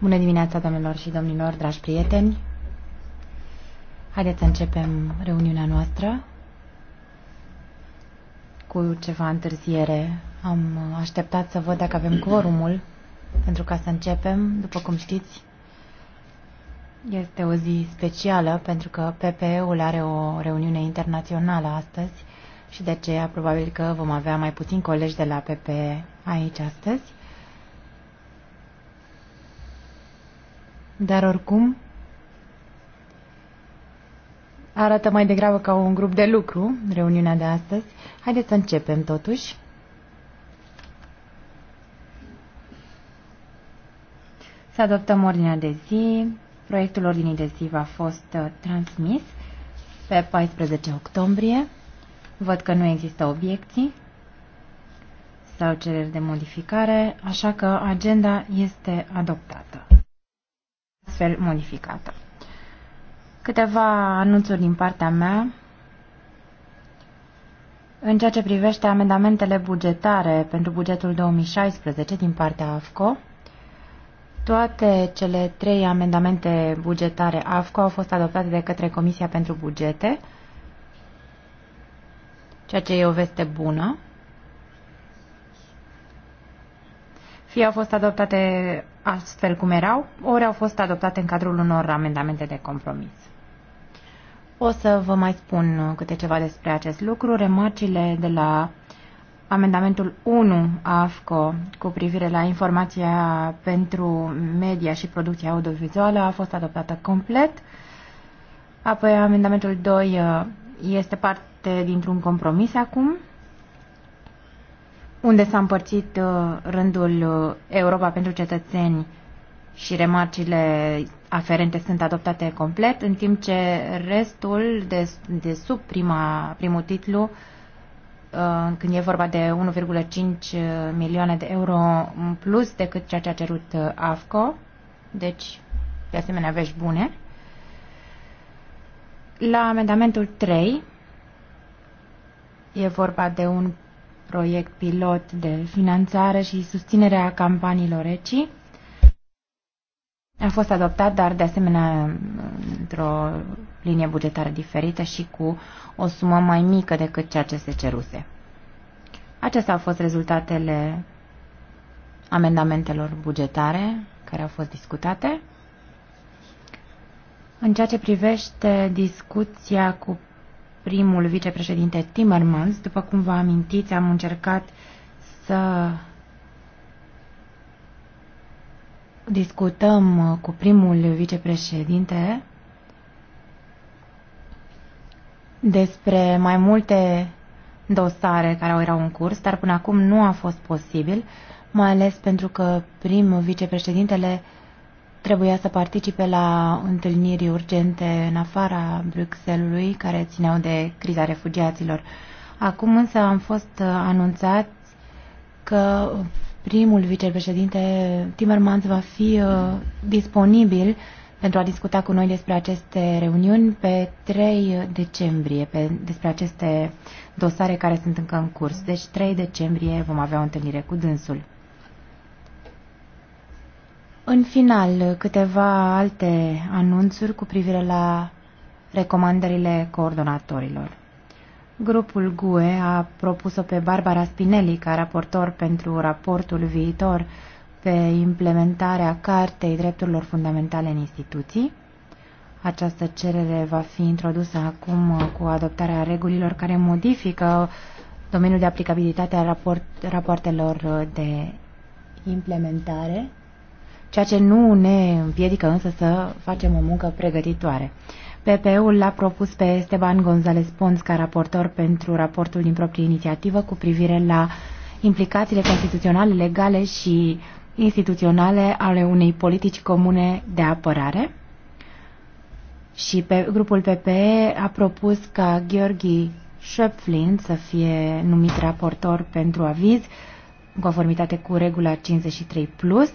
Bună dimineața, domnilor și domnilor, dragi prieteni. Haideți să începem reuniunea noastră. Cu ceva întârziere am așteptat să văd dacă avem quorumul pentru ca să începem. După cum știți, este o zi specială pentru că PPE-ul are o reuniune internațională astăzi și de aceea probabil că vom avea mai puțini colegi de la PPE aici astăzi. Dar oricum arată mai degrabă ca un grup de lucru, reuniunea de astăzi. Haideți să începem totuși. Să adoptăm ordinea de zi. Proiectul ordinii de zi a fost uh, transmis pe 14 octombrie. Văd că nu există obiecții sau cereri de modificare, așa că agenda este adoptată fel modificată. Câteva anunțuri din partea mea. În ceea ce privește amendamentele bugetare pentru bugetul 2016 din partea AFCO, toate cele trei amendamente bugetare AFCO au fost adoptate de către Comisia pentru Bugete, ceea ce e o veste bună. Fie au fost adoptate astfel cum erau, ori au fost adoptate în cadrul unor amendamente de compromis. O să vă mai spun câte ceva despre acest lucru. Remarcile de la amendamentul 1 a AFCO cu privire la informația pentru media și producția audiovizuală a fost adoptată complet. Apoi amendamentul 2 este parte dintr-un compromis acum unde s-a împărțit uh, rândul uh, Europa pentru cetățeni și remarcile aferente sunt adoptate complet, în timp ce restul de, de sub prima, primul titlu, uh, când e vorba de 1,5 milioane de euro în plus decât ceea ce a cerut AFCO, deci de asemenea vești bune. La amendamentul 3 e vorba de un proiect pilot de finanțare și susținere a campaniilor ECI. A fost adoptat, dar de asemenea într-o linie bugetară diferită și cu o sumă mai mică decât ceea ce se ceruse. Acestea au fost rezultatele amendamentelor bugetare care au fost discutate. În ceea ce privește discuția cu primul vicepreședinte Timmermans. După cum vă amintiți, am încercat să discutăm cu primul vicepreședinte despre mai multe dosare care au erau în curs, dar până acum nu a fost posibil, mai ales pentru că primul vicepreședintele trebuia să participe la întâlniri urgente în afara Bruxellesului care țineau de criza refugiaților. Acum însă am fost uh, anunțat că primul vicepreședinte Timmermans va fi uh, disponibil pentru a discuta cu noi despre aceste reuniuni pe 3 decembrie, pe, despre aceste dosare care sunt încă în curs. Deci 3 decembrie vom avea o întâlnire cu dânsul. În final, câteva alte anunțuri cu privire la recomandările coordonatorilor. Grupul GUE a propus-o pe Barbara Spinelli ca raportor pentru raportul viitor pe implementarea Cartei Drepturilor Fundamentale în instituții. Această cerere va fi introdusă acum cu adoptarea regulilor care modifică domeniul de aplicabilitate a raport, rapoartelor de implementare ceea ce nu ne împiedică însă să facem o muncă pregătitoare. PPE-ul l-a propus pe Esteban González Pons ca raportor pentru raportul din proprie inițiativă cu privire la implicațiile constituționale, legale și instituționale ale unei politici comune de apărare. Și pe grupul PPE a propus ca Gheorghi Schöpflin să fie numit raportor pentru aviz, în conformitate cu regula 53+, plus,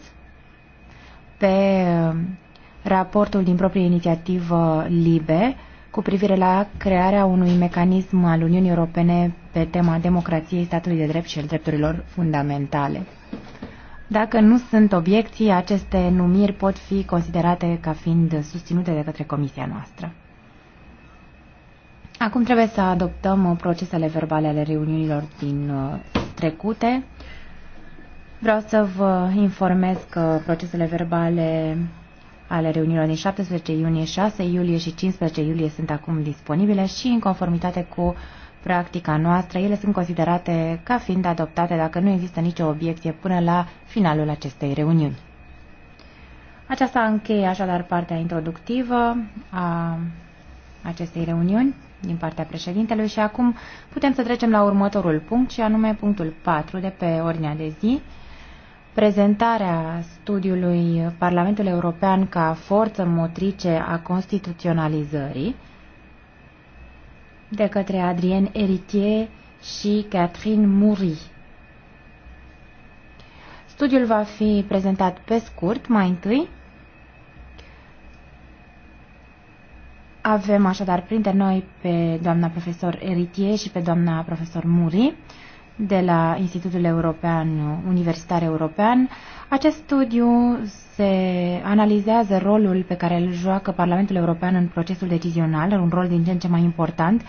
pe um, raportul din proprie inițiativă LIBE cu privire la crearea unui mecanism al Uniunii Europene pe tema democrației, statului de drept și al drepturilor fundamentale. Dacă nu sunt obiecții, aceste numiri pot fi considerate ca fiind susținute de către comisia noastră. Acum trebuie să adoptăm uh, procesele verbale ale reuniunilor din uh, trecute. Vreau să vă informez că procesele verbale ale reuniunilor din 17 iunie, 6 iulie și 15 iulie sunt acum disponibile și în conformitate cu practica noastră, ele sunt considerate ca fiind adoptate dacă nu există nicio obiecție până la finalul acestei reuniuni. Aceasta încheie așadar partea introductivă a acestei reuniuni din partea președintelui și acum putem să trecem la următorul punct și anume punctul 4 de pe ordinea de zi, Prezentarea studiului Parlamentului European ca forță motrice a constituționalizării de către Adrien Eritier și Catherine Muri. Studiul va fi prezentat pe scurt mai întâi. Avem așadar printre noi pe doamna profesor Eritier și pe doamna profesor Muri de la Institutul European Universitar European. Acest studiu se analizează rolul pe care îl joacă Parlamentul European în procesul decizional, un rol din ce în ce mai important,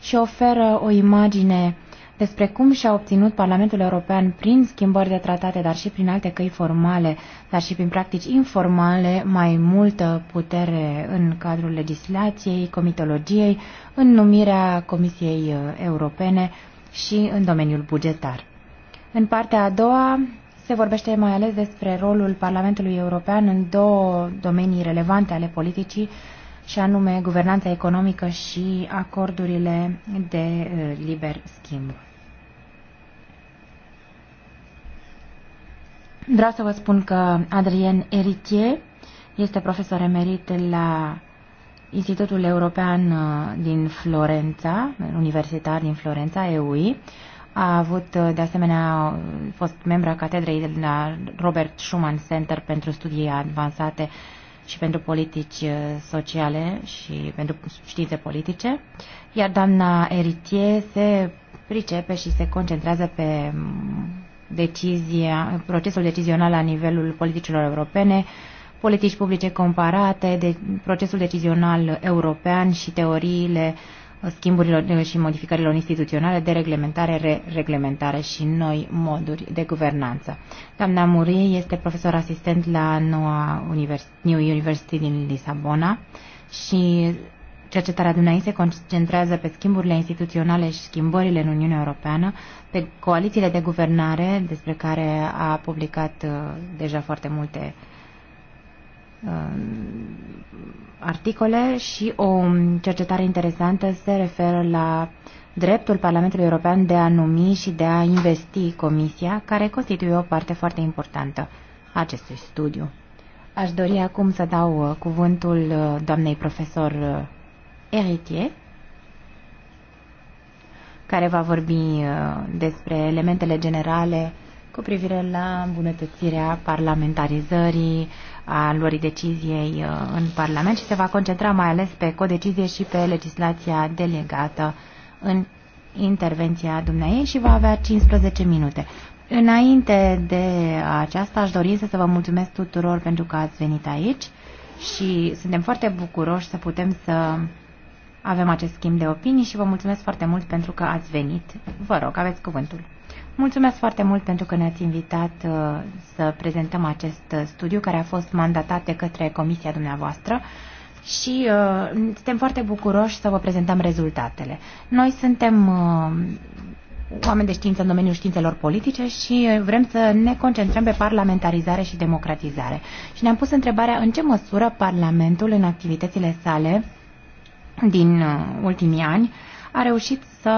și oferă o imagine despre cum și-a obținut Parlamentul European prin schimbări de tratate, dar și prin alte căi formale, dar și prin practici informale, mai multă putere în cadrul legislației, comitologiei, în numirea Comisiei Europene, și în domeniul bugetar. În partea a doua se vorbește mai ales despre rolul Parlamentului European în două domenii relevante ale politicii, și anume guvernanța economică și acordurile de liber schimb. Vreau să vă spun că Adrien Eritier este profesor emerit la Institutul European uh, din Florența, universitar din Florența, EUI, a avut, uh, de asemenea, fost membra catedrei de la Robert Schumann Center pentru studii avansate și pentru politici uh, sociale și pentru științe politice, iar doamna Eritier se pricepe și se concentrează pe mm, decizia, procesul decizional la nivelul politicilor europene, politici publice comparate, de procesul decizional european și teoriile uh, schimburilor uh, și modificărilor instituționale de reglementare, re-reglementare și noi moduri de guvernanță. Doamna Murie este profesor asistent la noua univers- New University din Lisabona și Cercetarea dumneavoastră se concentrează pe schimburile instituționale și schimbările în Uniunea Europeană, pe coalițiile de guvernare, despre care a publicat uh, deja foarte multe Uh, articole și o cercetare interesantă se referă la dreptul Parlamentului European de a numi și de a investi Comisia, care constituie o parte foarte importantă a acestui studiu. Aș dori acum să dau uh, cuvântul uh, doamnei profesor Eritier, care va vorbi despre elementele generale cu privire la îmbunătățirea parlamentarizării a luării deciziei uh, în Parlament și se va concentra mai ales pe codecizie și pe legislația delegată în intervenția dumneavoastră și va avea 15 minute. Înainte de aceasta aș dori să, să vă mulțumesc tuturor pentru că ați venit aici și suntem foarte bucuroși să putem să avem acest schimb de opinii și vă mulțumesc foarte mult pentru că ați venit. Vă rog, aveți cuvântul. Mulțumesc foarte mult pentru că ne-ați invitat uh, să prezentăm acest uh, studiu care a fost mandatat de către comisia dumneavoastră și uh, suntem foarte bucuroși să vă prezentăm rezultatele. Noi suntem uh, oameni de știință în domeniul științelor politice și vrem să ne concentrăm pe parlamentarizare și democratizare. Și ne-am pus întrebarea în ce măsură Parlamentul în activitățile sale din uh, ultimii ani a reușit să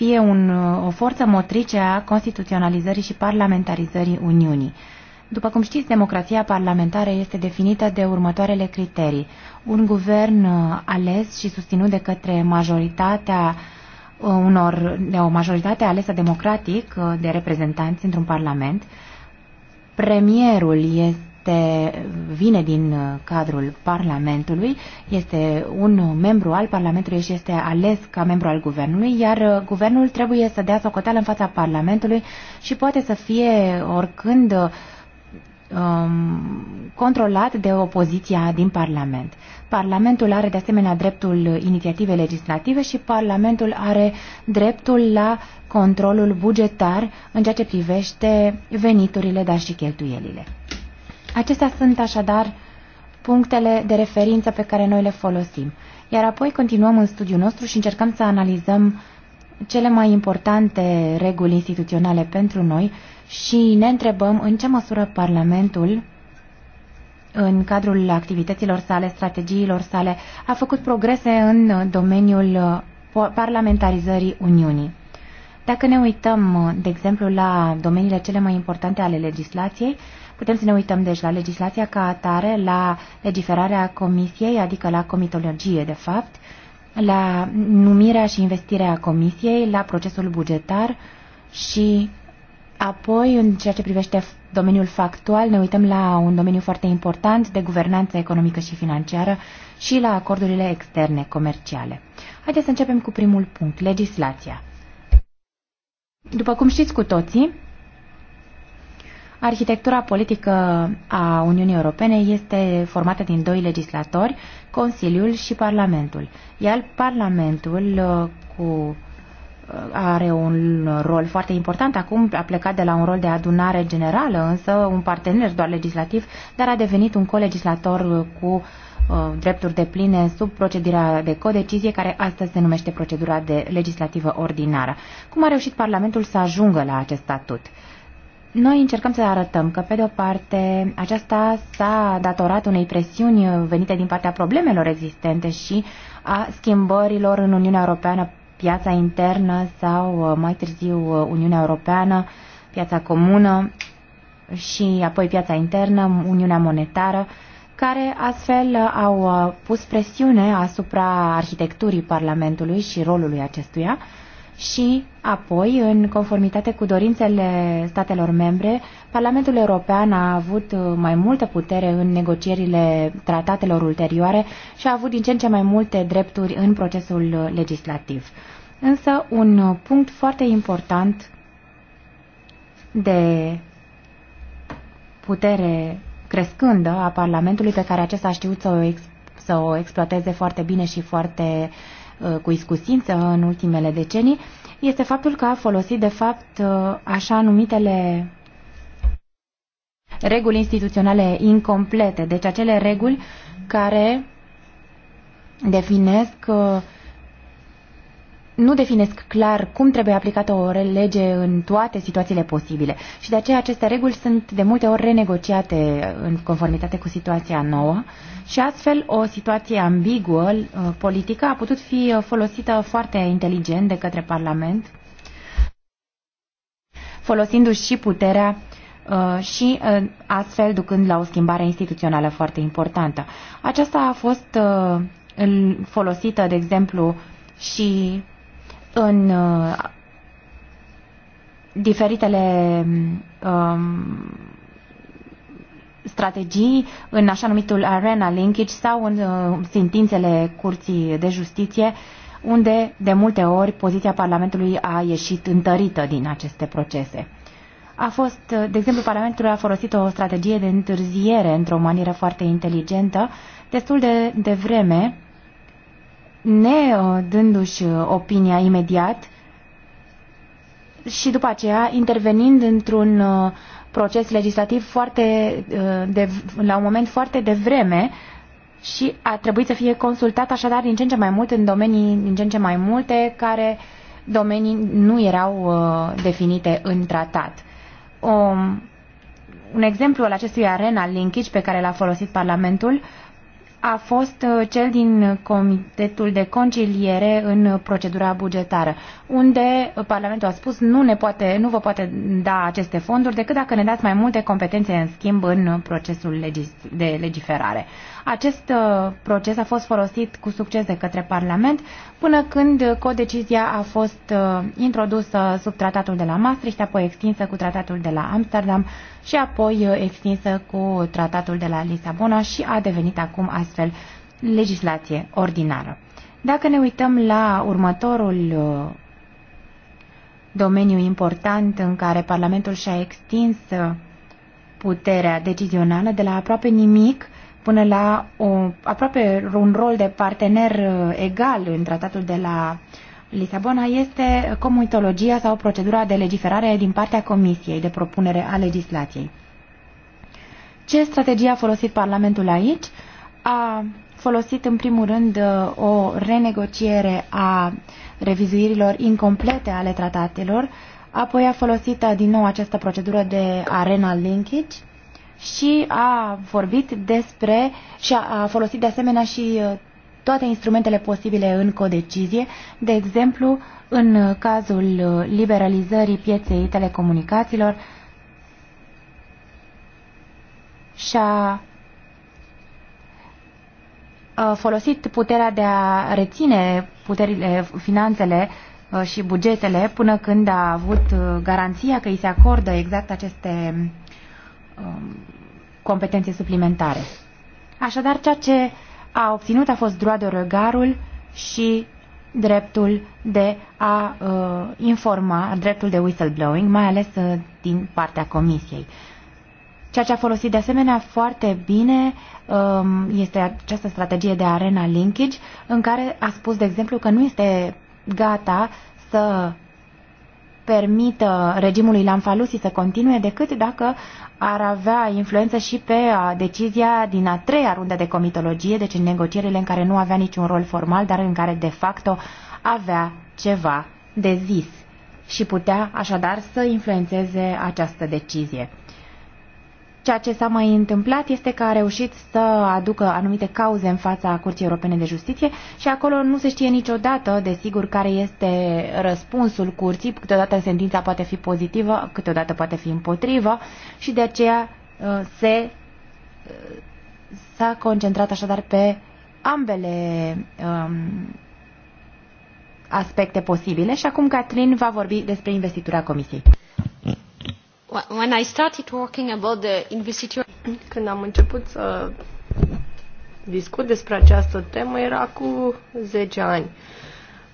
fie un, o forță motrice a constituționalizării și parlamentarizării Uniunii. După cum știți, democrația parlamentară este definită de următoarele criterii. Un guvern uh, ales și susținut de către majoritatea uh, unor, de o majoritate alesă democratic uh, de reprezentanți într-un parlament. Premierul este este, vine din uh, cadrul Parlamentului, este un membru al Parlamentului și este ales ca membru al Guvernului, iar uh, Guvernul trebuie să dea socoteală în fața Parlamentului și poate să fie oricând uh, um, controlat de opoziția din Parlament. Parlamentul are de asemenea dreptul inițiative legislative și Parlamentul are dreptul la controlul bugetar în ceea ce privește veniturile, dar și cheltuielile. Acestea sunt așadar punctele de referință pe care noi le folosim. Iar apoi continuăm în studiul nostru și încercăm să analizăm cele mai importante reguli instituționale pentru noi și ne întrebăm în ce măsură Parlamentul, în cadrul activităților sale, strategiilor sale, a făcut progrese în domeniul parlamentarizării Uniunii. Dacă ne uităm, de exemplu, la domeniile cele mai importante ale legislației, Putem să ne uităm deci la legislația ca atare, la legiferarea comisiei, adică la comitologie de fapt, la numirea și investirea comisiei, la procesul bugetar și apoi, în ceea ce privește domeniul factual, ne uităm la un domeniu foarte important de guvernanță economică și financiară și la acordurile externe comerciale. Haideți să începem cu primul punct, legislația. După cum știți cu toții, Arhitectura politică a Uniunii Europene este formată din doi legislatori, Consiliul și Parlamentul. Iar Parlamentul uh, cu uh, are un rol foarte important. Acum a plecat de la un rol de adunare generală, însă un partener doar legislativ, dar a devenit un colegislator uh, cu drepturi de pline sub procedura de codecizie, care astăzi se numește procedura de legislativă ordinară. Cum a reușit Parlamentul să ajungă la acest statut? Uh, noi încercăm să arătăm că, pe de o parte, aceasta s-a datorat unei presiuni venite din partea problemelor existente și a schimbărilor în Uniunea Europeană, piața internă sau, uh, mai târziu, uh, Uniunea Europeană, piața comună și apoi piața internă, Uniunea Monetară, care astfel au uh, pus presiune asupra arhitecturii Parlamentului și rolului acestuia, și apoi, în conformitate cu dorințele statelor membre, Parlamentul European a avut uh, mai multă putere în negocierile tratatelor ulterioare și a avut din ce în ce mai multe drepturi în procesul legislativ. Însă, un punct foarte important de putere crescândă a Parlamentului, pe care acesta a știut să o, ex- să o exploateze foarte bine și foarte uh, Uh, cu iscusință în ultimele decenii este faptul că a folosit, de fapt, uh, așa numitele reguli instituționale incomplete, deci acele reguli care definesc uh, nu definesc clar cum trebuie aplicată o lege în toate situațiile posibile și de aceea aceste reguli sunt de multe ori renegociate în conformitate cu situația nouă și astfel o situație ambiguă uh, politică a putut fi uh, folosită foarte inteligent de către Parlament folosindu-și și puterea uh, și astfel ducând la o schimbare instituțională foarte importantă. Aceasta a fost folosită, de exemplu, și în uh, diferitele um, strategii în așa numitul Arena Linkage sau în uh, sentințele Curții de Justiție, unde de multe ori poziția Parlamentului a ieșit întărită din aceste procese. A fost, uh, de exemplu, Parlamentul a folosit o strategie de întârziere într-o manieră foarte inteligentă, destul de devreme, ne uh, dându-și uh, opinia imediat și după aceea intervenind într-un uh, proces legislativ foarte de, la un moment foarte devreme și a trebuit să fie consultat așadar din ce în ce mai mult în domenii din ce în ce mai multe care domenii nu erau definite în tratat. Um, un exemplu al acestui arena linkage pe care l-a folosit Parlamentul uh, a fost uh, cel din Comitetul de Conciliere în procedura bugetară, unde Parlamentul a spus nu, ne poate, nu vă poate da aceste fonduri decât dacă ne dați mai multe competențe în schimb în procesul legis, de legiferare. Acest uh, proces a fost folosit cu succes de către Parlament până când codecizia a fost uh, introdusă sub tratatul de la Maastricht, apoi extinsă cu tratatul de la Amsterdam și apoi uh, extinsă cu tratatul de la Lisabona și a devenit acum astfel legislație ordinară. Dacă ne uităm la următorul uh, domeniu important în care Parlamentul și-a extins uh, puterea decizională de la aproape nimic până la o, aproape un rol de partener egal în tratatul de la Lisabona este comitologia sau procedura de legiferare din partea Comisiei de propunere a legislației. Ce strategie a folosit Parlamentul aici? A folosit în primul rând o renegociere a revizuirilor incomplete ale tratatelor, apoi a folosit din nou această procedură de arena linkage și a vorbit despre și a, a folosit de asemenea și toate instrumentele posibile în codecizie, de exemplu, în cazul uh, liberalizării pieței telecomunicațiilor și a folosit puterea de a reține puterile, finanțele uh, și bugetele până când a avut uh, garanția că îi se acordă exact aceste um, competențe suplimentare. Așadar, ceea ce a obținut a fost droit de regarul și dreptul de a uh, informa, dreptul de whistleblowing, mai ales uh, din partea comisiei. Ceea ce a folosit de asemenea foarte bine um, este această strategie de arena linkage, în care a spus, de exemplu, că nu este gata să permită regimului Lamfalusi să continue decât dacă ar avea influență și pe uh, decizia din a treia rundă de comitologie, deci în negocierile în care nu avea niciun rol formal, dar în care de facto avea ceva de zis și putea așadar să influențeze această decizie. Ceea ce s-a mai întâmplat este că a reușit să aducă anumite cauze în fața Curții Europene de Justiție și acolo nu se știe niciodată, desigur, care este răspunsul curții. Câteodată sentința poate fi pozitivă, câteodată poate fi împotrivă și de aceea uh, se uh, s-a concentrat așadar pe ambele um, aspecte posibile și acum Catrin va vorbi despre investitura Comisiei. Mm when I started talking about the investiture... Când am început să discut despre această temă era cu 10 ani.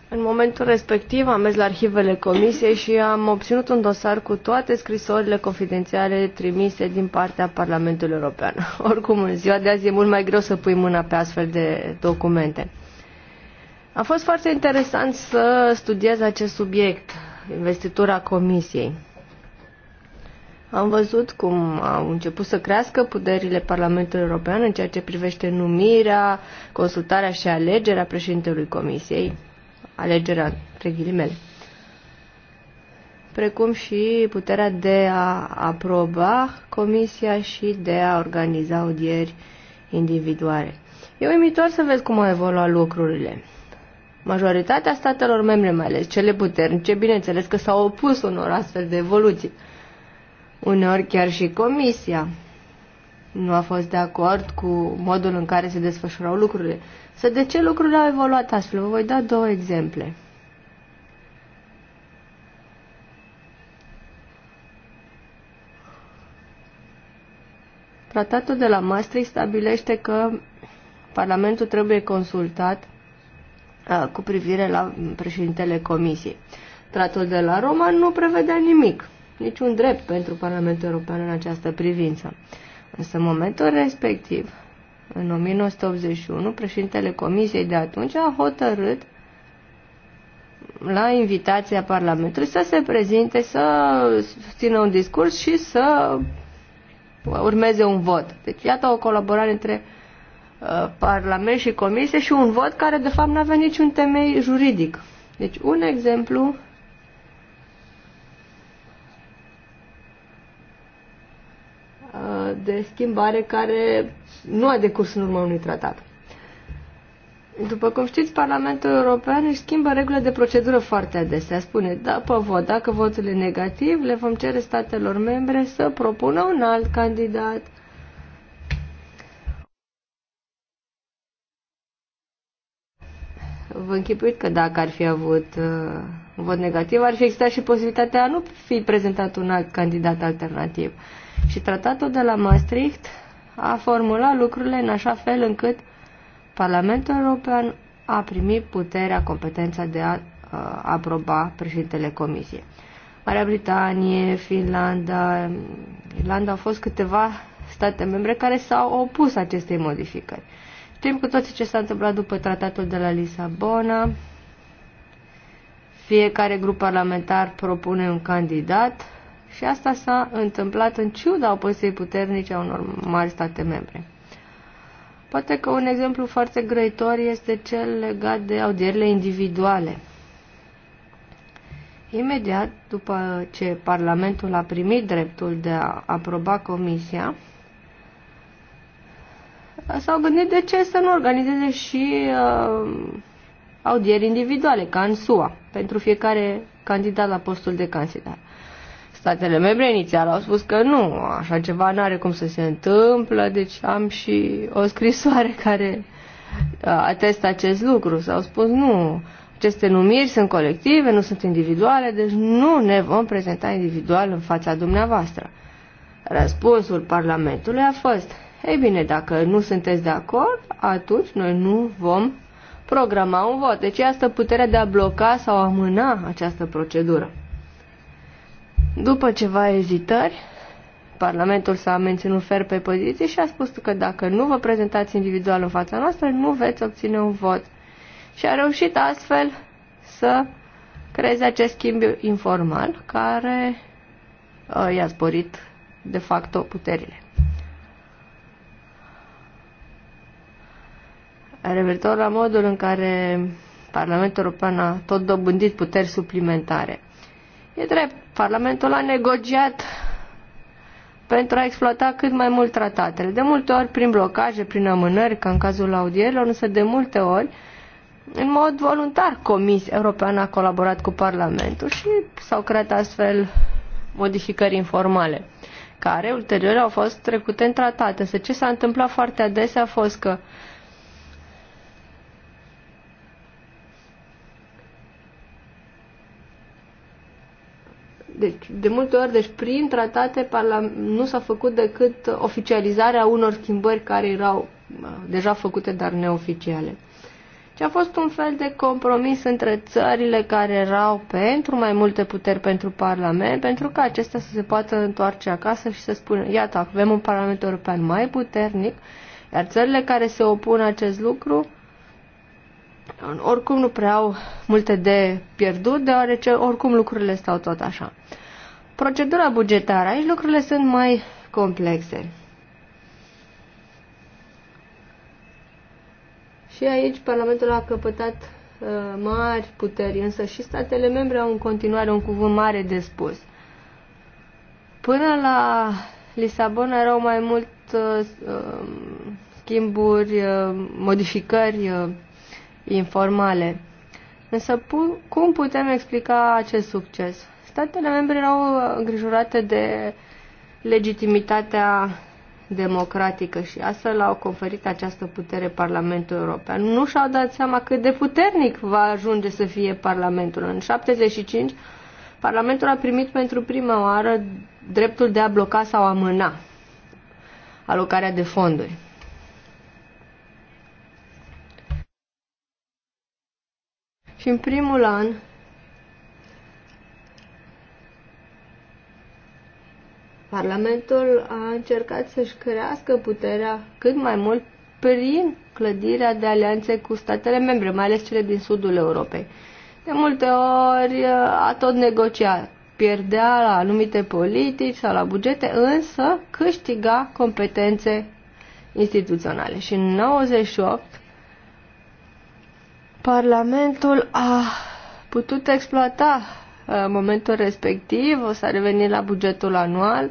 În momentul respectiv am mers la arhivele comisiei și am obținut un dosar cu toate scrisorile confidențiale trimise din partea Parlamentului European. Oricum, în ziua de azi e mult mai greu să pui mâna pe astfel de documente. A fost foarte interesant să studiez acest subiect, investitura comisiei. Am văzut cum au început să crească puterile Parlamentului European în ceea ce privește numirea, consultarea și alegerea președintelui Comisiei, alegerea între ghilimele, precum și puterea de a aproba Comisia și de a organiza audieri individuale. E uimitor să vezi cum au evoluat lucrurile. Majoritatea statelor membre, mai ales cele puternice, bineînțeles că s-au opus unor astfel de evoluții. Uneori chiar și comisia nu a fost de acord cu modul în care se desfășurau lucrurile. Să de ce lucrurile au evoluat astfel? Vă voi da două exemple. Tratatul de la Maastricht stabilește că Parlamentul trebuie consultat cu privire la președintele Comisiei. Tratul de la Roma nu prevedea nimic niciun drept pentru Parlamentul European în această privință. Însă în momentul respectiv, în 1981, președintele Comisiei de atunci a hotărât la invitația Parlamentului să se prezinte, să țină un discurs și să urmeze un vot. Deci iată o colaborare între uh, Parlament și Comisie și un vot care de fapt nu avea niciun temei juridic. Deci un exemplu Uh, de schimbare care nu a decurs în urma unui tratat. După cum știți, Parlamentul European își schimbă regulile de procedură foarte adesea. Spune, da, pe vot, dacă votul e negativ, le vom cere statelor membre să propună un alt candidat. Vă închipuit că dacă ar fi avut uh, vot negativ, ar fi existat și posibilitatea a nu fi prezentat un alt candidat alternativ. Uh, și tratatul de la Maastricht a formulat lucrurile în așa fel încât Parlamentul European a primit puterea, competența de a, uh, aproba președintele Comisiei. Marea Britanie, Finlanda, Irlanda au fost câteva state membre care s-au opus acestei modificări. Știm cu toții ce s-a întâmplat după tratatul de la Lisabona. Fiecare grup parlamentar propune un candidat și asta s-a întâmplat în ciuda opoziției puternice a unor mari state membre. Poate că un exemplu foarte grăitor este cel legat de audierile individuale. Imediat după ce Parlamentul a primit dreptul de a aproba comisia, s-au gândit de ce să nu organizeze și uh, audieri individuale, ca în SUA, pentru fiecare candidat la postul de candidat. Statele membre inițial au spus că nu, așa ceva nu are cum să se întâmplă, deci am și o scrisoare care atestă acest lucru. S-au spus nu, aceste numiri sunt colective, nu sunt individuale, deci nu ne vom prezenta individual în fața dumneavoastră. Răspunsul Parlamentului a fost, ei bine, dacă nu sunteți de acord, atunci noi nu vom programa un vot. Deci asta puterea de a bloca sau amâna această procedură. După ceva ezitări, Parlamentul s-a menținut fer pe poziție și a spus că dacă nu vă prezentați individual în fața noastră, nu veți obține un vot. Și a reușit astfel să creeze acest schimb informal care uh, i-a sporit de facto puterile. Revertor la modul în care Parlamentul European a tot dobândit puteri suplimentare. E drept, Parlamentul a negociat pentru a exploata cât mai mult tratatele. De multe ori prin blocaje, prin amânări, ca în cazul audierilor, însă de multe ori, în mod voluntar, Comisia Europeană a colaborat cu Parlamentul și s-au creat astfel modificări informale, care ulterior au fost trecute în tratate. Însă ce s-a întâmplat foarte adesea a fost că uh, Deci, de multe ori, deci, prin tratate nu s-a făcut decât oficializarea unor schimbări care erau deja făcute, dar neoficiale. Ce a fost un fel de compromis între țările care erau pentru mai multe puteri pentru Parlament, pentru că acestea să se poată întoarce acasă și să spună, iată, avem un Parlament European mai puternic, iar țările care se opun acest lucru oricum nu prea au multe de pierdut, deoarece oricum lucrurile stau tot așa. Procedura bugetară, aici lucrurile sunt mai complexe. Și aici Parlamentul a căpătat uh, mari puteri, însă și statele membre au în continuare un cuvânt mare de spus. Până la Lisabona erau mai mult uh, uh schimburi, uh, modificări uh, informale. Însă cum putem explica acest succes? Statele membre erau îngrijorate de legitimitatea democratică și astfel au conferit această putere Parlamentul European. Nu și-au dat seama cât de puternic va ajunge să fie Parlamentul. În 75, Parlamentul a primit pentru prima oară dreptul de a bloca sau amâna alocarea de fonduri. Și în primul an Parlamentul a încercat să-și crească puterea cât mai mult prin clădirea de alianțe cu statele membre, mai ales cele din sudul Europei. De multe ori uh, a tot negociat, pierdea la anumite politici sau la bugete, însă câștiga competențe instituționale. Și în 98 Parlamentul a putut exploata uh, momentul respectiv, s-a revenit la bugetul anual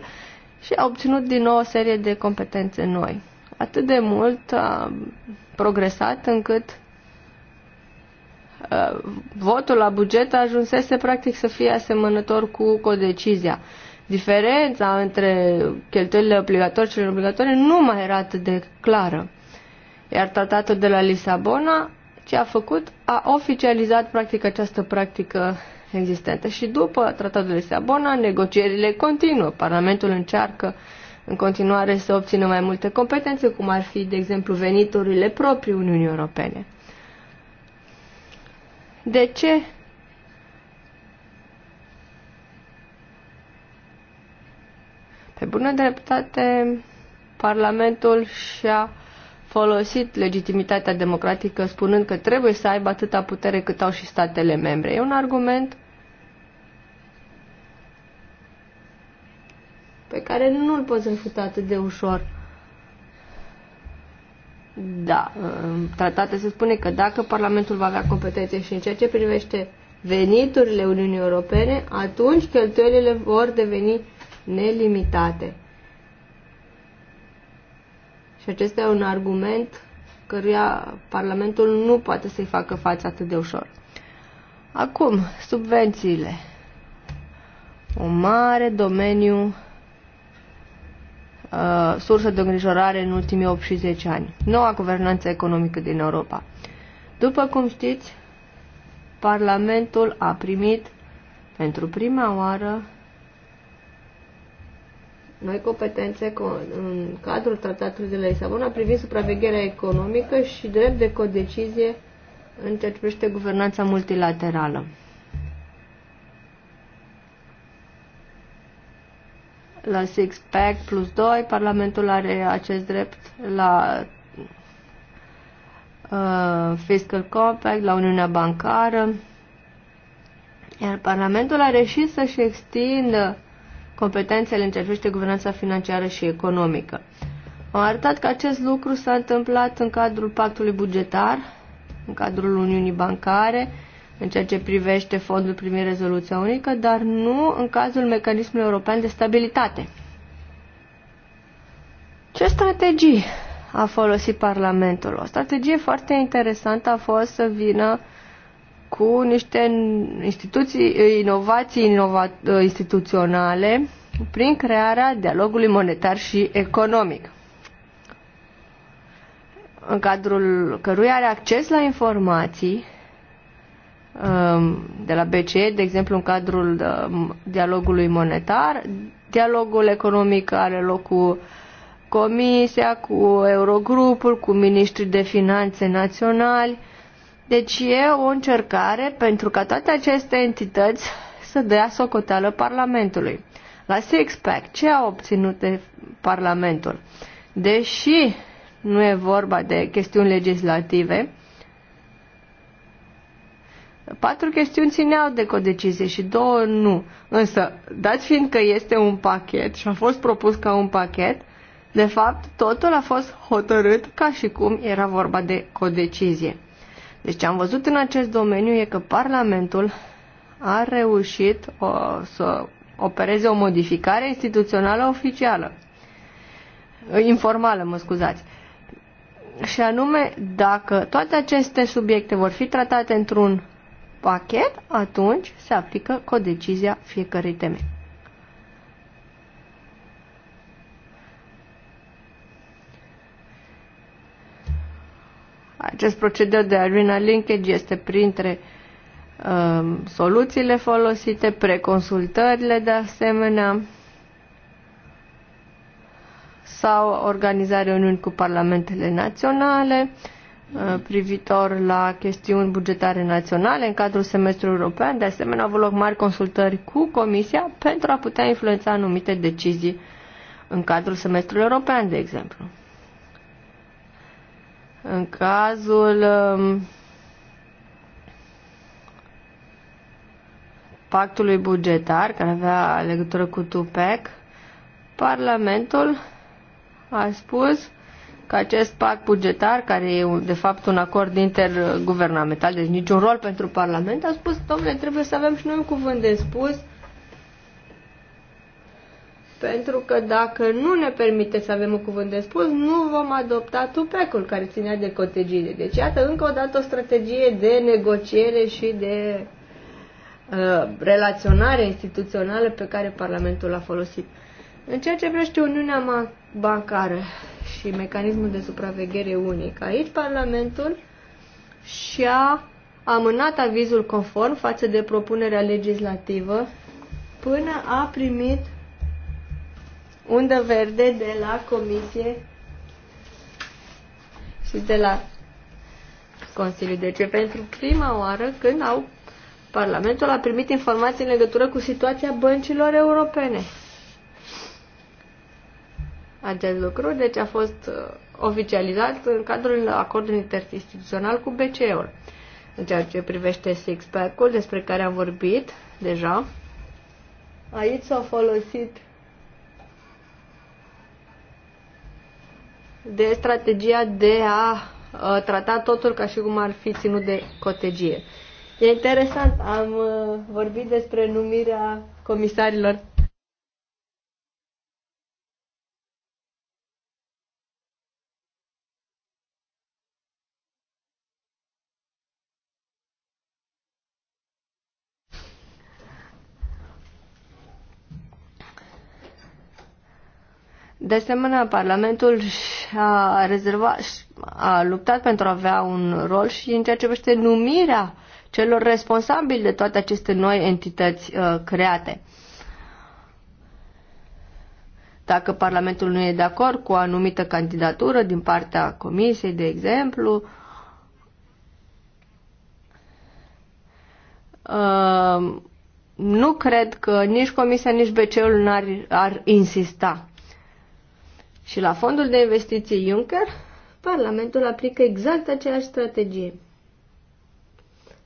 și a obținut din nou o serie de competențe noi. Atât de mult a progresat încât uh, votul la buget ajunsese practic să fie asemănător cu codecizia. Diferența între cheltuielile obligatorii și obligatorii nu mai era atât de clară. Iar tratatul de la Lisabona ce a făcut a oficializat practic această practică existentă. Și după Tratatul de Lisabona, negocierile continuă. Parlamentul încearcă în continuare să obțină mai multe competențe, cum ar fi, de exemplu, veniturile proprii Uniunii Europene. De ce Pe bună dreptate, Parlamentul și-a folosit legitimitatea democratică spunând că trebuie să aibă atâta putere cât au și statele membre. E un argument pe care nu-l poți refuta atât de ușor. Da, tratate se spune că dacă Parlamentul va avea competențe și în ceea ce privește veniturile Uniunii Europene, atunci cheltuielile vor deveni nelimitate. Și acesta e un argument căruia Parlamentul nu poate să-i facă față atât de ușor. Acum, subvențiile. o mare domeniu uh, sursă de îngrijorare în ultimii 8 și 10 ani. Noua guvernanță economică din Europa. După cum știți, Parlamentul a primit pentru prima oară noi competențe în cadrul Tratatului de la Lisabona privind supravegherea economică și drept de codecizie în ceea ce privește guvernanța multilaterală. La Six-Pack plus 2, Parlamentul are acest drept la uh, Fiscal Compact, la Uniunea Bancară, iar Parlamentul are și să-și extindă competențele în ce privește guvernanța financiară și economică. Am arătat că acest lucru s-a întâmplat în cadrul pactului bugetar, în cadrul Uniunii Bancare, în ceea ce privește fondul privind rezoluția unică, dar nu în cazul mecanismului european de stabilitate. Ce strategii a folosit Parlamentul? O strategie foarte interesantă a fost să vină uh, cu niște instituții, inovații inova, instituționale prin crearea dialogului monetar și economic în cadrul căruia are acces la informații um, de la BCE, de exemplu în cadrul um, dialogului monetar. Dialogul economic are loc cu Comisia, cu Eurogrupul, cu ministrii de finanțe naționali, deci e o încercare pentru ca toate aceste entități să dea socoteală Parlamentului. La Sixpack, ce a obținut de Parlamentul? Deși nu e vorba de chestiuni legislative, patru chestiuni țineau de codecizie și două nu. Însă, dat fiind că este un pachet și a fost propus ca un pachet, de fapt, totul a fost hotărât ca și cum era vorba de codecizie. Deci ce am văzut în acest domeniu e că Parlamentul a reușit o, să opereze o modificare instituțională oficială, informală, mă scuzați. Și anume, dacă toate aceste subiecte vor fi tratate într-un pachet, atunci se aplică codecizia fiecărei teme. Acest procedeu de arena linkage este printre um, soluțiile folosite, preconsultările de asemenea sau organizarea uniunii cu parlamentele naționale uh, privitor la chestiuni bugetare naționale în cadrul semestrului european. De asemenea, au avut loc mari consultări cu Comisia pentru a putea influența anumite decizii în cadrul semestrului european, de exemplu. În cazul um, pactului bugetar care avea legătură cu Tupac, Parlamentul a spus că acest pact bugetar, care e de fapt un acord interguvernamental, deci niciun rol pentru Parlament, a spus, domnule, trebuie să avem și noi un cuvânt de spus pentru că dacă nu ne permite să avem un cuvânt de spus, nu vom adopta tupecul care ținea de cotegire. Deci, iată, încă o dată o strategie de negociere și de uh, relaționare instituțională pe care Parlamentul a folosit. În ceea ce privește Uniunea Bancară și mecanismul de supraveghere unic, aici Parlamentul și-a amânat avizul conform față de propunerea legislativă până a primit undă verde de la Comisie și de la Consiliu. Deci pentru prima oară când au Parlamentul a primit informații în legătură cu situația băncilor europene. Acest lucru, deci, a fost uh, oficializat în cadrul acordului interinstituțional cu BCE-ul. În ceea ce privește six-pack-ul, despre care am vorbit deja, aici s-au folosit de strategia de a uh, trata totul ca și cum ar fi ținut de cotegie. E interesant, am uh, vorbit despre numirea comisarilor De asemenea, Parlamentul a rezervat, a luptat pentru a avea un rol și în ceea ce privește numirea celor responsabili de toate aceste noi entități uh, create. Dacă Parlamentul nu e de acord cu o anumită candidatură din partea Comisiei, de exemplu, uh, nu cred că nici Comisia, nici BC-ul ar, ar insista și la fondul de investiții Juncker, Parlamentul aplică exact aceeași strategie.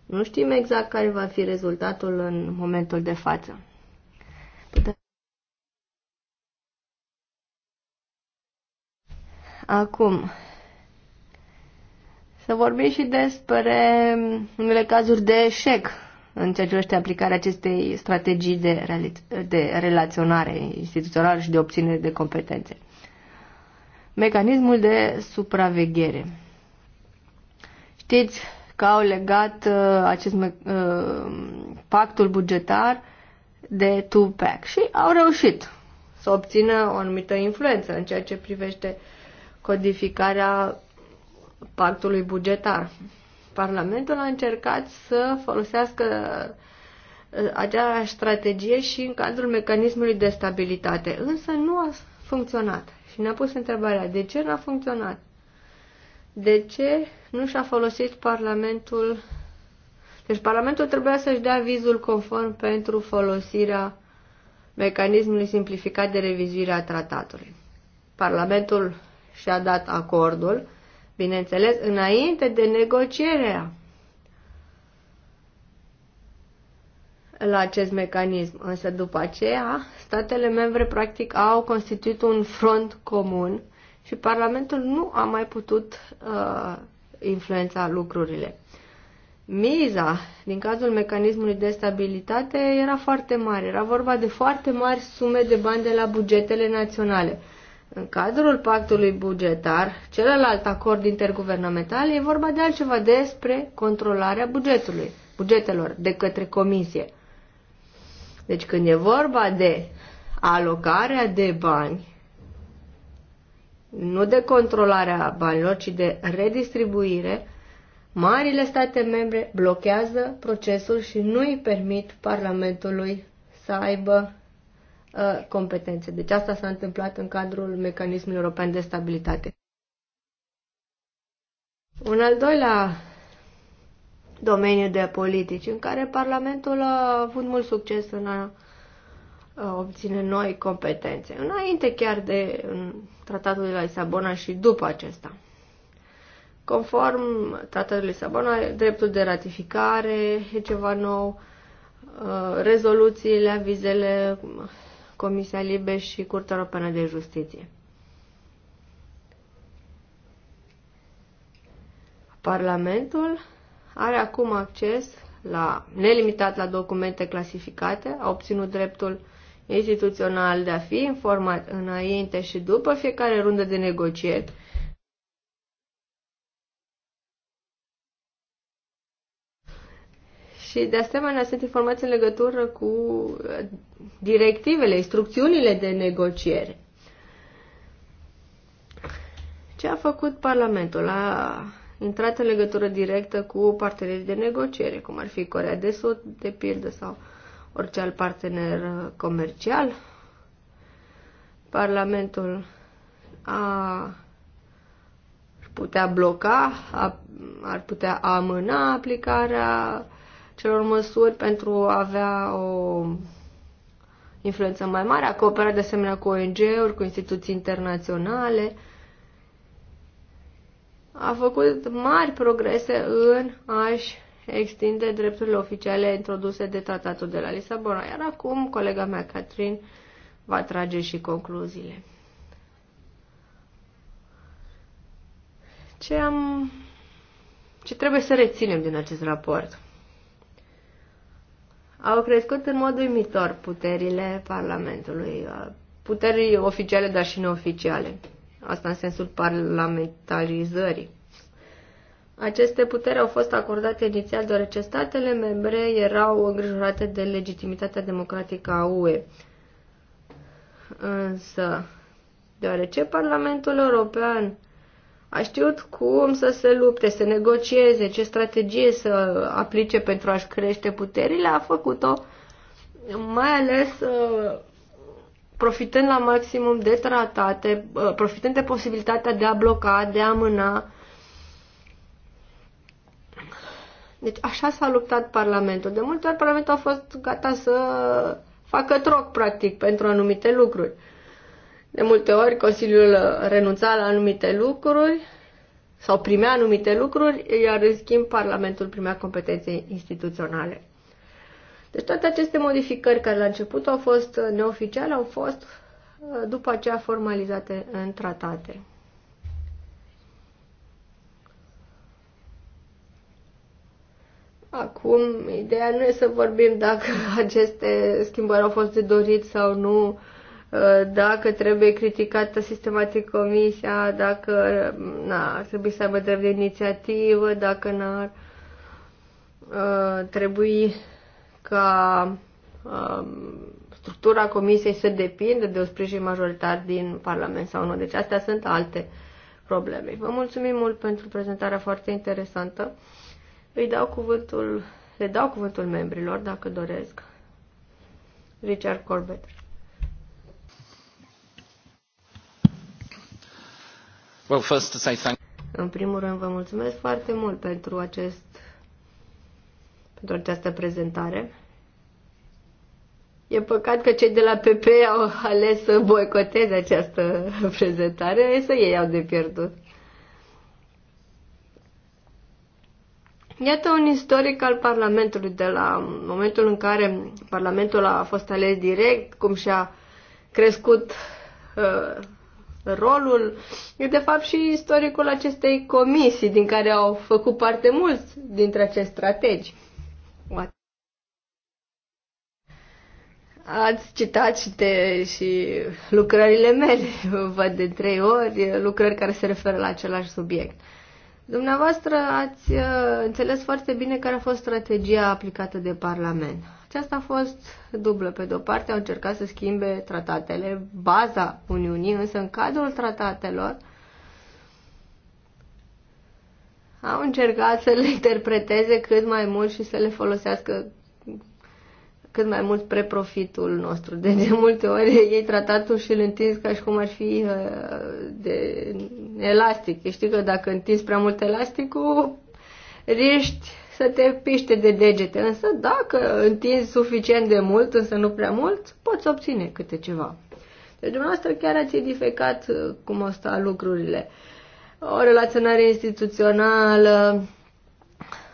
Nu știm exact care va fi rezultatul în momentul de față. Acum, să vorbim și despre unele cazuri de eșec în ceea ce privește aplicarea acestei strategii de, de relaționare instituțională și de obținere de competențe mecanismul de supraveghere. Știți că au legat uh, acest uh, pactul bugetar de Tupac și au reușit să obțină o anumită influență în ceea ce privește codificarea pactului bugetar. Parlamentul a încercat să folosească uh, acea strategie și în cadrul mecanismului de stabilitate, însă nu a funcționat și ne-a pus întrebarea de ce n-a funcționat? De ce nu și-a folosit Parlamentul? Deci Parlamentul trebuia să-și dea vizul conform pentru folosirea mecanismului simplificat de revizuire a tratatului. Parlamentul și-a dat acordul, bineînțeles, înainte de negocierea la acest mecanism. Însă după aceea, statele membre practic au constituit un front comun și Parlamentul nu a mai putut uh, influența lucrurile. Miza din cazul mecanismului de stabilitate era foarte mare. Era vorba de foarte mari sume de bani de la bugetele naționale. În cadrul pactului bugetar, celălalt acord interguvernamental, e vorba de altceva despre controlarea bugetului, bugetelor de către comisie. Deci când e vorba de alocarea de bani, nu de controlarea banilor, ci de redistribuire, marile state membre blochează procesul și nu îi permit Parlamentului să aibă uh, competențe. Deci asta s-a întâmplat în cadrul mecanismului european de stabilitate. Un al doilea domeniu de politici, în care Parlamentul a avut mult succes în a obține noi competențe, înainte chiar de în tratatul de la Lisabona și după acesta. Conform tratatului de Lisabona, dreptul de ratificare e ceva nou, rezoluțiile, avizele, Comisia Libe și Curtea Europeană de Justiție. Parlamentul are acum acces la, nelimitat la documente clasificate, a obținut dreptul instituțional de a fi informat înainte și după fiecare rundă de negocieri. Și de asemenea sunt informații în legătură cu uh, directivele, instrucțiunile de negociere. Ce a făcut Parlamentul? A intrat în legătură directă cu partenerii de negociere, cum ar fi Corea de Sud, de pildă, sau orice alt partener uh, comercial. Parlamentul a putea bloca, a, ar putea amâna aplicarea celor măsuri pentru a avea o influență mai mare, a coopera de asemenea cu ONG-uri, cu instituții internaționale a făcut mari progrese în a-și extinde drepturile oficiale introduse de tratatul de la Lisabona. Iar acum colega mea, Catherine, va trage și concluziile. Ce am... Ce trebuie să reținem din acest raport? Au crescut în mod uimitor puterile Parlamentului, puterii oficiale, dar și neoficiale. Asta în sensul parlamentarizării. Aceste puteri au fost acordate inițial deoarece statele membre erau îngrijorate de legitimitatea democratică a UE. Însă, deoarece Parlamentul European a știut cum să se lupte, să negocieze, ce strategie să aplice pentru a-și crește puterile, a făcut-o mai ales uh, profitând la maximum de tratate, uh, profitând de posibilitatea de a bloca, de a mâna. Deci așa s-a luptat Parlamentul. De multe ori Parlamentul a fost gata să facă troc, practic, pentru anumite lucruri. De multe ori Consiliul renunța la anumite lucruri sau primea anumite lucruri, iar în schimb Parlamentul primea competențe instituționale. Deci toate aceste modificări care la început au fost uh, neoficiale au fost uh, după aceea formalizate în tratate. Acum, ideea nu e să vorbim dacă aceste schimbări au fost de dorit sau nu, uh, dacă trebuie criticată sistematic comisia, dacă na, ar trebui să aibă drept de inițiativă, dacă n-ar trebui ca um, structura comisiei se depinde de o sprijin majoritar din Parlament sau nu. Deci astea sunt alte probleme. Vă mulțumim mult pentru prezentarea foarte interesantă. Îi dau cuvântul, le dau cuvântul membrilor, dacă doresc. Richard Corbett. Well, first to say thank în primul rând, vă mulțumesc foarte mult pentru acest pentru această prezentare. E păcat că cei de la PP au ales să boicoteze această prezentare, însă ei au de pierdut. Iată un istoric al Parlamentului, de la momentul în care Parlamentul a fost ales direct, cum și-a crescut uh, rolul. E de fapt și istoricul acestei comisii, din care au făcut parte mulți dintre acești strategi. What? Ați citat și, te, și lucrările mele, văd de trei ori, lucrări care se referă la același subiect. Dumneavoastră ați uh, înțeles foarte bine care a fost strategia aplicată de Parlament. Aceasta a fost dublă. Pe de-o parte, au încercat să schimbe tratatele, baza Uniunii, însă în cadrul tratatelor au încercat să le interpreteze cât mai mult și să le folosească cât mai mult spre profitul nostru. De, de multe ori ei tratatul și îl întinzi ca și cum ar fi uh, de elastic. știi că dacă întinzi prea mult elasticul, riști să te piște de degete. Însă dacă întinzi suficient de mult, însă nu prea mult, poți obține câte ceva. Deci dumneavoastră chiar ați edificat uh, cum o sta lucrurile. O relaționare instituțională,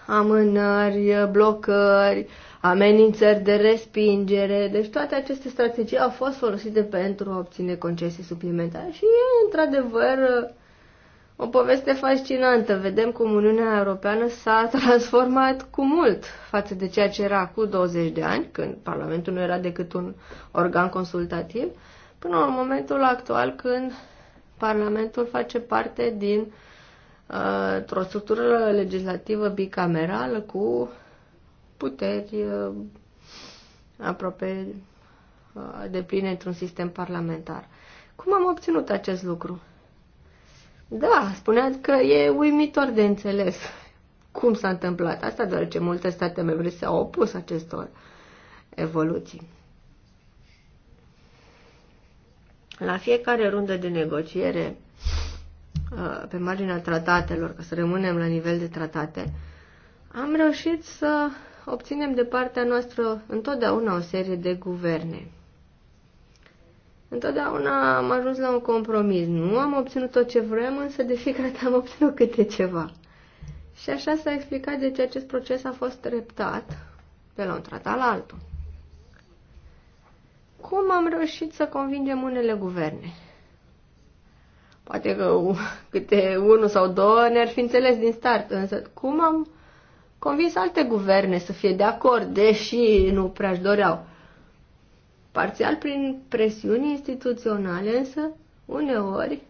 amânări, blocări, amenințări de respingere. Deci toate aceste strategii au fost folosite pentru a obține concesii suplimentare și e într-adevăr o poveste fascinantă. Vedem cum Uniunea Europeană s-a transformat cu mult față de ceea ce era cu 20 de ani, când Parlamentul nu era decât un organ consultativ, până în momentul actual când Parlamentul face parte din uh, o structură legislativă bicamerală cu puteri uh, aproape uh, de pline într-un sistem parlamentar. Cum am obținut acest lucru? Da, spuneați că e uimitor de înțeles cum s-a întâmplat. Asta deoarece multe state membre s-au opus acestor evoluții. La fiecare rundă de negociere uh, pe marginea tratatelor, ca să rămânem la nivel de tratate, am reușit să obținem de partea noastră întotdeauna o serie de guverne. Întotdeauna am ajuns la un compromis. Nu am obținut tot ce vrem, însă de fiecare dată am obținut câte ceva. Și așa s-a explicat de ce acest proces a fost treptat de la un tratat la altul. Cum am reușit să convingem unele guverne? Poate că câte unul sau două ne-ar fi înțeles din start, însă cum am convins alte guverne să fie de acord, deși nu prea-și doreau. Parțial prin presiuni instituționale, însă, uneori,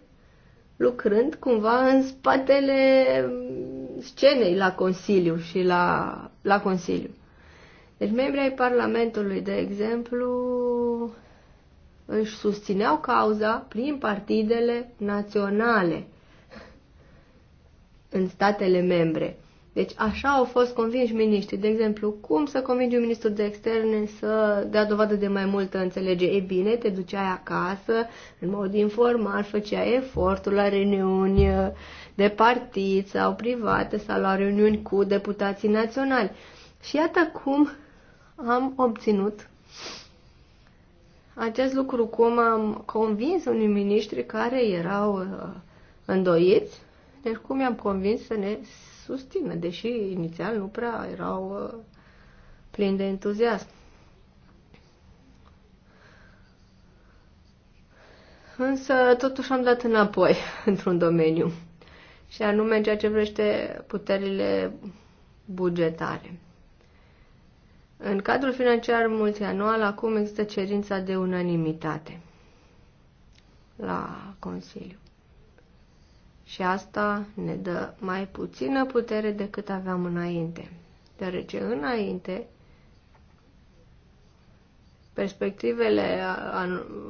lucrând cumva în spatele mm, scenei la Consiliu și la, la Consiliu. Deci membrii ai Parlamentului, de exemplu, își susțineau cauza prin partidele naționale în statele membre. Deci așa au fost convinși miniștri. De exemplu, cum să convingi un ministru de externe să dea dovadă de mai multă înțelegere? E bine, te duceai acasă, în mod informal, făcea efortul la reuniuni de partid sau private sau la reuniuni cu deputații naționali. Și iată cum am obținut acest lucru, cum am convins unii miniștri care erau uh, îndoiți, deci cum i-am convins să ne susțină, deși inițial nu prea erau uh, plini de entuziasm. Însă, totuși am dat înapoi într-un domeniu, și anume în ceea ce vrește puterile bugetare. În cadrul financiar multianual, acum există cerința de unanimitate la Consiliu. Și asta ne dă mai puțină putere decât aveam înainte. Deoarece înainte perspectivele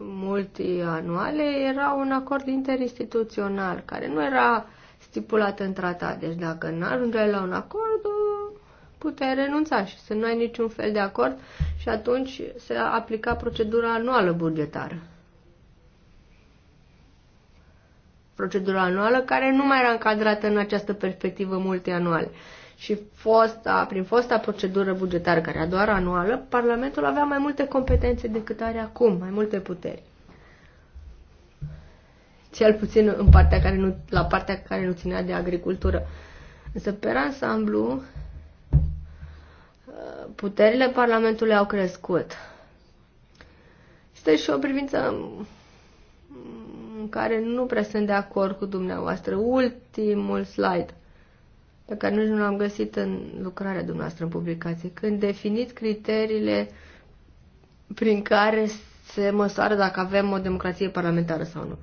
multianuale erau un acord interinstituțional care nu era stipulat în tratat. Deci dacă nu ajungeai la un acord, puteai renunța și să nu ai niciun fel de acord și atunci se aplica procedura anuală bugetară. procedura anuală, care nu mai era încadrată în această perspectivă multianuală. Și fosta, prin fosta procedură bugetară, care era doar anuală, Parlamentul avea mai multe competențe decât are acum, mai multe puteri. Cel puțin în partea care nu, la partea care nu ținea de agricultură. Însă, pe ansamblu, puterile Parlamentului au crescut. Este și o privință în care nu prea sunt de acord cu dumneavoastră. Ultimul slide pe care nici nu l-am găsit în lucrarea dumneavoastră în publicație. Când definiți criteriile prin care se măsoară dacă avem o democrație parlamentară sau nu.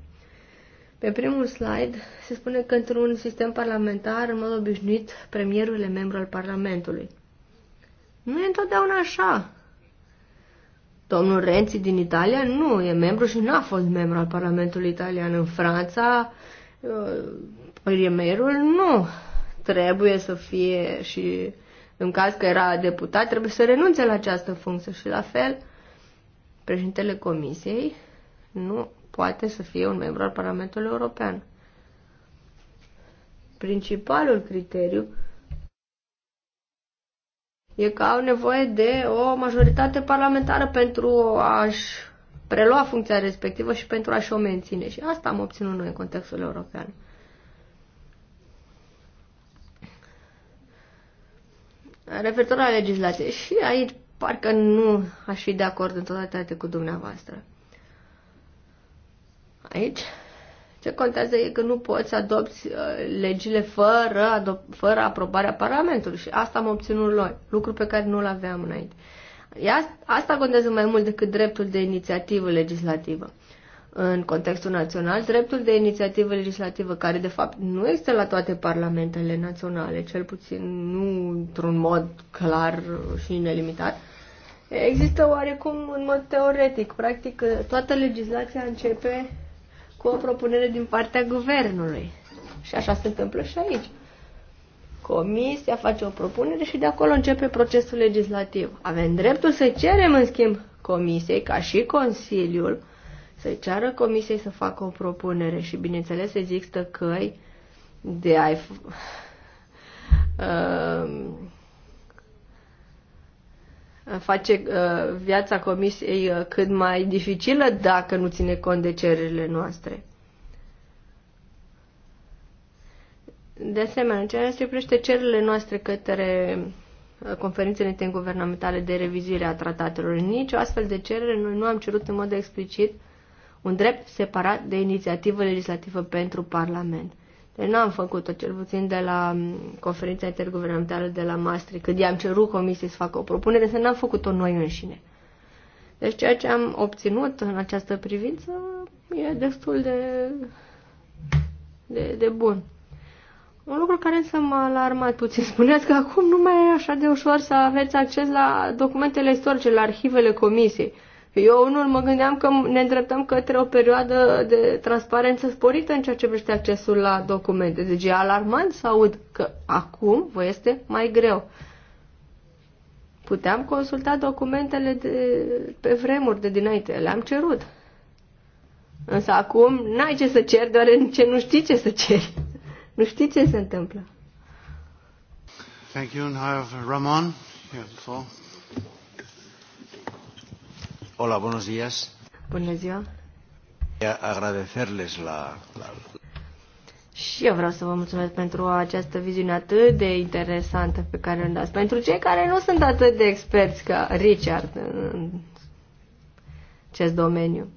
Pe primul slide se spune că într-un sistem parlamentar, în mod obișnuit, premierul e membru al Parlamentului. Nu e întotdeauna așa. Domnul Renzi din Italia nu e membru și nu a fost membru al Parlamentului Italian în Franța. Uh, premierul nu trebuie să fie și în caz că era deputat, trebuie să renunțe la această funcție și la fel președintele Comisiei nu poate să fie un membru al Parlamentului European. Principalul criteriu e că au nevoie de o majoritate parlamentară pentru a-și prelua funcția respectivă și pentru a-și o menține. Și asta am obținut noi în contextul european. Referitor la legislație, și aici parcă nu aș fi de acord în totalitate cu dumneavoastră. Aici ce contează e că nu poți să adopți uh, legile fără, adop- fără aprobarea Parlamentului și asta am obținut noi, lucru pe care nu-l aveam înainte. Asta contează mai mult decât dreptul de inițiativă legislativă. În contextul național, dreptul de inițiativă legislativă, care de fapt nu este la toate parlamentele naționale, cel puțin nu într-un mod clar și nelimitat, există oarecum în mod teoretic. Practic, toată legislația începe cu o propunere din partea guvernului. Și așa se întâmplă și aici. Comisia face o propunere și de acolo începe procesul legislativ. Avem dreptul să cerem, în schimb, Comisiei, ca și Consiliul, să ceară Comisiei să facă o propunere și, bineînțeles, există căi de a-i uh, face uh, viața comisiei uh, cât mai dificilă dacă nu ține cont de cererile noastre. De asemenea, ceea ce privește cererile noastre către uh, conferințele interguvernamentale de revizuire a tratatelor, nicio astfel de cerere noi nu am cerut în mod explicit un drept separat de inițiativă legislativă pentru Parlament. Deci n-am făcut-o, cel puțin de la mm, conferința interguvernamentală de la Mastri, când i-am cerut comisiei să facă o propunere, să n-am făcut-o noi înșine. Deci ceea ce am obținut în această privință e destul de, de, de bun. Un lucru care însă m-a alarmat puțin. Spuneați că acum nu mai e așa de ușor să aveți acces la documentele istorice, la arhivele comisiei. Eu unul mă gândeam că ne îndreptăm către o perioadă de transparență sporită în ceea ce privește accesul la documente. Deci e alarmant să aud că acum vă este mai greu. Puteam consulta documentele de, pe vremuri de dinainte, le-am cerut. Însă acum n-ai ce să ceri, deoarece nu știi ce să ceri. Nu știi ce se întâmplă. Thank you, and I have Ramon. Here, Hola, buenos días. Bună ziua. Agradecerles la, la... Și eu vreau să vă mulțumesc pentru această viziune atât de interesantă pe care o dați. Pentru cei care nu sunt atât de experți ca Richard în acest domeniu.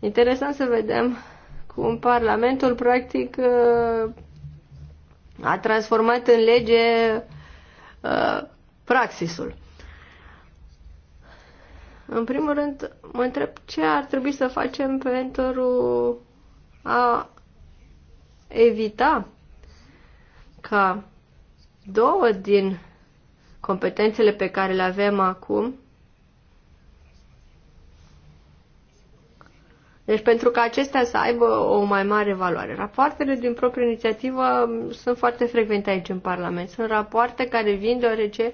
Interesant să vedem cum Parlamentul practic uh, a transformat în lege uh, praxisul. În primul rând, mă întreb ce ar trebui să facem pentru a evita ca două din competențele pe care le avem acum, deci pentru ca acestea să aibă o mai mare valoare. Rapoartele din proprie inițiativă sunt foarte frecvente aici în Parlament. Sunt rapoarte care vin deoarece uh,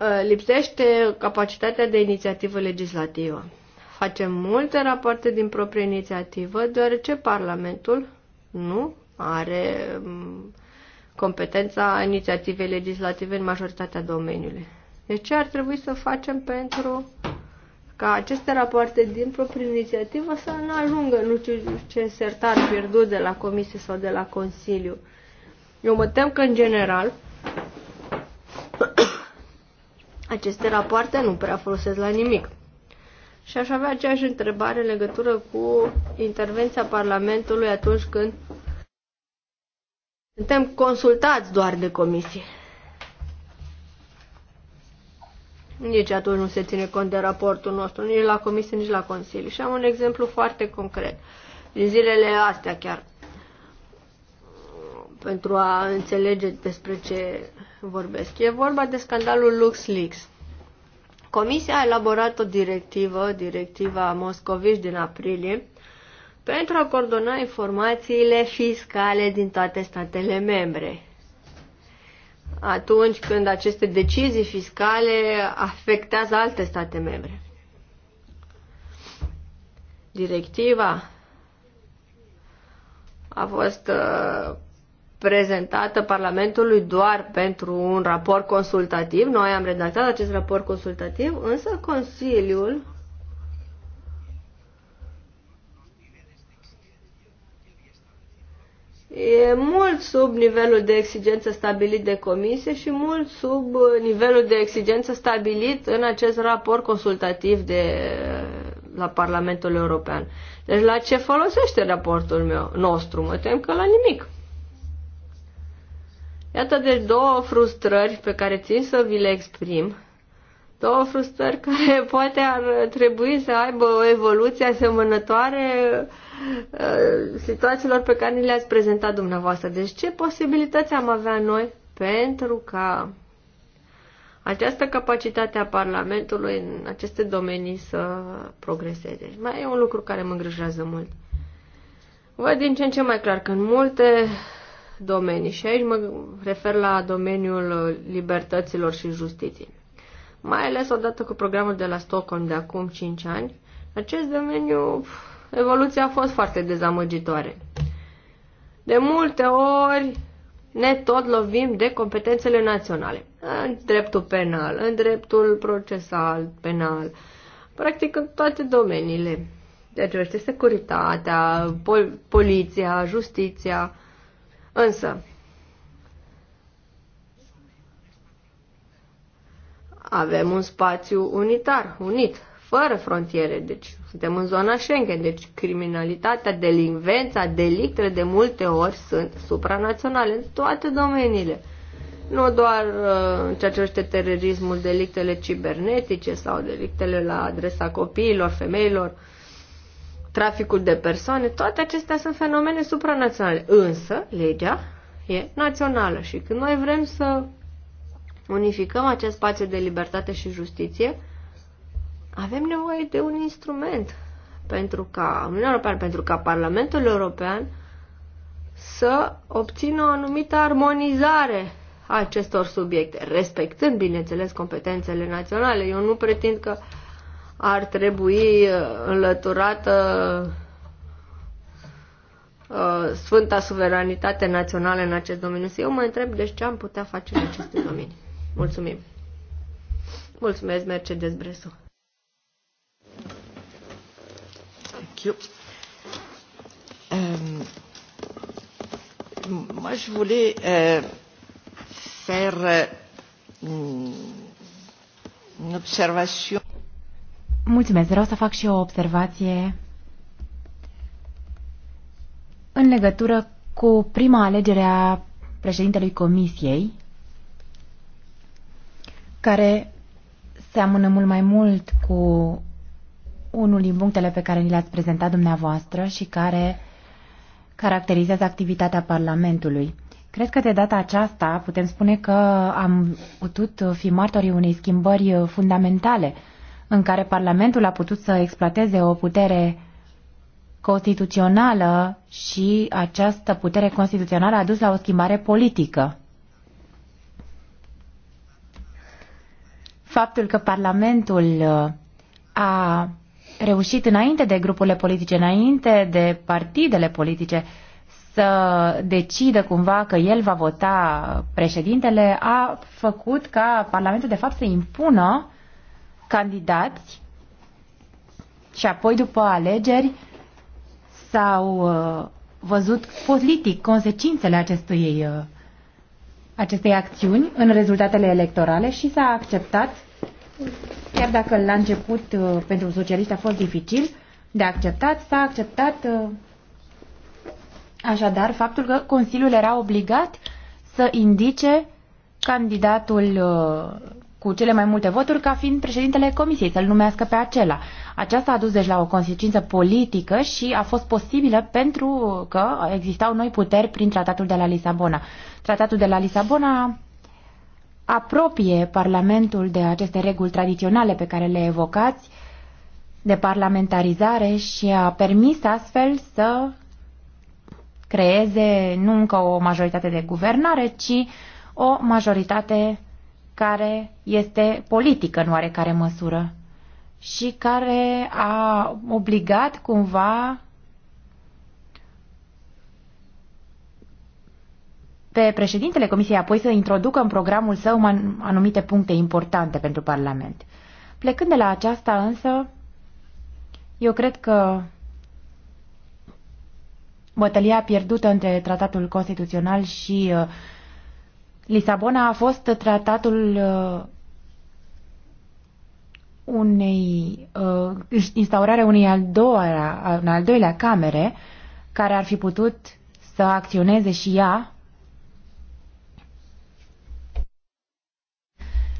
Uh, lipsește capacitatea de inițiativă legislativă. Facem multe rapoarte din proprie inițiativă, deoarece Parlamentul nu are um, competența inițiativei legislative în majoritatea domeniului. Deci ce ar trebui să facem pentru ca aceste rapoarte din proprie inițiativă să nu ajungă nu știu ce sertar pierdut de la Comisie sau de la Consiliu? Eu mă tem că, în general, aceste rapoarte nu prea folosesc la nimic. Și aș avea aceeași întrebare în legătură cu intervenția Parlamentului atunci când suntem consultați doar de comisie. Nici atunci nu se ține cont de raportul nostru, nici la comisie, nici la Consiliu. Și am un exemplu foarte concret. Din zilele astea chiar. Pentru a înțelege despre ce vorbesc. E vorba de scandalul LuxLeaks. Comisia a elaborat o directivă, directiva Moscovici din aprilie, pentru a coordona informațiile fiscale din toate statele membre. Atunci când aceste decizii fiscale afectează alte state membre. Directiva a fost uh, prezentată Parlamentului doar pentru un raport consultativ. Noi am redactat acest raport consultativ, însă Consiliul e mult sub nivelul de exigență stabilit de comisie și mult sub nivelul de exigență stabilit în acest raport consultativ de la Parlamentul European. Deci la ce folosește raportul meu, nostru? Mă tem că la nimic. Iată deci două frustrări pe care țin să vi le exprim. Două frustrări care poate ar trebui să aibă o evoluție asemănătoare uh, situațiilor pe care ni le-ați prezentat dumneavoastră. Deci ce posibilități am avea noi pentru ca această capacitate a Parlamentului în aceste domenii să progreseze. Mai e un lucru care mă îngrijează mult. Văd din ce în ce mai clar că în multe domenii și aici mă refer la domeniul uh, libertăților și justiției. Mai ales odată cu programul de la Stockholm de acum 5 ani, acest domeniu, evoluția a fost foarte dezamăgitoare. De multe ori ne tot lovim de competențele naționale, în dreptul penal, în dreptul procesal penal, practic în toate domeniile. Deci, este securitatea, pol- poliția, justiția, Însă, avem un spațiu unitar, unit, fără frontiere, deci suntem în zona Schengen, deci criminalitatea, delinvența, delictele de multe ori sunt supranaționale în toate domeniile. Nu doar uh, ceea ce este terorismul, delictele cibernetice sau delictele la adresa copiilor, femeilor, uh, traficul de persoane, toate acestea sunt fenomene supranaționale. Însă, legea e națională și când noi vrem să unificăm acest spațiu de libertate și justiție, avem nevoie de un instrument pentru ca Uniunea Europeană, pentru ca Parlamentul European să obțină o anumită armonizare a acestor subiecte, respectând, bineînțeles, competențele naționale. Eu nu pretind că uh, ar trebui uh, înlăturată uh, sfânta suveranitate națională în acest domeniu. eu mă întreb, deci ce am putea face în aceste domenii? Mulțumim! Mulțumesc, Mercedes Bresu! Thank you. Um, aș vrea uh, faire euh, une Mulțumesc. Vreau să fac și eu o observație în legătură cu prima alegere a președintelui Comisiei, care seamănă mult mai mult cu unul din punctele pe care ni le-ați prezentat dumneavoastră și care caracterizează activitatea Parlamentului. Cred că de data aceasta putem spune că am putut fi martorii unei schimbări fundamentale în care Parlamentul a putut să exploateze o putere constituțională și această putere constituțională a dus la o schimbare politică. Faptul că Parlamentul uh, a reușit înainte de grupurile politice, înainte de partidele politice, să decidă cumva că el va vota președintele, a făcut ca Parlamentul de fapt să impună candidați și apoi după alegeri s-au uh, văzut politic consecințele acestui, uh, acestei acțiuni în rezultatele electorale și s-a acceptat, chiar dacă la început uh, pentru socialiști a fost dificil de acceptat, s-a acceptat așadar faptul că Consiliul era obligat să indice candidatul cu cele mai multe voturi ca fiind președintele comisiei, să-l numească pe acela. Aceasta a dus deci la o consecință politică și a fost posibilă pentru că existau noi puteri prin tratatul de la Lisabona. Tratatul de la Lisabona apropie Parlamentul de aceste reguli tradiționale pe care le evocați, de parlamentarizare și a permis astfel să creeze nu încă o majoritate de guvernare, ci o majoritate care este politică în oarecare măsură și care a obligat cumva pe președintele Comisiei apoi să introducă în programul său anumite puncte importante pentru Parlament. Plecând de la aceasta însă, eu cred că bătălia pierdută între tratatul constituțional și uh, Lisabona a fost tratatul uh, unei uh, instaurarea unei al doua, un al doilea camere care ar fi putut să acționeze și ea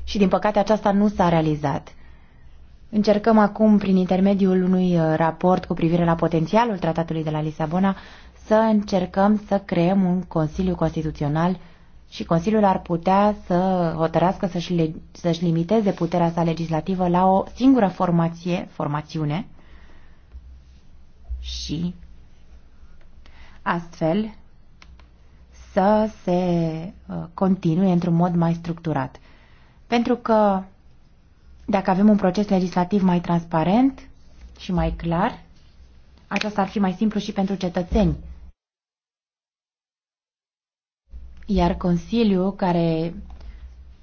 și din păcate aceasta nu s-a realizat. Încercăm acum, prin intermediul unui uh, raport cu privire la potențialul tratatului de la Lisabona, să încercăm să creăm un Consiliu Constituțional și Consiliul ar putea să hotărească să-și, să, limiteze puterea sa legislativă la o singură formație, formațiune și astfel să se uh, continue într-un mod mai structurat. Pentru că dacă avem un proces legislativ mai transparent și mai clar, aceasta ar fi mai simplu și pentru cetățeni. Iar Consiliul, care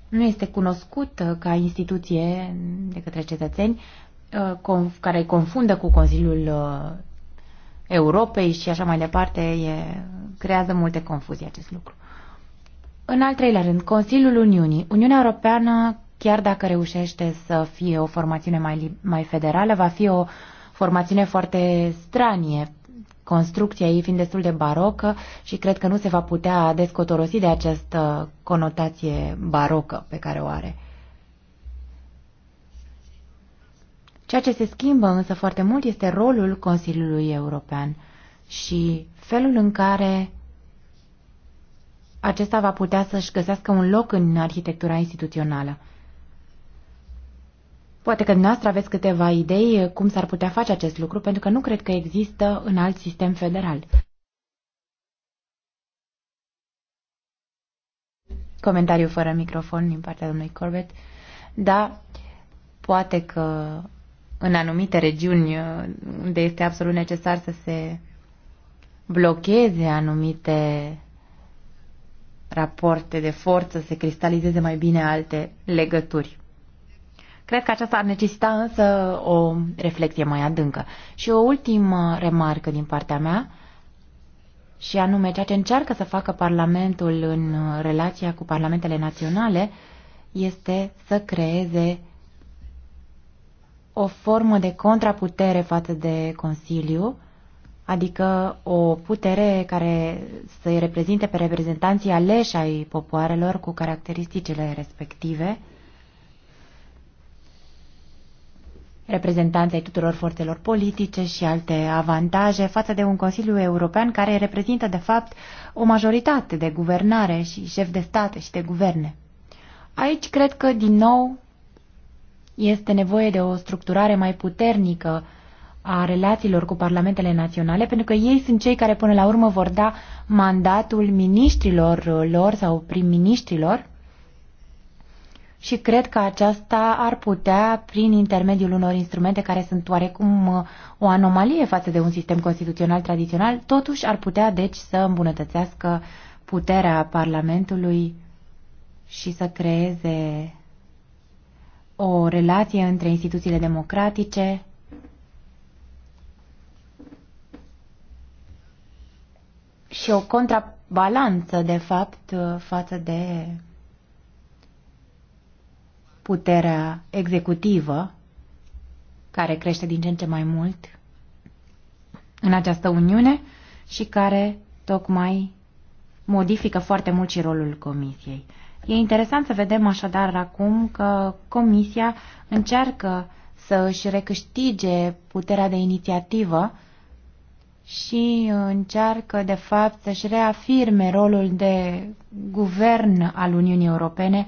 nu este cunoscut ca instituție de către cetățeni, uh, care confundă cu Consiliul uh, Europei și așa mai departe, e, creează multe confuzii acest lucru. În al treilea rând, Consiliul Uniunii. Uniunea Europeană, chiar dacă reușește să fie o formațiune mai, mai federală, va fi o formațiune foarte stranie construcția ei fiind destul de barocă și cred că nu se va putea descotorosi de această conotație barocă pe care o are. Ceea ce se schimbă însă foarte mult este rolul Consiliului European și felul în care acesta va putea să-și găsească un loc în arhitectura instituțională. Poate că dumneavoastră aveți câteva idei eh, cum s-ar putea face acest lucru, pentru că nu cred că există în alt sistem federal. Comentariu fără microfon din partea domnului Corbett. Da, poate că în anumite regiuni eh, unde este absolut necesar să se blocheze anumite rapoarte de forță, să se cristalizeze mai bine alte legături. Cred că aceasta ar necesita însă o reflexie mai adâncă. Și o ultimă remarcă din partea mea, și anume ceea ce încearcă să facă Parlamentul în relația cu parlamentele naționale, este să creeze o formă de contraputere față de Consiliu, adică o putere care să-i reprezinte pe reprezentanții aleși ai popoarelor cu caracteristicile respective, reprezentanței tuturor forțelor politice și alte avantaje față de un Consiliu European care reprezintă, de fapt, o majoritate de guvernare și șef de state și de guverne. Aici cred că, din nou, este nevoie de o structurare mai puternică a relațiilor cu parlamentele naționale, pentru că ei sunt cei care până la urmă vor da mandatul ministrilor lor sau prim-ministrilor și cred că aceasta ar putea, prin intermediul unor instrumente care sunt oarecum uh, o anomalie față de un sistem constituțional tradițional, totuși ar putea, deci, să îmbunătățească puterea Parlamentului și să creeze o relație între instituțiile democratice și o contrabalanță, de fapt, uh, față de puterea executivă, care crește din ce în ce mai mult în această Uniune și care tocmai modifică foarte mult și rolul Comisiei. E interesant să vedem așadar acum că Comisia încearcă să își recâștige puterea de inițiativă și încearcă, de fapt, să-și reafirme rolul de guvern al Uniunii Europene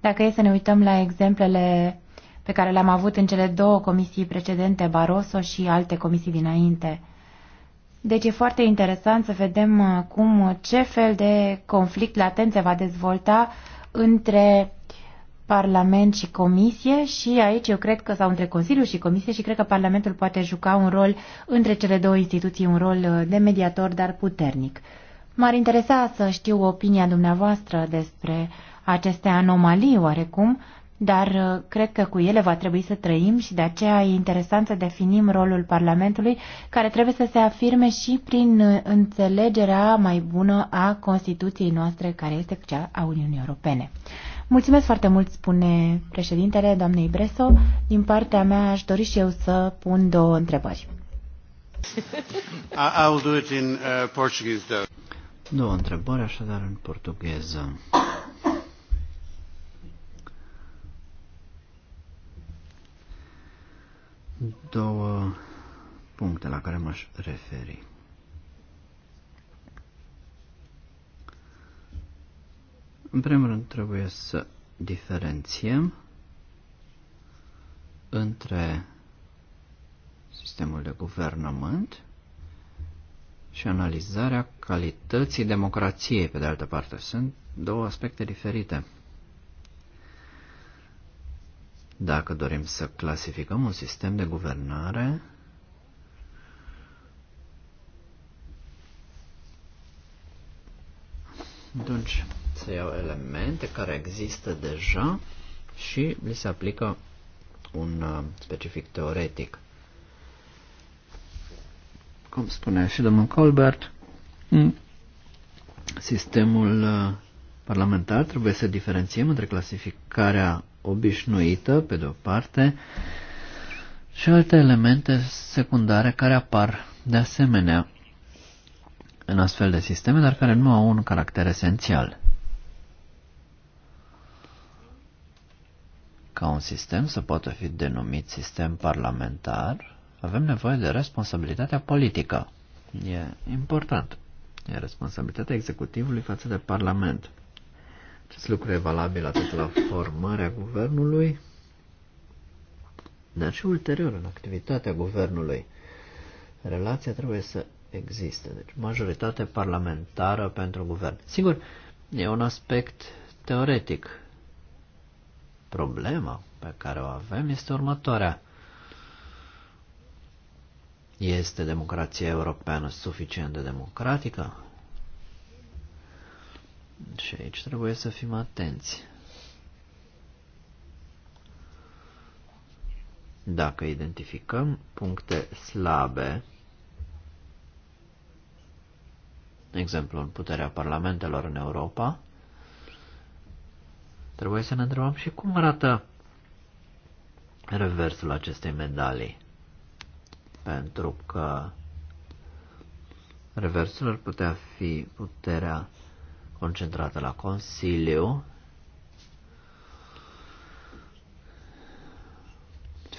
dacă e să ne uităm la exemplele pe care le-am avut în cele două comisii precedente, Barroso și alte comisii dinainte. Deci e foarte interesant să vedem uh, cum, uh, ce fel de conflict latent se va dezvolta între Parlament și Comisie și aici eu cred că, sau între Consiliu și Comisie și cred că Parlamentul poate juca un rol între cele două instituții, un rol uh, de mediator, dar puternic. M-ar interesa să știu opinia dumneavoastră despre aceste anomalii oarecum, dar uh, cred că cu ele va trebui să trăim și de aceea e interesant să definim rolul Parlamentului, care trebuie să se afirme și prin uh, înțelegerea mai bună a Constituției noastre, care este cea a Uniunii Europene. Mulțumesc foarte mult, spune președintele doamnei Breso. Din partea mea aș dori și eu să pun două întrebări. I will do it in uh, Portuguese though. Două întrebări, așadar, în portugheză. Două puncte la care m-aș referi. În primul rând, trebuie să diferențiem între sistemul de guvernământ și analizarea calității democrației, pe de altă parte. Sunt două aspecte diferite. Dacă dorim să clasificăm un sistem de guvernare, atunci se iau elemente care există deja și li se aplică un uh, specific teoretic cum spunea și domnul Colbert, sistemul uh, parlamentar trebuie să diferențiem între clasificarea obișnuită, pe de o parte, și alte elemente secundare care apar de asemenea în astfel de sisteme, dar care nu au un caracter esențial. Ca un sistem să poată fi denumit sistem parlamentar, avem nevoie de responsabilitatea politică. E important. E responsabilitatea executivului față de Parlament. Acest lucru e valabil atât la formarea guvernului, dar și ulterior în activitatea guvernului. Relația trebuie să existe, deci majoritate parlamentară pentru guvern. Sigur, e un aspect teoretic. Problema pe care o avem este următoarea. Este democrația europeană suficient de democratică? Și aici trebuie să fim atenți. Dacă identificăm puncte slabe, exemplu în puterea parlamentelor în Europa, trebuie să ne întrebăm și cum arată reversul acestei medalii pentru că reversul ar putea fi puterea concentrată la Consiliu,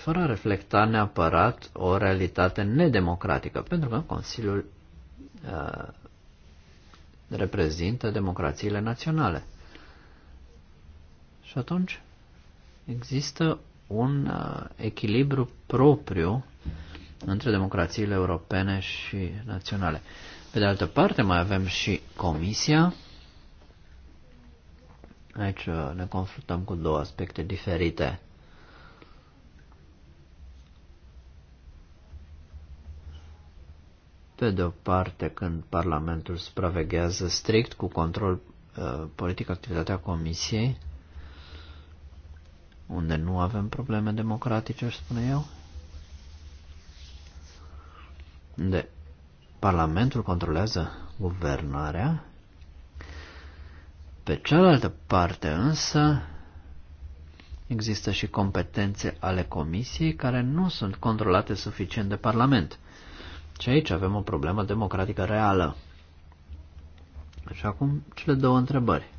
fără a reflecta neapărat o realitate nedemocratică, pentru că Consiliul uh, reprezintă democrațiile naționale. Și atunci există un uh, echilibru propriu între democrațiile europene și naționale. Pe de altă parte, mai avem și Comisia. Aici uh, ne confruntăm cu două aspecte diferite. Pe de o parte, când Parlamentul supraveghează strict cu control uh, politic activitatea Comisiei, unde nu avem probleme democratice, aș spune eu, unde Parlamentul controlează guvernarea, pe cealaltă parte însă există și competențe ale Comisiei care nu sunt controlate suficient de Parlament. Și aici avem o problemă democratică reală. Și acum cele două întrebări.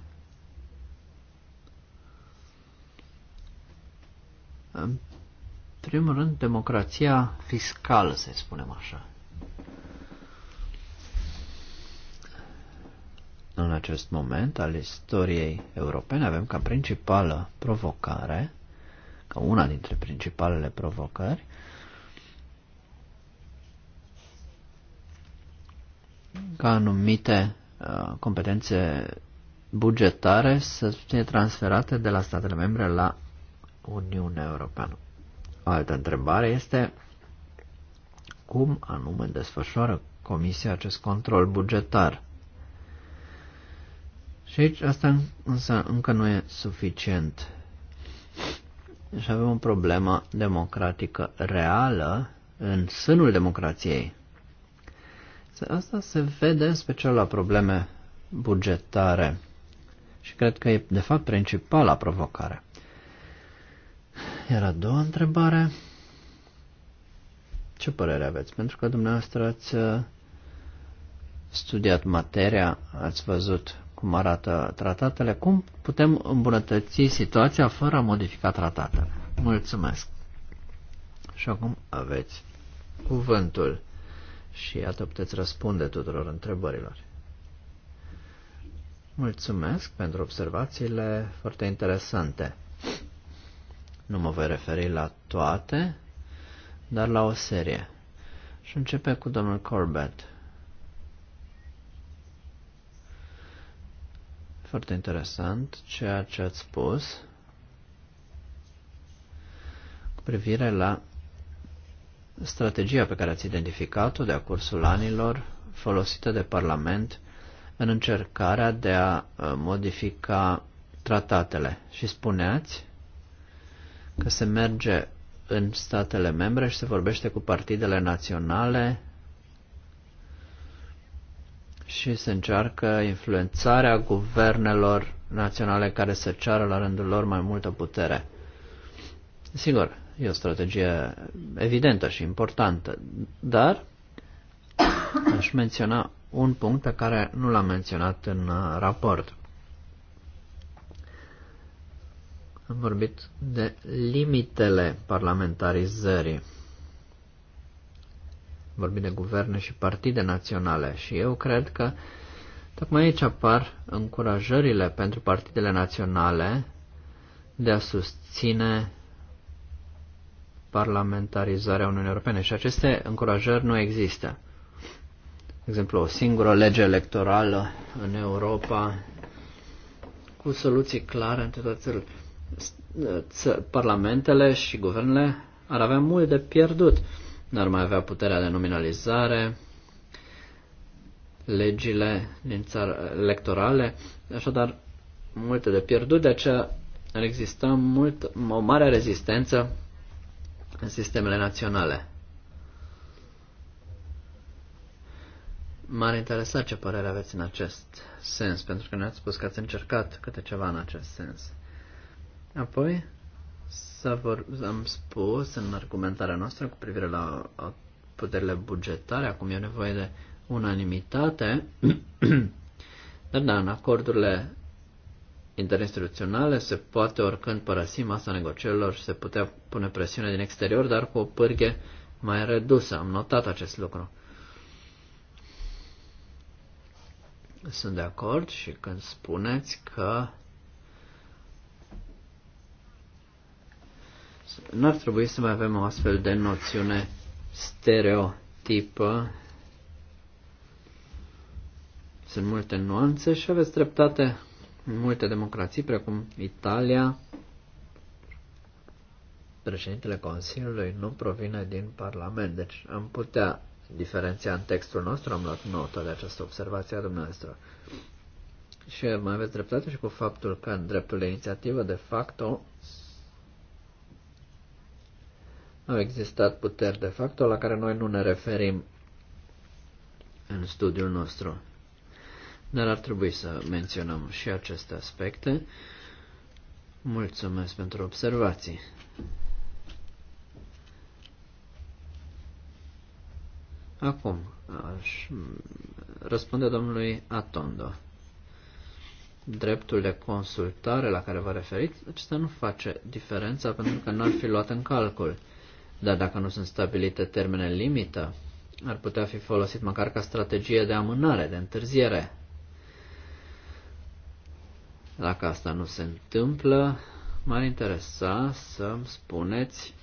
În primul rând, democrația fiscală, să spunem așa. în acest moment al istoriei europene avem ca principală provocare, ca una dintre principalele provocări, ca anumite uh, competențe bugetare să fie transferate de la statele membre la Uniunea Europeană. O altă întrebare este cum anume desfășoară Comisia acest control bugetar. Și aici asta însă încă nu e suficient. Și avem o problemă democratică reală în sânul democrației. Asta se vede în special la probleme bugetare și cred că e de fapt principala provocare. Iar a doua întrebare, ce părere aveți? Pentru că dumneavoastră ați uh, studiat materia, ați văzut cum arată tratatele, cum putem îmbunătăți situația fără a modifica tratatele. Mulțumesc! Și acum aveți cuvântul și iată puteți răspunde tuturor întrebărilor. Mulțumesc pentru observațiile foarte interesante. Nu mă voi referi la toate, dar la o serie. Și începe cu domnul Corbett. Foarte interesant ceea ce ați spus cu privire la strategia pe care ați identificat-o de-a cursul anilor folosită de Parlament în încercarea de a uh, modifica tratatele. Și spuneați că se merge în statele membre și se vorbește cu partidele naționale și se încearcă influențarea guvernelor naționale care să ceară la rândul lor mai multă putere. Sigur, e o strategie evidentă și importantă, dar aș menționa un punct pe care nu l-am menționat în uh, raport. Am vorbit de limitele parlamentarizării vorbit de guverne și partide naționale și eu cred că tocmai aici apar încurajările pentru partidele naționale de a susține parlamentarizarea Uniunii Europene și aceste încurajări nu există. De exemplu, o singură lege electorală în Europa cu soluții clare între toate țările. Parlamentele și guvernele ar avea mult de pierdut n-ar mai avea puterea de nominalizare, legile din țară, electorale, așadar multe de pierdut, de aceea ar exista mult, o mare rezistență în sistemele naționale. M-ar interesa ce părere aveți în acest sens, pentru că ne-ați spus că ați încercat câte ceva în acest sens. Apoi, s-a vor, am spus în argumentarea noastră cu privire la puterile bugetare, acum e nevoie de unanimitate, dar da, în acordurile interinstituționale se poate oricând părăsi masa negocierilor și se putea pune presiune din exterior, dar cu o pârghe mai redusă. Am notat acest lucru. Sunt de acord și când spuneți că nu ar trebui să mai avem o astfel de noțiune stereotipă. Sunt multe nuanțe și aveți dreptate în multe democrații, precum Italia. Președintele Consiliului nu provine din Parlament, deci am putea diferenția în textul nostru, am luat notă de această observație a dumneavoastră. Și mai aveți dreptate și cu faptul că în dreptul de inițiativă, de facto, au existat puteri de facto la care noi nu ne referim în studiul nostru. Dar ar trebui să menționăm și aceste aspecte. Mulțumesc pentru observații. Acum aș răspunde domnului Atondo. Dreptul de consultare la care vă referiți, acesta nu face diferența pentru că n-ar fi luat în calcul. Dar dacă nu sunt stabilite termene limită, ar putea fi folosit măcar ca strategie de amânare, de întârziere. Dacă asta nu se întâmplă, m-ar interesa să-mi spuneți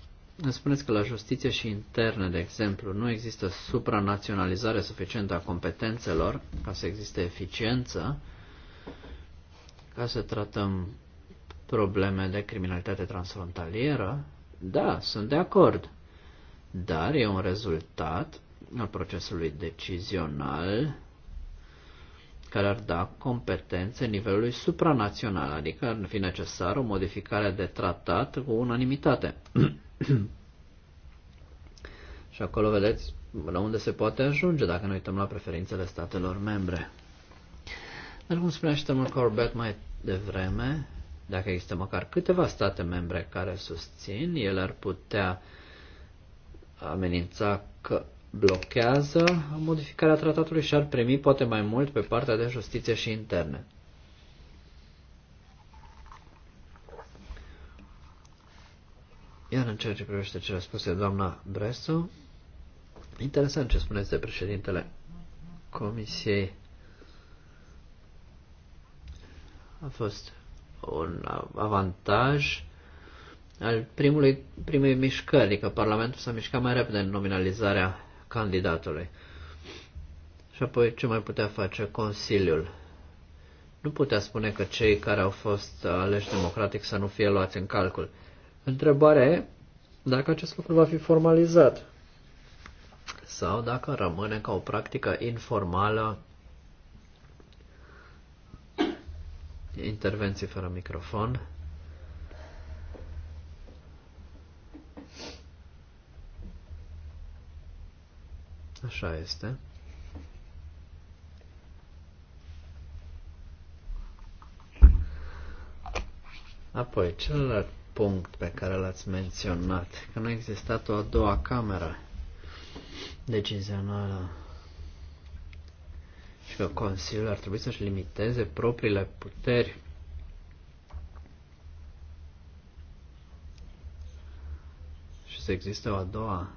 îmi spuneți că la justiție și interne, de exemplu, nu există supranaționalizare suficientă a competențelor ca să existe eficiență, ca să tratăm probleme de criminalitate transfrontalieră, da, sunt de acord. Dar e un rezultat al procesului decizional care ar da competențe nivelului supranațional, adică ar fi necesară o modificare de tratat cu unanimitate. Și acolo vedeți la unde se poate ajunge dacă ne uităm la preferințele statelor membre. Dar cum spunea și Corbett mai devreme, dacă există măcar câteva state membre care susțin, ele ar putea amenința că blochează modificarea tratatului și ar primi poate mai mult pe partea de justiție și interne. Iar în ceea ce privește cele spuse doamna Bresu, interesant ce spuneți de președintele Comisiei. A fost un avantaj al primului, primei mișcări, adică Parlamentul s-a mișcat mai repede în nominalizarea candidatului. Și apoi ce mai putea face Consiliul? Nu putea spune că cei care au fost aleși democratic să nu fie luați în calcul. Întrebarea e dacă acest lucru va fi formalizat sau dacă rămâne ca o practică informală intervenții fără microfon. Așa este. Apoi, celălalt punct pe care l-ați menționat, că nu a existat o a doua cameră decizională și că Consiliul ar trebui să-și limiteze propriile puteri. Și să existe o a doua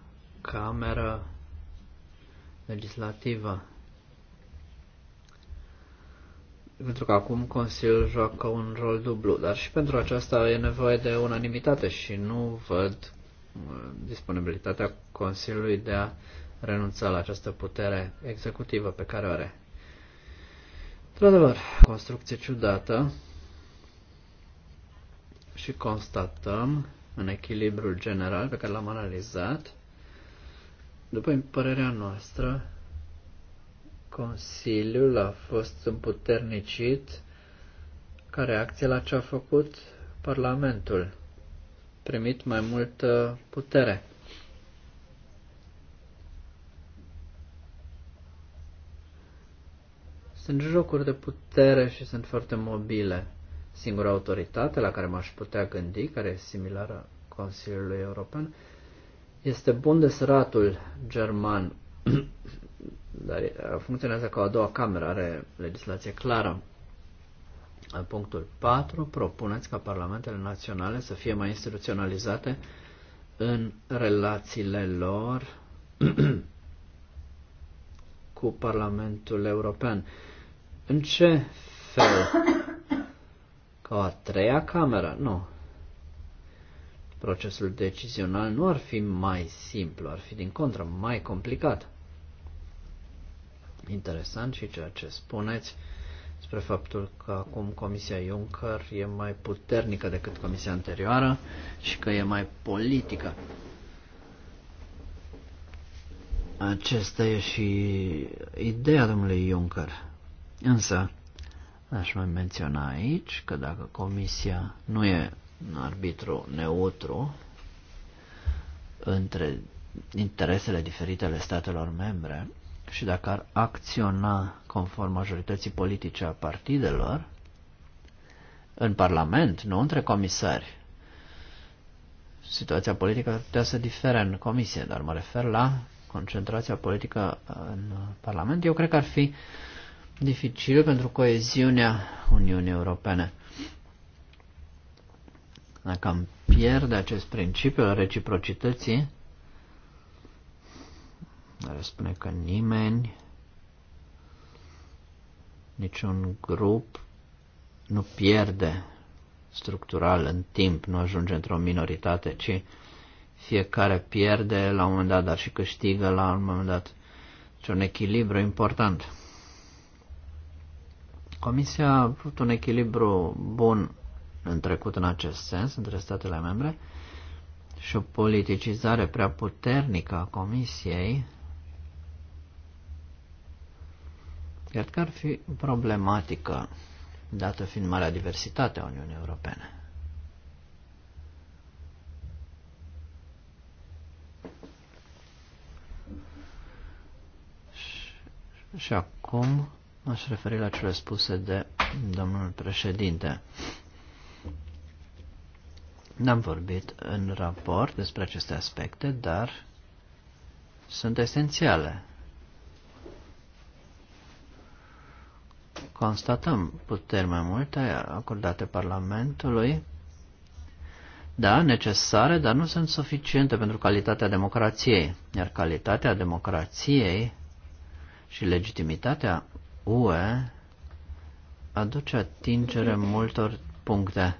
cameră legislativă. Pentru că acum Consiliul joacă un rol dublu, dar și pentru aceasta e nevoie de unanimitate și nu văd uh, disponibilitatea Consiliului de a renunța la această putere executivă pe care o are. Într-adevăr, construcție ciudată și constatăm în echilibrul general pe care l-am analizat, după părerea noastră, Consiliul a fost împuternicit ca reacție la ce a făcut Parlamentul, primit mai multă putere. Sunt jocuri de putere și sunt foarte mobile. Singura autoritate la care m-aș putea gândi, care e similară Consiliului European, este Bundesratul german, dar funcționează ca a doua cameră, are legislație clară. Punctul 4. Propuneți ca parlamentele naționale să fie mai instituționalizate în relațiile lor cu Parlamentul European. În ce fel? Ca o a treia cameră? Nu. Procesul decizional nu ar fi mai simplu, ar fi din contră mai complicat. Interesant și ceea ce spuneți spre faptul că acum Comisia Juncker e mai puternică decât Comisia anterioară și că e mai politică. Acesta e și ideea domnului Juncker. Însă, aș mai menționa aici că dacă comisia nu e un arbitru neutru între interesele diferite ale statelor membre și dacă ar acționa conform majorității politice a partidelor, în Parlament, nu între comisari. Situația politică ar putea să difere în comisie, dar mă refer la concentrația politică în Parlament. Eu cred că ar fi uh, dificil pentru coeziunea Uniunii Europene. Dacă am pierde acest principiu al reciprocității, care spune că nimeni, niciun grup nu pierde structural în timp, nu ajunge într-o minoritate, ci fiecare pierde la un moment dat, dar și câștigă la un moment dat. Deci un echilibru important. Comisia a avut un echilibru bun în trecut în acest sens între statele membre și o politicizare prea puternică a Comisiei cred că ar fi problematică, dată fiind marea diversitate a Uniunii Europene. Și acum M-aș referi la cele spuse de domnul președinte. N-am vorbit în raport despre aceste aspecte, dar sunt esențiale. Constatăm puteri mai multe acordate Parlamentului, da, necesare, dar nu sunt suficiente pentru calitatea democrației. Iar calitatea democrației și legitimitatea UE aduce atingere multor puncte.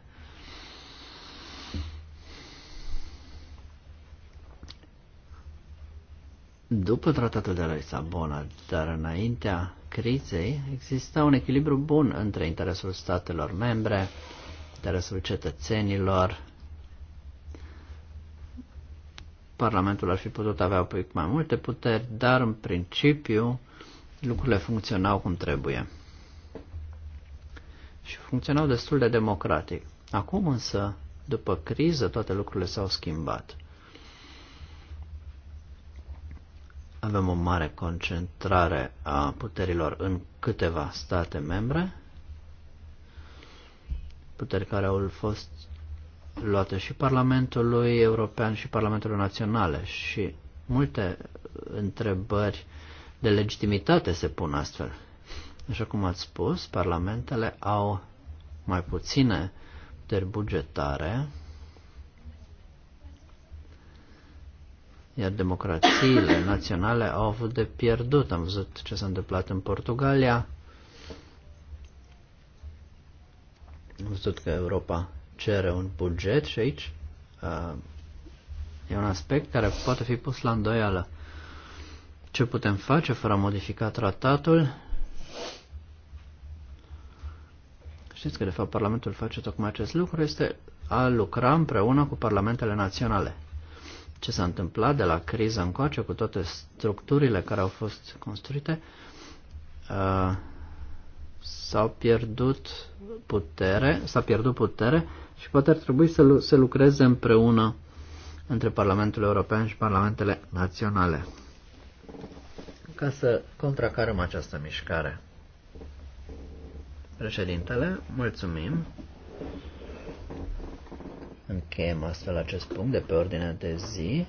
După tratatul de la Lisabona, dar înaintea crizei, exista un echilibru bun între interesul statelor membre, interesul cetățenilor. Parlamentul ar fi putut avea mai multe puteri, dar în principiu lucrurile funcționau cum trebuie. Și funcționau destul de democratic. Acum însă, după criză, toate lucrurile s-au schimbat. Avem o mare concentrare a puterilor în câteva state membre, puteri care au fost luate și Parlamentului European și Parlamentului Naționale și multe întrebări uh, de legitimitate se pun astfel. Așa cum ați spus, parlamentele au mai puține puteri bugetare, iar democrațiile naționale au avut de pierdut. Am văzut ce s-a întâmplat în Portugalia, am văzut că Europa cere un buget și aici uh, e un aspect care poate fi pus la îndoială. Ce putem face fără a modifica tratatul? Știți că, de fapt, Parlamentul face tocmai acest lucru, este a lucra împreună cu parlamentele naționale. Ce s-a întâmplat de la criză încoace cu toate structurile care au fost construite, s-au pierdut putere, s-a pierdut putere și poate ar trebui să se lucreze împreună între Parlamentul European și Parlamentele Naționale ca să contracarăm această mișcare. Președintele, mulțumim. Încheiem astfel acest punct de pe ordinea de zi.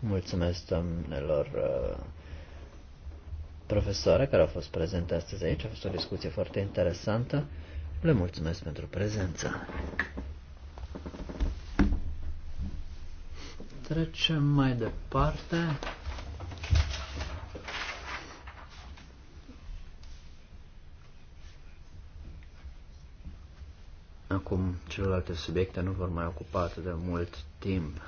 Mulțumesc domnilor uh, profesoare care au fost prezente astăzi aici. A fost o discuție foarte interesantă. Le mulțumesc pentru prezență. Trecem mai departe. Acum celelalte subiecte nu vor mai ocupa atât de mult timp.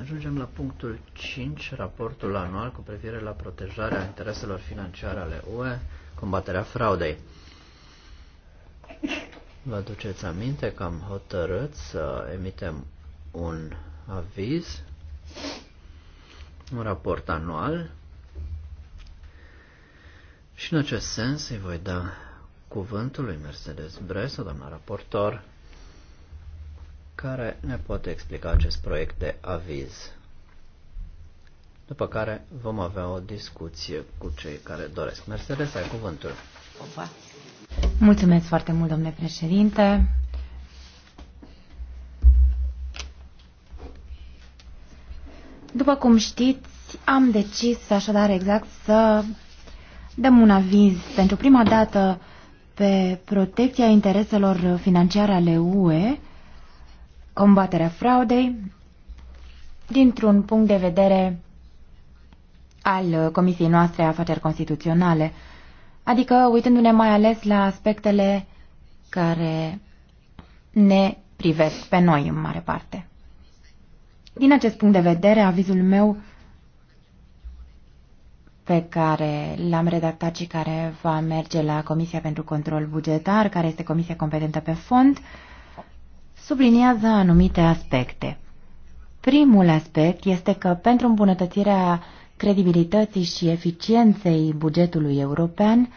Ajungem la punctul 5, raportul anual cu privire la protejarea intereselor financiare ale UE, combaterea fraudei. Vă aduceți aminte că am hotărât să emitem un aviz, un raport anual și în acest sens îi voi da cuvântul lui Mercedes Bresu, doamna raportor, care ne poate explica acest proiect de aviz. După care vom avea o discuție cu cei care doresc. Mercedes, ai cuvântul. Opa. Mulțumesc foarte mult, domnule președinte. După cum știți, am decis așadar exact să dăm un aviz pentru prima dată pe protecția intereselor financiare ale UE, combaterea fraudei, dintr-un punct de vedere al Comisiei noastre afaceri constituționale, adică uitându-ne mai ales la aspectele care ne privesc pe noi în mare parte. Din acest punct de vedere, avizul meu pe care l-am redactat și care va merge la Comisia pentru Control Bugetar, care este comisia competentă pe fond, subliniază anumite aspecte. Primul aspect este că pentru îmbunătățirea credibilității și eficienței bugetului european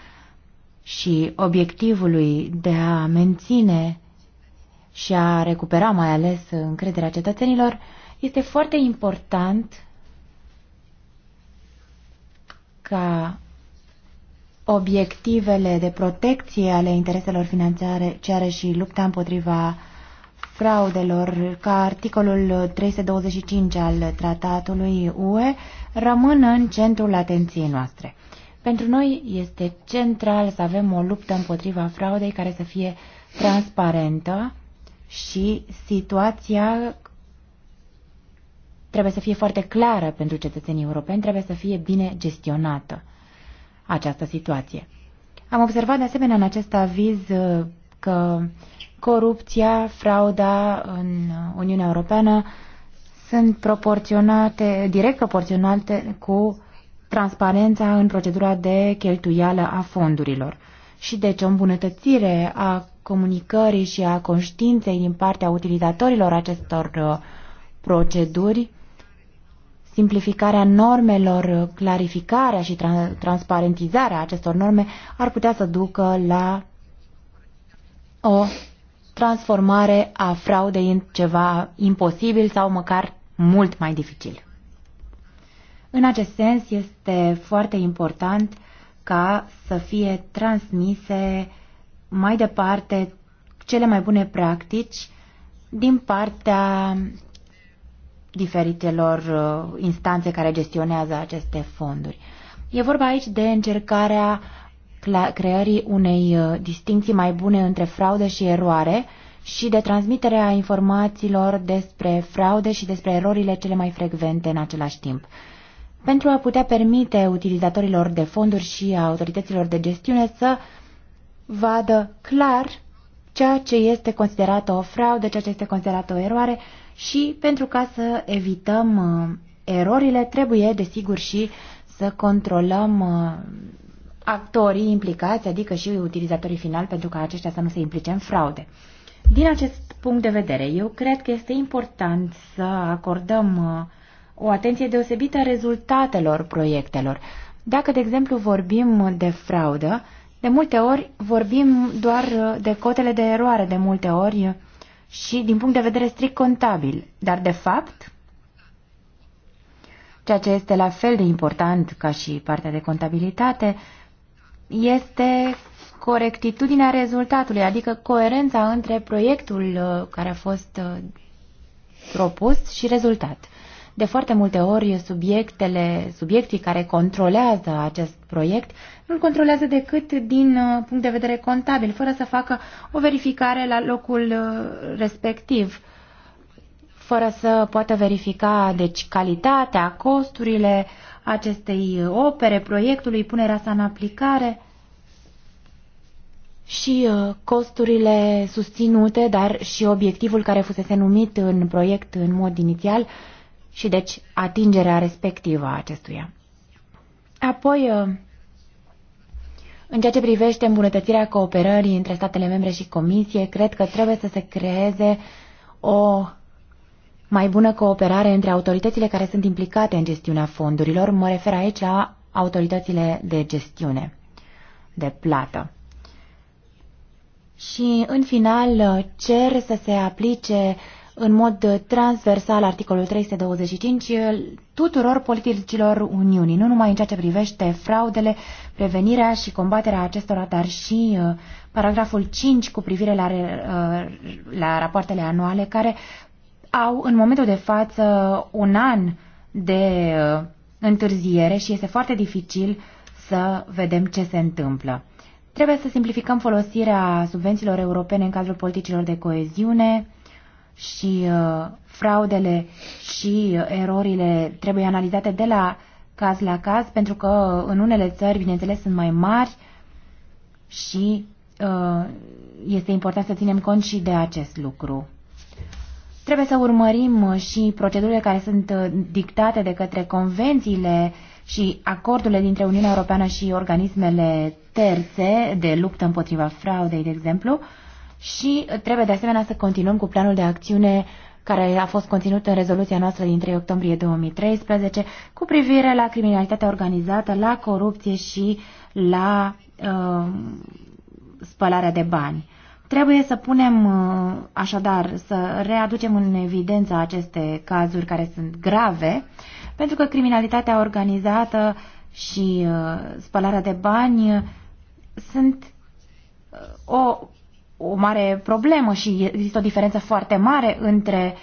și obiectivului de a menține și a recupera mai ales încrederea cetățenilor, este foarte important ca obiectivele de protecție ale intereselor financiare și lupta împotriva fraudelor, ca articolul 325 al tratatului UE, rămân în centrul atenției noastre. Pentru noi este central să avem o luptă împotriva fraudei care să fie transparentă și situația trebuie să fie foarte clară pentru cetățenii europeni, trebuie să fie bine gestionată această situație. Am observat de asemenea în acest aviz uh, că corupția, frauda în Uniunea Europeană sunt proporționate, direct proporționate cu transparența în procedura de cheltuială a fondurilor și deci o îmbunătățire a comunicării și a conștiinței din partea utilizatorilor acestor uh, proceduri simplificarea normelor, clarificarea și tra- transparentizarea acestor norme ar putea să ducă la o transformare a fraudei în ceva imposibil sau măcar mult mai dificil. În acest sens, este foarte important ca să fie transmise mai departe cele mai bune practici din partea diferitelor uh, instanțe care gestionează aceste fonduri. E vorba aici de încercarea creării unei uh, distinții mai bune între fraudă și eroare și de transmiterea informațiilor despre fraude și despre erorile cele mai frecvente în același timp. Pentru a putea permite utilizatorilor de fonduri și a autorităților de gestiune să vadă clar ceea ce este considerată o fraudă, ceea ce este considerată o eroare și pentru ca să evităm uh, erorile trebuie, desigur, și să controlăm uh, actorii implicați, adică și utilizatorii finali, pentru ca aceștia să nu se implice în fraude. Din acest punct de vedere, eu cred că este important să acordăm uh, o atenție deosebită rezultatelor proiectelor. Dacă, de exemplu, vorbim de fraudă, de multe ori vorbim doar de cotele de eroare, de multe ori și din punct de vedere strict contabil. Dar, de fapt, ceea ce este la fel de important ca și partea de contabilitate, este corectitudinea rezultatului, adică coerența între proiectul uh, care a fost uh, propus și rezultat. De foarte multe ori, subiectele, subiectii care controlează acest proiect nu controlează decât din uh, punct de vedere contabil, fără să facă o verificare la locul uh, respectiv fără să poată verifica deci calitatea, costurile acestei opere, proiectului, punerea sa în aplicare și uh, costurile susținute, dar și obiectivul care fusese numit în proiect în mod inițial, și deci atingerea respectivă a acestuia. Apoi, uh, în ceea ce privește îmbunătățirea cooperării între statele membre și comisie, cred că trebuie să se creeze o mai bună cooperare între autoritățile care sunt implicate în gestiunea fondurilor. Mă refer aici la autoritățile de gestiune, de plată. Și, în final, cer să se aplice în mod transversal articolul 325 eh, tuturor politicilor Uniunii, nu numai în ceea ce privește fraudele, prevenirea și combaterea acestora, dar și eh, paragraful 5 cu privire la, eh, la rapoartele anuale, care au în momentul de față un an de întârziere și este foarte dificil să vedem ce se întâmplă. Trebuie să simplificăm folosirea subvențiilor europene în cadrul politicilor de coeziune, și uh, fraudele și uh, erorile trebuie analizate de la caz la caz, pentru că uh, în unele țări, bineînțeles, sunt mai mari și uh, este important să ținem cont și de acest lucru. Trebuie să urmărim uh, și procedurile care sunt dictate de către convențiile și acordurile dintre Uniunea Europeană și organismele terțe de luptă împotriva fraudei, de exemplu, uh, și trebuie de asemenea să continuăm cu planul de acțiune care a fost conținut în rezoluția noastră din 3 octombrie 2013 cu privire la criminalitatea organizată, la corupție și la uh, spălarea de bani. Trebuie să punem, uh, așadar, să readucem în evidență aceste cazuri care sunt grave, pentru că criminalitatea organizată și uh, spălarea de bani sunt uh, o o mare problemă și există o diferență foarte mare între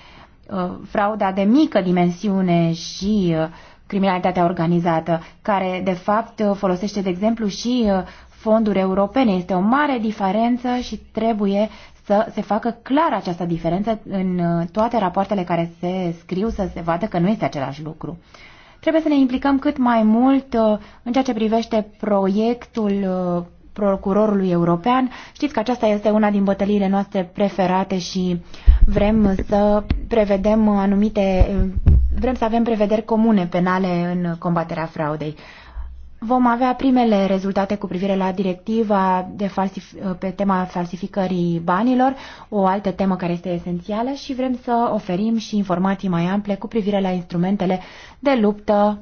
uh, frauda de mică dimensiune și uh, criminalitatea organizată, care de fapt uh, folosește de exemplu și uh, fonduri europene. Este o mare diferență și trebuie să se facă clar această diferență în uh, toate rapoartele care se scriu, să se vadă că nu este același lucru. Trebuie să ne implicăm cât mai mult uh, în ceea ce privește proiectul procurorului european. Știți că aceasta este una din bătăliile noastre preferate și vrem să prevedem anumite, vrem să avem prevederi comune penale în combaterea fraudei. Vom avea primele rezultate cu privire la directiva de falsif- pe tema falsificării banilor, o altă temă care este esențială și vrem să oferim și informații mai ample cu privire la instrumentele de luptă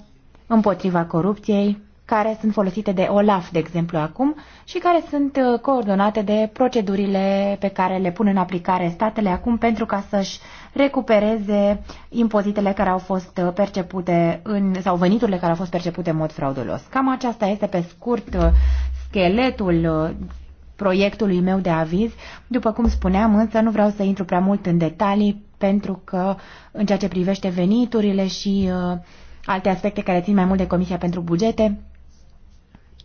împotriva corupției care sunt folosite de OLAF, de exemplu, acum și care sunt uh, coordonate de procedurile pe care le pun în aplicare statele acum pentru ca să-și recupereze impozitele care au fost uh, percepute în, sau veniturile care au fost percepute în mod fraudulos. Cam aceasta este pe scurt uh, scheletul proiectului meu de aviz. După cum spuneam, însă nu vreau să intru prea mult în detalii pentru că în ceea ce privește veniturile și uh, alte aspecte care țin mai mult de Comisia pentru Bugete,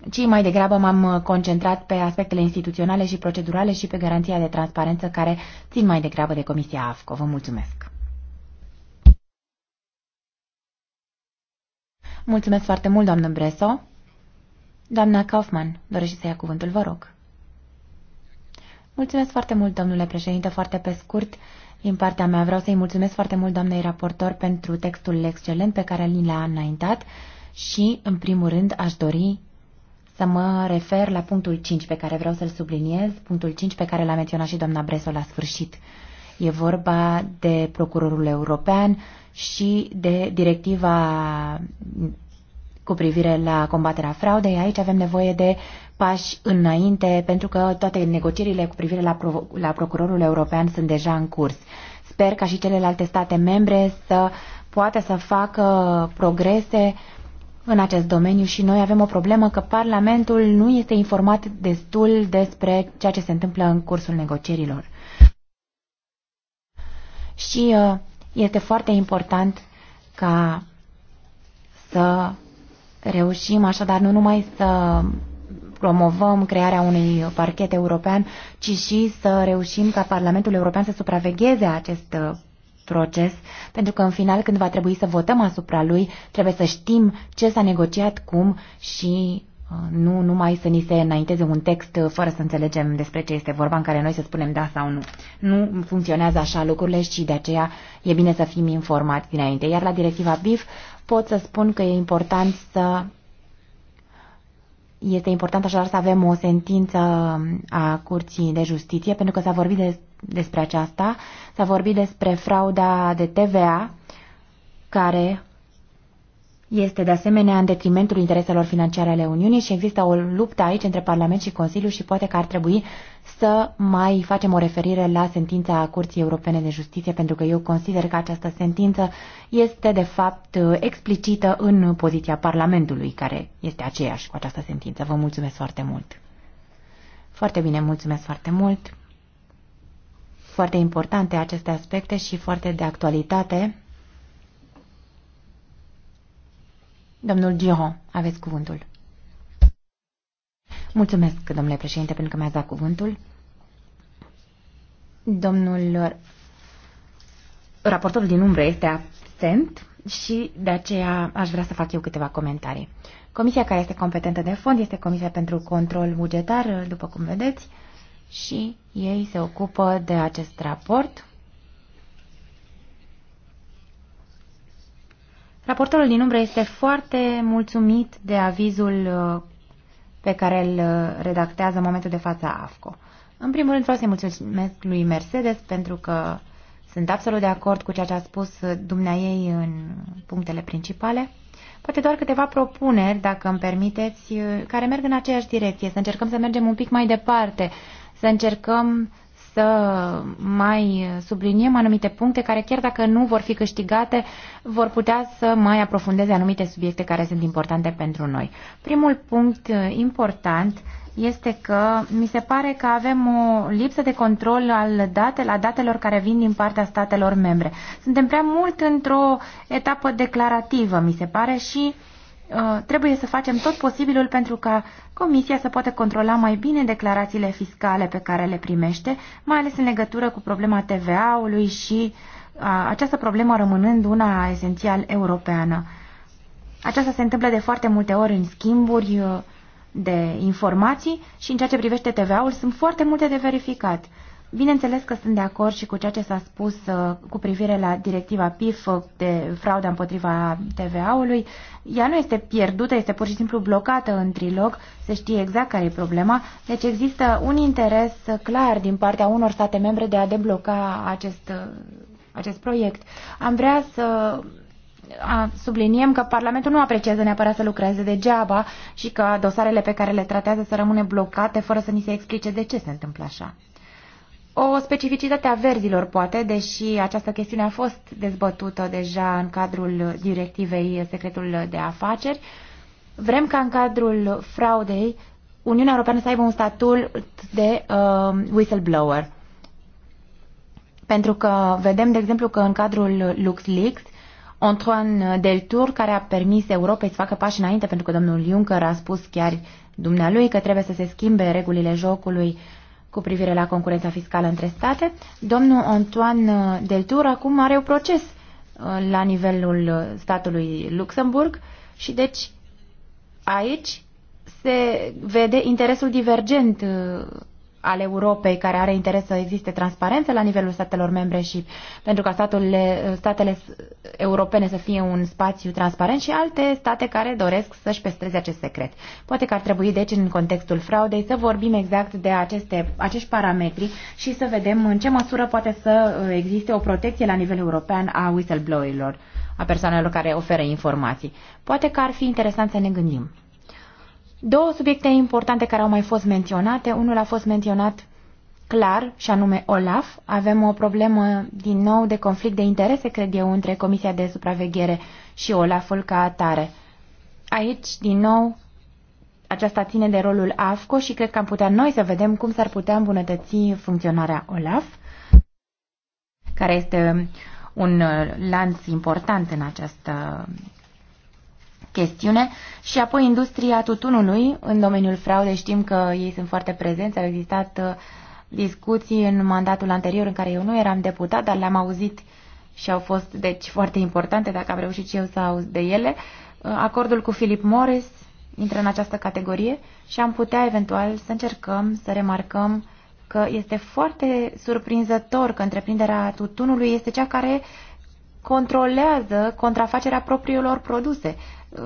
ci mai degrabă m-am uh, concentrat pe aspectele instituționale și procedurale și pe garanția de transparență care țin mai degrabă de Comisia AFCO. Vă mulțumesc! Mulțumesc foarte mult, doamnă Breso. Doamna Kaufman, dorește să ia cuvântul, vă rog. Mulțumesc foarte mult, domnule președinte, foarte pe scurt. Din partea mea vreau să-i mulțumesc foarte mult doamnei raportor pentru textul excelent pe care ni l-a înaintat și, în primul rând, aș dori să mă refer la punctul 5 pe care vreau să-l subliniez, punctul 5 pe care l-a menționat și doamna Breso la sfârșit. E vorba de procurorul european și de directiva cu privire la combaterea fraudei. Aici avem nevoie de pași înainte, pentru că toate negocierile cu privire la, pro- la procurorul european sunt deja în curs. Sper ca și celelalte state membre să poată să facă progrese uh, în acest domeniu și noi avem o problemă că Parlamentul nu este informat destul despre ceea ce se întâmplă în cursul negocierilor. Și uh, este foarte important ca să reușim așadar nu numai să promovăm crearea unui parchet european, ci și să reușim ca Parlamentul European să supravegheze acest proces, pentru că în final când va trebui să votăm asupra lui, trebuie să știm ce s-a negociat, cum și uh, nu numai să ni se înainteze un text uh, fără să înțelegem despre ce este vorba, în care noi să spunem da sau nu. Nu funcționează așa lucrurile și de aceea e bine să fim informați dinainte. Iar la directiva BIF pot să spun că e important să este important așadar să avem o sentință um, a Curții de Justiție, pentru că s-a vorbit de despre aceasta. S-a vorbit despre frauda de TVA, care este de asemenea în detrimentul intereselor financiare ale Uniunii și există o luptă aici între Parlament și Consiliu și poate că ar trebui să mai facem o referire la sentința Curții Europene de Justiție, pentru că eu consider că această sentință este de fapt explicită în poziția Parlamentului, care este aceeași cu această sentință. Vă mulțumesc foarte mult! Foarte bine, mulțumesc foarte mult! foarte importante aceste aspecte și foarte de actualitate. Domnul Giron, aveți cuvântul. Mulțumesc, domnule președinte, pentru că mi-ați dat cuvântul. Domnul raportorul din umbră este absent și de aceea aș vrea să fac eu câteva comentarii. Comisia care este competentă de fond este Comisia pentru Control Bugetar, după cum vedeți și ei se ocupă de acest raport. Raportorul din umbră este foarte mulțumit de avizul uh, pe care îl uh, redactează în momentul de față AFCO. În primul rând vreau să-i mulțumesc lui Mercedes pentru că sunt absolut de acord cu ceea ce a spus uh, dumneaei în punctele principale. Poate doar câteva propuneri, dacă îmi permiteți, care merg în aceeași direcție, să încercăm să mergem un pic mai departe să încercăm să mai subliniem anumite puncte care, chiar dacă nu vor fi câștigate, vor putea să mai aprofundeze anumite subiecte care sunt importante pentru noi. Primul punct uh, important este că mi se pare că avem o lipsă de control al datelor, a datelor care vin din partea statelor membre. Suntem prea mult într-o etapă declarativă, mi se pare, și uh, Uh, trebuie să facem tot posibilul pentru ca Comisia să poată controla mai bine declarațiile fiscale pe care le primește, mai ales în legătură cu problema TVA-ului și a, uh, această problemă rămânând una esențial europeană. Aceasta se întâmplă de foarte multe ori în schimburi uh, de informații și în ceea ce privește TVA-ul sunt foarte multe de verificat. Bineînțeles că sunt de acord și cu ceea ce s-a spus uh, cu privire la directiva PIF uh, de frauda împotriva TVA-ului. Ea nu este pierdută, este pur și simplu blocată în trilog, se știe exact care e problema, deci există un interes clar din partea unor state membre de a debloca acest, uh, acest proiect. Am vrea să subliniem că Parlamentul nu apreciază neapărat să lucreze degeaba și că dosarele pe care le tratează să rămâne blocate fără să ni se explice de ce se întâmplă așa. O specificitate a verzilor, poate, deși această chestiune a fost dezbătută deja în cadrul directivei Secretul de Afaceri, vrem ca în cadrul fraudei Uniunea Europeană să aibă un statut de uh, whistleblower. Pentru că vedem, de exemplu, că în cadrul LuxLeaks, Antoine Deltour, care a permis Europei să facă pași înainte, pentru că domnul Juncker a spus chiar dumnealui că trebuie să se schimbe regulile jocului uh, cu privire la concurența fiscală între state. Domnul Antoine Deltour acum are un proces uh, la nivelul statului Luxemburg și deci aici se vede interesul divergent uh, al Europei care are interes să existe transparență la nivelul statelor membre și pentru ca statele, statele europene să fie un spațiu transparent și alte state care doresc să-și păstreze acest secret. Poate că ar trebui, deci, în contextul fraudei, să vorbim exact de aceste, acești parametri și să vedem în ce măsură poate să uh, existe o protecție la nivel european a whistleblowerilor, a persoanelor care oferă informații. Poate că ar fi interesant să ne gândim. Două subiecte importante care au mai fost menționate. Unul a fost menționat clar, și anume OLAF. Avem o problemă din nou de conflict de interese, cred eu, între Comisia de Supraveghere și OLAF-ul ca atare. Aici, din nou, aceasta ține de rolul AFCO și cred că am putea noi să vedem cum s-ar putea îmbunătăți funcționarea OLAF, care este un uh, lanț important în această chestiune și apoi industria tutunului, în domeniul fraudei știm că ei sunt foarte prezenți, au existat uh, discuții în mandatul anterior în care eu nu eram deputat, dar le-am auzit și au fost deci foarte importante, dacă am reușit și eu să auz de ele. Uh, acordul cu Philip Morris intră în această categorie și am putea eventual să încercăm să remarcăm că este foarte surprinzător că întreprinderea tutunului este cea care controlează contrafacerea propriilor produse. Uh,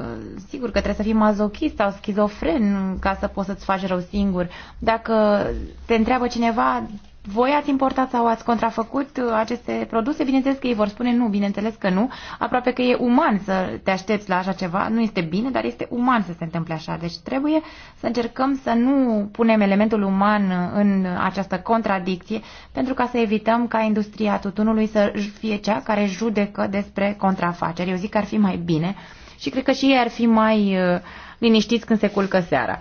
sigur că trebuie să fii mazochist sau schizofren ca să poți să-ți faci rău singur. Dacă te întreabă cineva voi ați importat sau ați contrafăcut uh, aceste produse? Bineînțeles că ei vor spune nu, bineînțeles că nu. Aproape că e uman să te aștepți la așa ceva. Nu este bine, dar este uman să se întâmple așa. Deci trebuie să încercăm să nu punem elementul uman uh, în această contradicție pentru ca să evităm ca industria tutunului să fie cea care judecă despre contrafaceri. Eu zic că ar fi mai bine și cred că și ei ar fi mai uh, liniștiți când se culcă seara.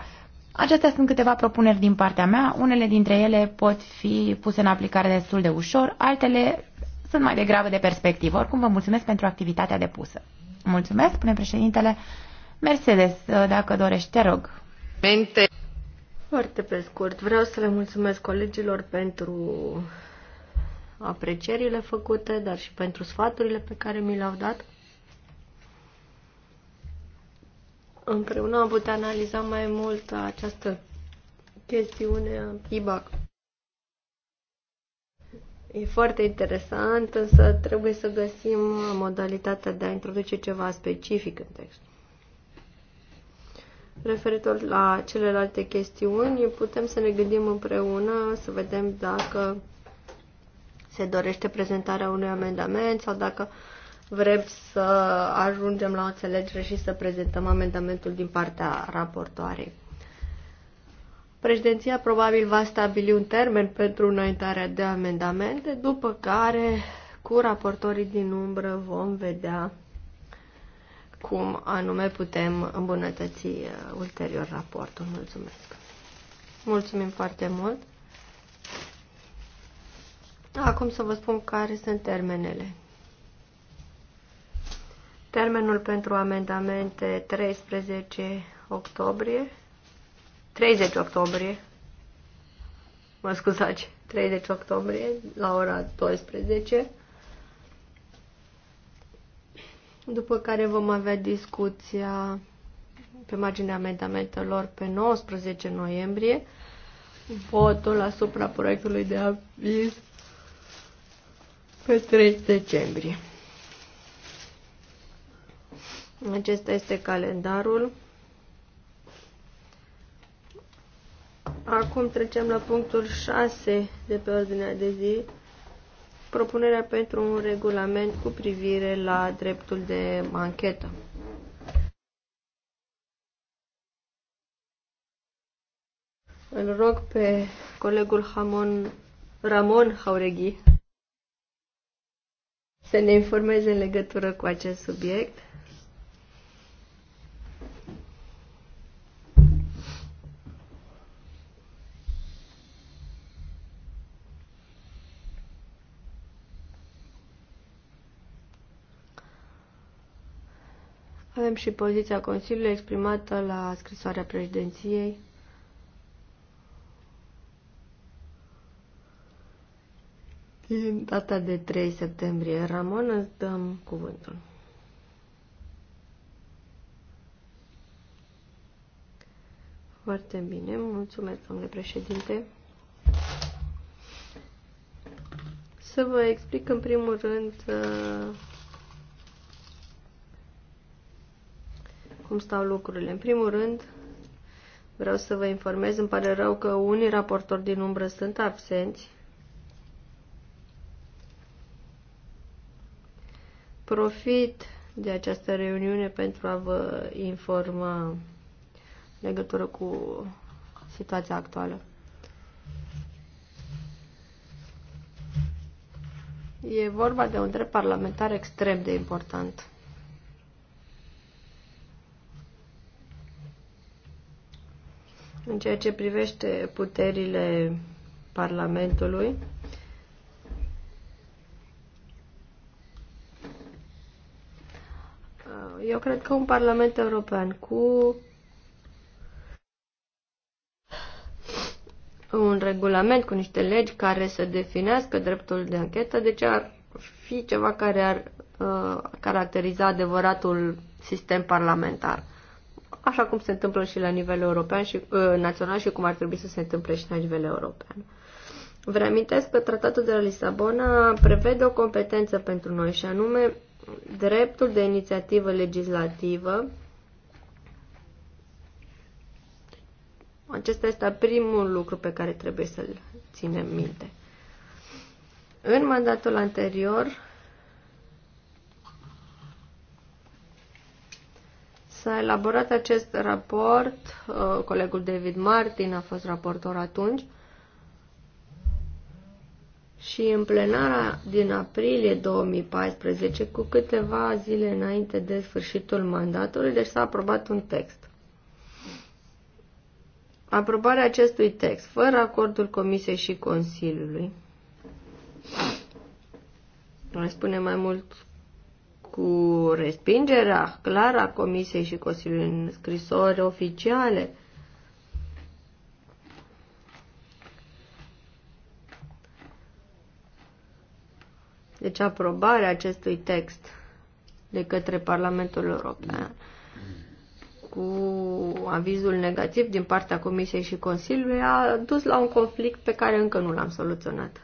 Acestea sunt câteva propuneri din partea mea. Unele dintre ele pot fi puse în aplicare destul de ușor, altele sunt mai degrabă de perspectivă. Oricum, vă mulțumesc pentru activitatea depusă. Mulțumesc, spune președintele. Mercedes, dacă dorești, te rog. Mente. Foarte pe scurt, vreau să le mulțumesc colegilor pentru aprecierile făcute, dar și pentru sfaturile pe care mi le-au dat. împreună am putea analiza mai mult această chestiune a feedback. E foarte interesant, însă trebuie să găsim modalitatea de a introduce ceva specific în text. Referitor la celelalte chestiuni, putem să ne gândim împreună, să vedem dacă se dorește prezentarea unui amendament sau dacă uh, vrem să ajungem la o înțelegere și să prezentăm amendamentul din partea raportoarei. Președinția probabil va stabili un termen pentru înaintarea de amendamente, după care cu raportorii din umbră vom vedea cum anume putem îmbunătăți uh, ulterior raportul. Mulțumesc! Mulțumim foarte mult! Acum să vă spun care sunt termenele. Termenul pentru amendamente 13 octombrie, 30 octombrie, mă scuzați, 30 octombrie la ora 12, după care vom avea discuția pe marginea amendamentelor pe 19 noiembrie, votul asupra proiectului de aviz pe 3 decembrie. Acesta este calendarul. Acum trecem la punctul 6 de pe ordinea de zi. Propunerea pentru un regulament cu privire la dreptul de anchetă. Îl rog pe colegul Hamon, Ramon Haureghi să ne informeze în legătură cu acest subiect. Avem și poziția Consiliului exprimată la scrisoarea președinției. Din data de 3 septembrie. Ramon, îți dăm cuvântul. Foarte bine, mulțumesc, domnule președinte. Să vă explic în primul rând uh, cum stau lucrurile. În primul rând, vreau să vă informez, îmi pare rău că unii raportori din umbră sunt absenți. Profit de această reuniune pentru a vă informa legătură cu situația actuală. E vorba de un drept parlamentar extrem de important. În ceea ce privește puterile Parlamentului, eu cred că un Parlament European cu un regulament, cu niște legi care să definească dreptul de anchetă, deci ar fi ceva care ar uh, caracteriza adevăratul sistem parlamentar așa cum se întâmplă și la nivel european și uh, național și cum ar trebui să se întâmple și la nivel european. Vă reamintesc că tratatul de la Lisabona prevede o competență pentru noi și anume dreptul de inițiativă legislativă. Acesta este primul lucru pe care trebuie să-l ținem minte. În mandatul anterior, S-a elaborat acest raport, uh, colegul David Martin a fost raportor atunci, și în plenara din aprilie 2014, cu câteva zile înainte de sfârșitul mandatului, deci s-a aprobat un text. Aprobarea acestui text, fără acordul Comisiei și Consiliului, mai spune mai mult cu respingerea clară a Comisiei și Consiliului în scrisori oficiale. Deci aprobarea acestui text de către Parlamentul European cu avizul negativ din partea Comisiei și Consiliului a dus la un conflict pe care încă nu l-am soluționat.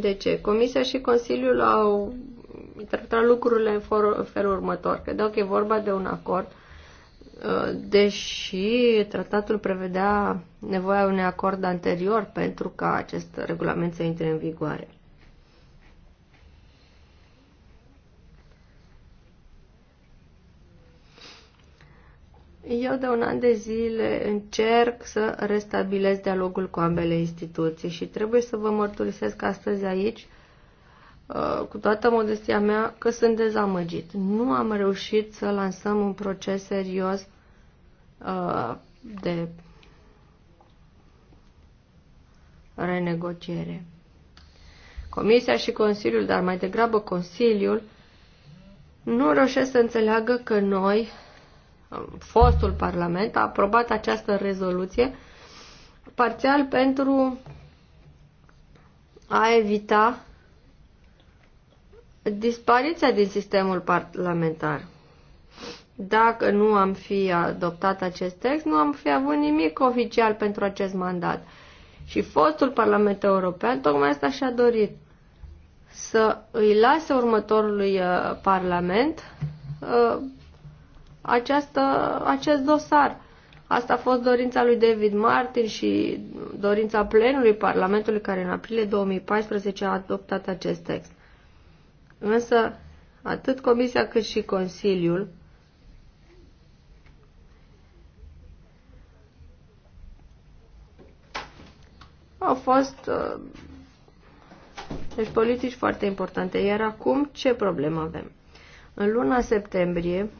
De ce? Comisia și Consiliul au interpretat lucrurile în felul următor. că dacă e vorba de un acord, uh, deși tratatul prevedea nevoia unui acord anterior pentru ca acest regulament să intre în vigoare. Eu de un an de zile încerc să restabilesc dialogul cu ambele instituții și trebuie să vă mărturisesc astăzi aici, uh, cu toată modestia mea, că sunt dezamăgit. Nu am reușit să lansăm un proces serios uh, de renegociere. Comisia și Consiliul, dar mai degrabă Consiliul, nu reușesc să înțeleagă că noi fostul Parlament a aprobat această rezoluție parțial pentru a evita dispariția din sistemul parlamentar. Dacă nu am fi adoptat acest text, nu am fi avut nimic oficial pentru acest mandat. Și fostul Parlament European tocmai asta și-a dorit să îi lase următorului uh, Parlament uh, această, acest dosar. Asta a fost dorința lui David Martin și dorința plenului Parlamentului care în aprilie 2014 a adoptat acest text. Însă, atât Comisia cât și Consiliul au fost uh, deci politici foarte importante. Iar acum ce problemă avem? În luna septembrie,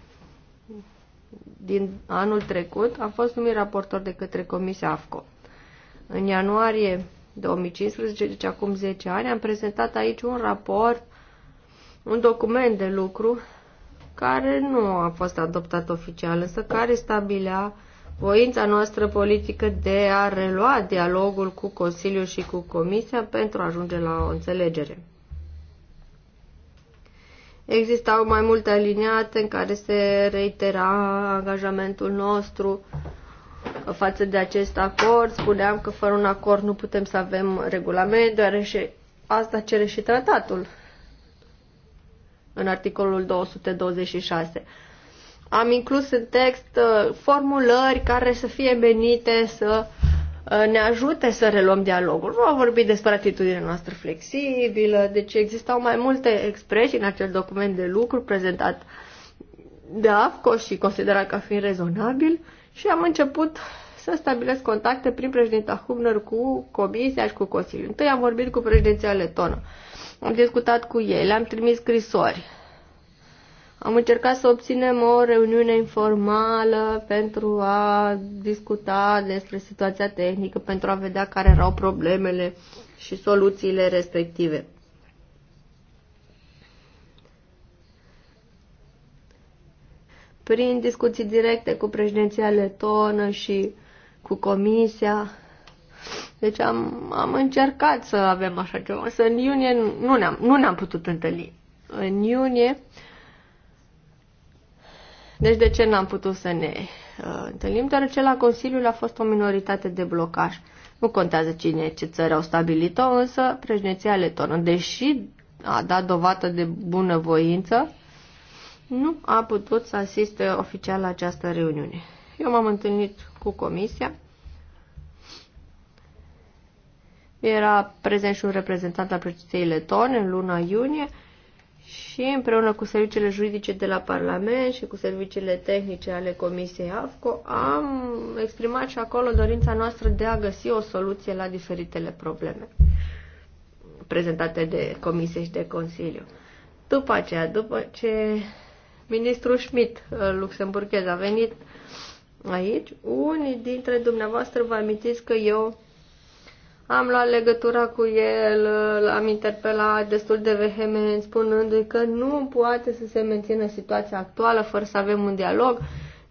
din anul trecut, am fost numit raportor de către Comisia AFCO. În ianuarie 2015, deci acum 10 ani, am prezentat aici un raport, un document de lucru care nu a fost adoptat oficial, însă care stabilea voința noastră politică de a relua dialogul cu Consiliul și cu Comisia pentru a ajunge la o înțelegere. Existau mai multe aliniate în care se reitera angajamentul nostru față de acest acord. Spuneam că fără un acord nu putem să avem regulament, deoarece asta cere și tratatul în articolul 226. Am inclus în text uh, formulări care să fie menite să uh, Uh, ne ajute să reluăm dialogul. Vom vorbi despre atitudinea noastră flexibilă, deci existau mai multe expresii în acel document de lucru prezentat de AFCO și considerat ca fiind rezonabil și am început să stabilesc contacte prin președinta Hubner cu Comisia și cu Consiliul. Întâi am vorbit cu președinția Letonă. Am discutat cu ei, le-am trimis scrisori am încercat să obținem o reuniune informală pentru a discuta despre situația tehnică, pentru a vedea care erau problemele și soluțiile respective. Prin discuții directe cu președinția letonă și cu comisia, deci am, am încercat să avem așa ceva, însă în iunie nu ne-am, nu ne-am putut întâlni. În iunie deci de ce n-am putut să ne uh, întâlnim? Deoarece la Consiliul a fost o minoritate de blocaj. Nu contează cine, ce țări au stabilit-o, însă președinția letonă, deși a dat dovadă de bunăvoință, nu a putut să asiste oficial la această reuniune. Eu m-am întâlnit cu comisia. Era prezent și un reprezentant al președinției letone în luna iunie și împreună cu serviciile juridice de la Parlament și cu serviciile tehnice ale Comisiei AFCO am exprimat și acolo dorința noastră de a găsi o soluție la diferitele probleme prezentate de Comisie și de Consiliu. După aceea, după ce ministrul Schmidt eh, luxemburghez a venit aici, unii dintre dumneavoastră vă amintiți că eu am luat legătura cu el, l-am interpelat destul de vehement, spunându-i că nu poate să se mențină situația actuală fără să avem un dialog.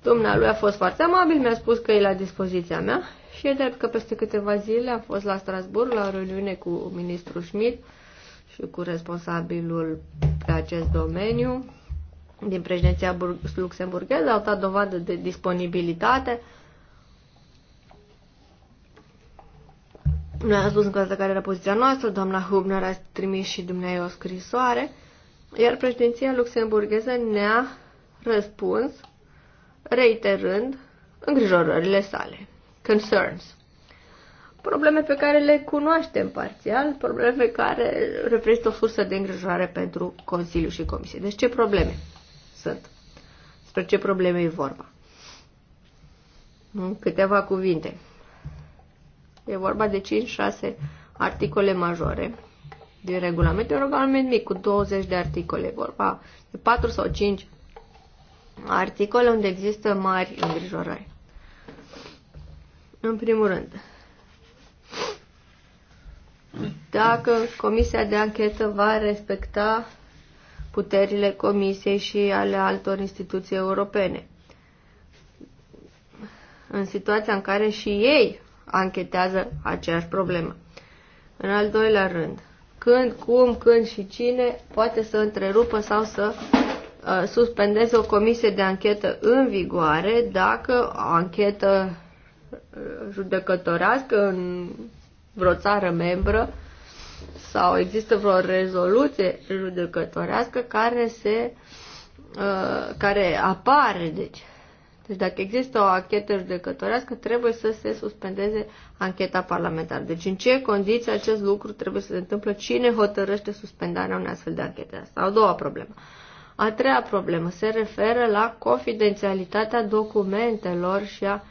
Dumnealui a fost foarte amabil, mi-a spus că e la dispoziția mea și e drept că peste câteva zile a fost la Strasburg la o reuniune cu ministrul Schmidt și cu responsabilul pe acest domeniu din președinția luxemburgheză, au dat dovadă de disponibilitate. Noi am spus încă care era poziția noastră, doamna Hubner a trimis și dumneavoastră o scrisoare, iar președinția luxemburgheză ne-a răspuns reiterând îngrijorările sale, concerns. Probleme pe care le cunoaștem parțial, probleme pe care reprezintă o sursă de îngrijorare pentru Consiliu și Comisie. Deci ce probleme sunt? Spre ce probleme e vorba? câteva cuvinte. E vorba de 5-6 articole majore din regulament. E un regulament mic cu 20 de articole. E vorba de 4 sau 5 articole unde există mari îngrijorări. În primul rând, dacă Comisia de Anchetă va respecta puterile Comisiei și ale altor instituții europene. În situația în care și ei anchetează aceeași problemă. În al doilea rând, când, cum, când și cine poate să întrerupă sau să uh, suspendeze o comisie de anchetă în vigoare dacă o anchetă uh, judecătorească în vreo țară membră sau există vreo rezoluție judecătorească care se uh, care apare, deci, deci dacă există o anchetă judecătorească, trebuie să se suspendeze ancheta parlamentară. Deci în ce condiții acest lucru trebuie să se întâmple? Cine hotărăște suspendarea unei astfel de anchete? Asta a doua problemă. A treia problemă se referă la confidențialitatea documentelor și a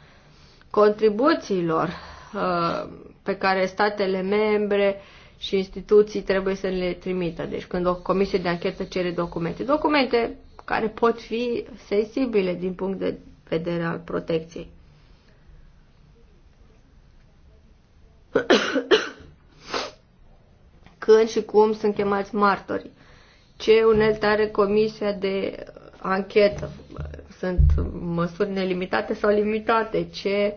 contribuțiilor uh, pe care statele membre și instituții trebuie să le trimită. Deci când o comisie de anchetă cere documente, documente care pot fi sensibile din punct de vedere al protecției. Când și cum sunt chemați martorii? Ce unelte are comisia de anchetă? Sunt măsuri nelimitate sau limitate? Ce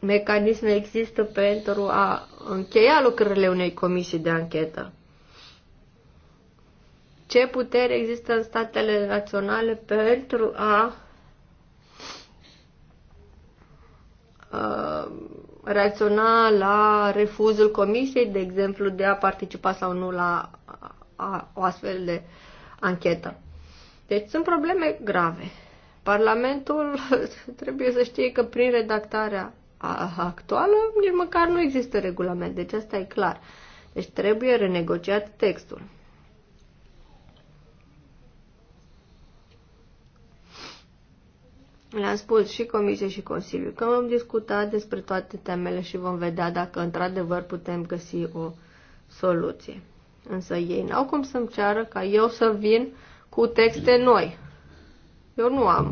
mecanisme există pentru a încheia lucrările unei comisii de anchetă? ce putere există în statele naționale pentru a Uh, reacționa la refuzul comisiei, de exemplu, de a participa sau nu la a, a, o astfel de anchetă. Deci sunt probleme grave. Parlamentul trebuie să știe că prin redactarea actuală nici măcar nu există regulament, deci asta e clar. Deci trebuie renegociat textul. Le-am spus și Comisie și Consiliu că vom discuta despre toate temele și vom vedea dacă într-adevăr putem găsi o soluție. Însă ei n-au cum să-mi ceară ca eu să vin cu texte noi. Eu nu am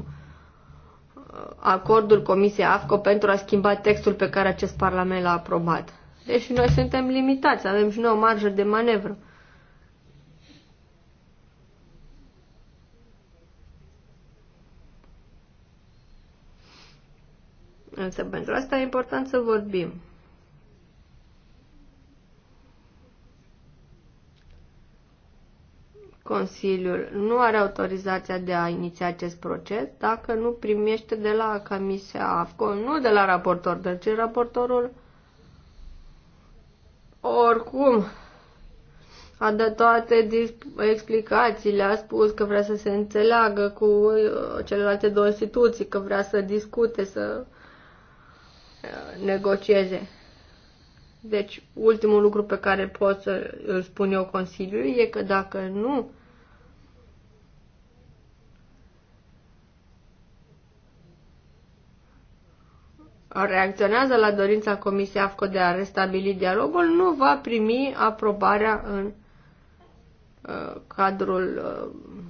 uh, acordul Comisiei AFCO pentru a schimba textul pe care acest Parlament l-a aprobat. Deci noi suntem limitați, avem și noi o marjă de manevră. Însă pentru asta e important să vorbim. Consiliul nu are autorizația de a iniția acest proces dacă nu primește de la Comisia AFCO, nu de la raportor, deci raportorul oricum a dat toate explicațiile, a spus că vrea să se înțeleagă cu uh, celelalte două instituții, că vrea să discute, să negocieze. Deci, ultimul lucru pe care pot să îl spun eu Consiliului e că dacă nu reacționează la dorința Comisiei AFCO de a restabili dialogul, nu va primi aprobarea în uh, cadrul uh,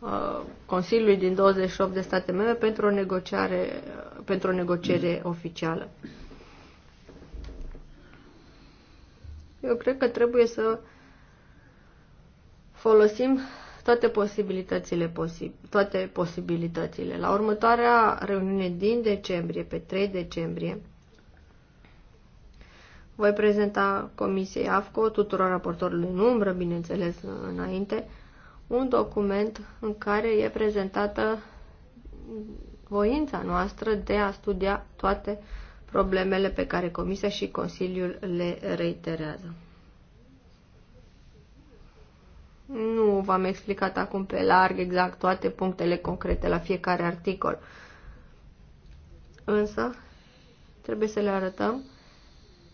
Uh, Consiliului din 28 de state membre pentru o negociare, uh, pentru o negociere oficială. Eu cred că trebuie să folosim toate posibilitățile, posib- toate posibilitățile. La următoarea reuniune din decembrie, pe 3 decembrie, voi prezenta Comisiei AFCO, tuturor raportorilor în umbră, bineînțeles, înainte, un document în care e prezentată voința noastră de a studia toate problemele pe care Comisia și Consiliul le reiterează. Nu v-am explicat acum pe larg exact toate punctele concrete la fiecare articol, însă trebuie să le arătăm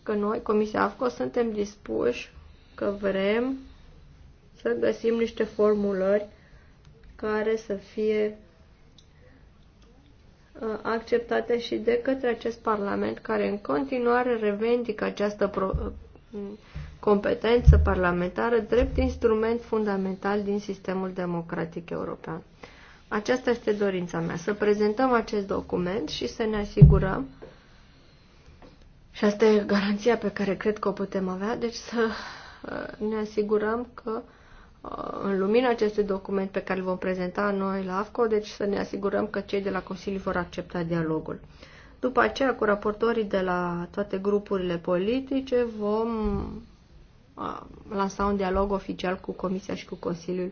că noi, Comisia AFCO, suntem dispuși, că vrem să găsim niște formulări care să fie uh, acceptate și de către acest Parlament, care în continuare revendică această uh, competență parlamentară drept instrument fundamental din sistemul democratic european. Aceasta este dorința mea, să prezentăm acest document și să ne asigurăm și asta e garanția pe care cred că o putem avea, deci să uh, ne asigurăm că uh, Uh, în lumina acestui document pe care îl vom prezenta noi la AFCO, deci să ne asigurăm că cei de la Consiliu vor accepta dialogul. După aceea, cu raportorii de la toate grupurile politice, vom uh, lansa un dialog oficial cu Comisia și cu Consiliul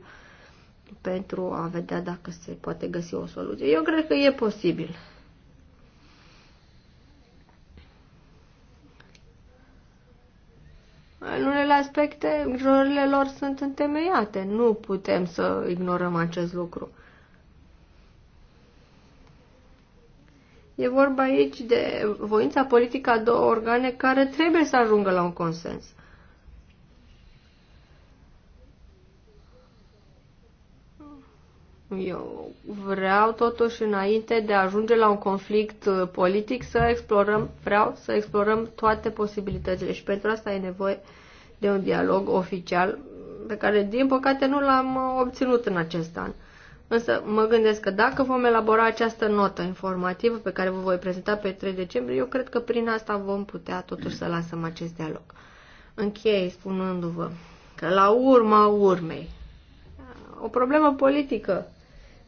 pentru a vedea dacă se poate găsi o soluție. Eu cred că e posibil În unele aspecte, îngrijorările lor sunt întemeiate. Nu putem să ignorăm acest lucru. E vorba aici de voința politică a două organe care trebuie să ajungă la un consens. Eu vreau totuși înainte de a ajunge la un conflict uh, politic să explorăm, vreau să explorăm toate posibilitățile și pentru asta e nevoie de un dialog oficial pe care din păcate nu l-am uh, obținut în acest an. Însă mă gândesc că dacă vom elabora această notă informativă pe care vă voi prezenta pe 3 decembrie, eu cred că prin asta vom putea totuși să lansăm acest dialog. Închei spunându-vă că la urma urmei, o problemă politică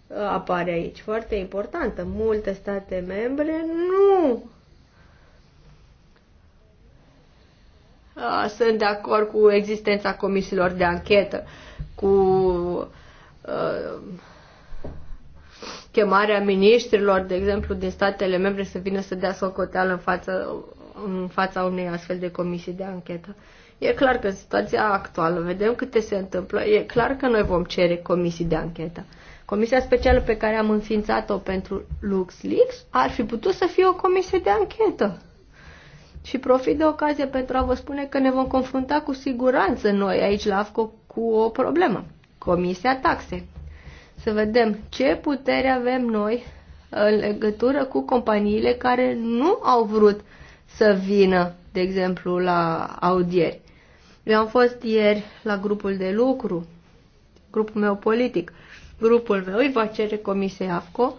Uh, apare aici, foarte importantă. Multe state membre nu uh, sunt de acord cu existența comisiilor de anchetă, cu uh, chemarea ministrilor de exemplu, din statele membre să vină să dea socoteală în, față, în fața unei astfel de comisii de anchetă. E clar că în situația actuală, vedem câte se întâmplă, e clar că noi vom cere comisii de anchetă. Comisia specială pe care am înființat-o pentru LuxLeaks ar fi putut să fie o comisie de anchetă. Și profit de ocazie pentru a vă spune că ne vom confrunta cu siguranță noi aici la AFCO cu o problemă. Comisia taxe. Să vedem ce putere avem noi uh, în legătură cu companiile care nu au vrut să vină, de exemplu, la audieri. Eu am fost ieri la grupul de lucru, grupul meu politic, Grupul meu îi va cere Comisiei AFCO.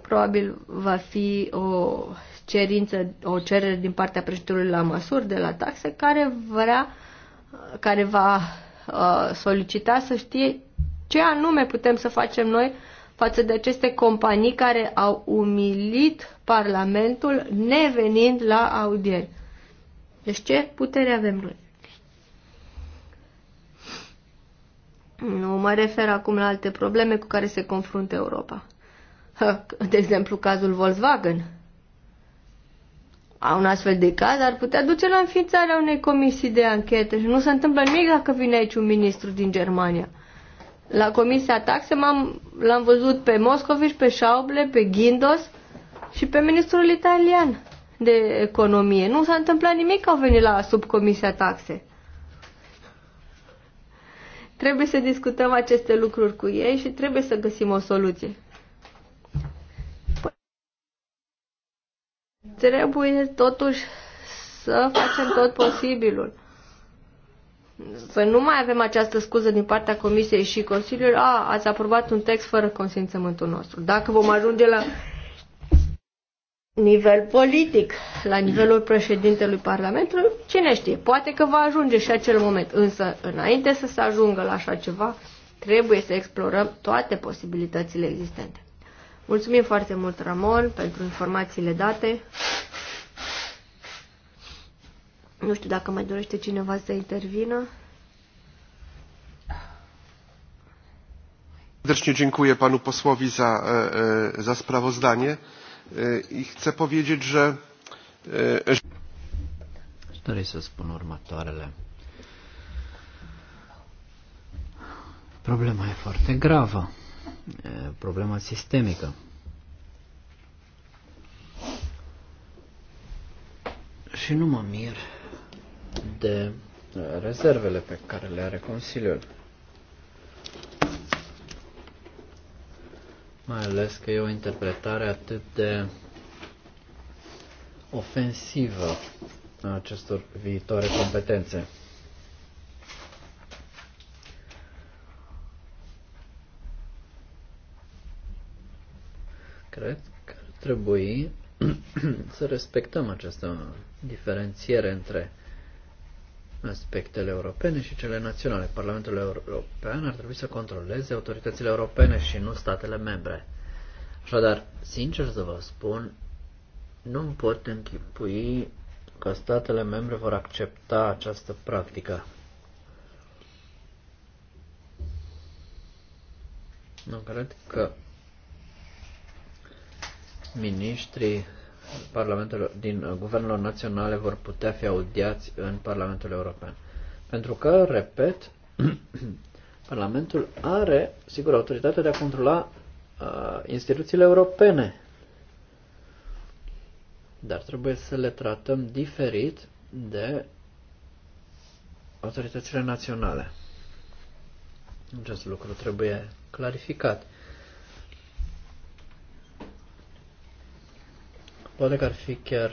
Probabil va fi o cerință, o cerere din partea președintelui la măsuri de la taxe care vrea, care va uh, solicita să știe ce anume putem să facem noi față de aceste companii care au umilit Parlamentul nevenind la audieri. Deci ce putere avem noi? Nu mm, mă refer acum la alte probleme cu care se confruntă Europa. De exemplu, cazul Volkswagen. A un astfel de caz ar putea duce la înființarea unei comisii de anchetă și nu se întâmplă nimic dacă vine aici un ministru din Germania. La comisia taxe am l-am văzut pe Moscovici, pe Schauble, pe Gindos și pe ministrul italian de economie. Nu s-a întâmplat nimic că au venit la subcomisia taxe. Trebuie să discutăm aceste lucruri cu ei și trebuie să găsim o soluție. Trebuie totuși să facem tot posibilul. Să nu mai avem această scuză din partea Comisiei și Consiliului, a, ați aprobat un text fără consimțământul nostru. Dacă vom ajunge la nivel politic, la nivelul președintelui Parlamentului, cine știe, poate că va ajunge și acel moment, însă înainte să se ajungă la așa ceva, trebuie să explorăm toate posibilitățile existente. Mulțumim foarte mult, Ramon, pentru informațiile date. Nu știu dacă mai dorește cineva să intervină. Serdecznie dziękuję panu posłowi za, za sprawozdanie. I chcę powiedzieć, że... Aș dori să spun următoarele. Problema e foarte gravă. E problema sistemică. Și nu mă mir de rezervele pe care le are Consiliul. mai ales că e o interpretare atât de ofensivă a acestor viitoare competențe. Cred că ar trebui să respectăm această diferențiere între aspectele europene și cele naționale. Parlamentul European ar trebui să controleze autoritățile europene și nu statele membre. Așadar, sincer să vă spun, nu îmi pot închipui că statele membre vor accepta această practică. Nu cred că miniștrii parlamentelor, din uh, guvernelor naționale vor putea fi audiați în Parlamentul European. Pentru că, repet, Parlamentul are, sigur, autoritatea de a controla uh, instituțiile europene. Dar trebuie să le tratăm diferit de autoritățile naționale. Acest lucru trebuie clarificat. Poate că ar fi chiar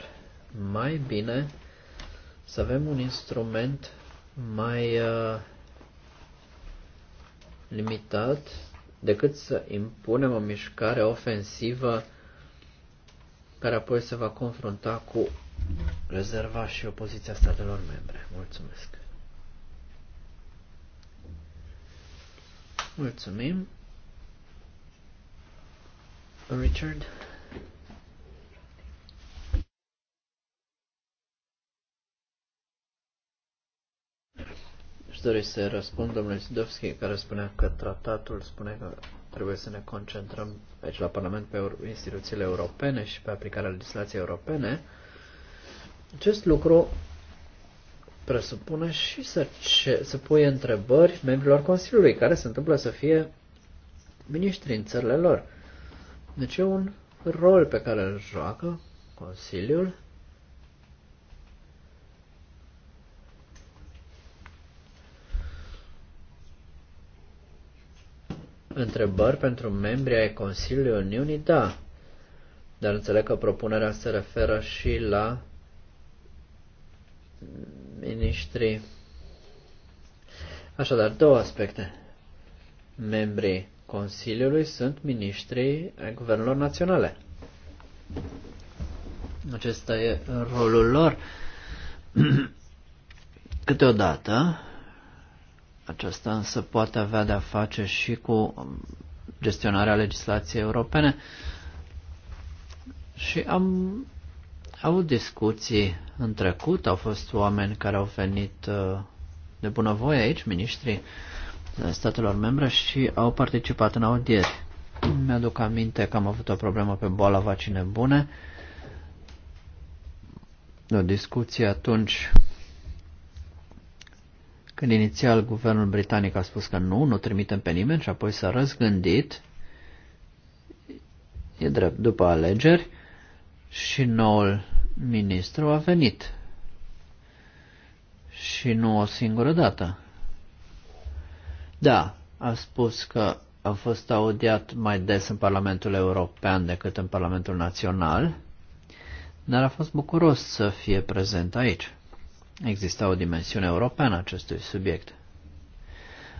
mai bine să avem un instrument mai uh, limitat decât să impunem o mișcare ofensivă care apoi se va confrunta cu rezerva și opoziția statelor membre. Mulțumesc! Mulțumim! Richard? Aș dori să răspund domnului Sidovski, care spunea că tratatul spune că trebuie să ne concentrăm aici la Parlament pe instituțiile europene și pe aplicarea legislației europene. Acest lucru presupune și să, ce, să pui întrebări membrilor Consiliului, care se întâmplă să fie miniștri în țările lor. Deci e un rol pe care îl joacă Consiliul întrebări pentru membrii ai Consiliului Uniunii, da. Dar înțeleg că propunerea se referă și la ministrii. Așadar, două aspecte. Membrii Consiliului sunt ministrii ai guvernelor naționale. Acesta e rolul lor. Câteodată, aceasta însă poate avea de-a face și cu um, gestionarea legislației europene. Și am avut discuții în trecut, au fost oameni care au venit uh, de bunăvoie aici, miniștrii uh, statelor membre și au participat în audieri. Mi-aduc aminte că am avut o problemă pe boala vaccine bune. O discuție atunci când inițial guvernul britanic a spus că nu, nu trimitem pe nimeni și apoi s-a răzgândit, e drept, după alegeri, și noul ministru a venit. Și nu o singură dată. Da, a spus că a fost audiat mai des în Parlamentul European decât în Parlamentul Național, dar a fost bucuros să fie prezent aici exista o dimensiune europeană acestui subiect.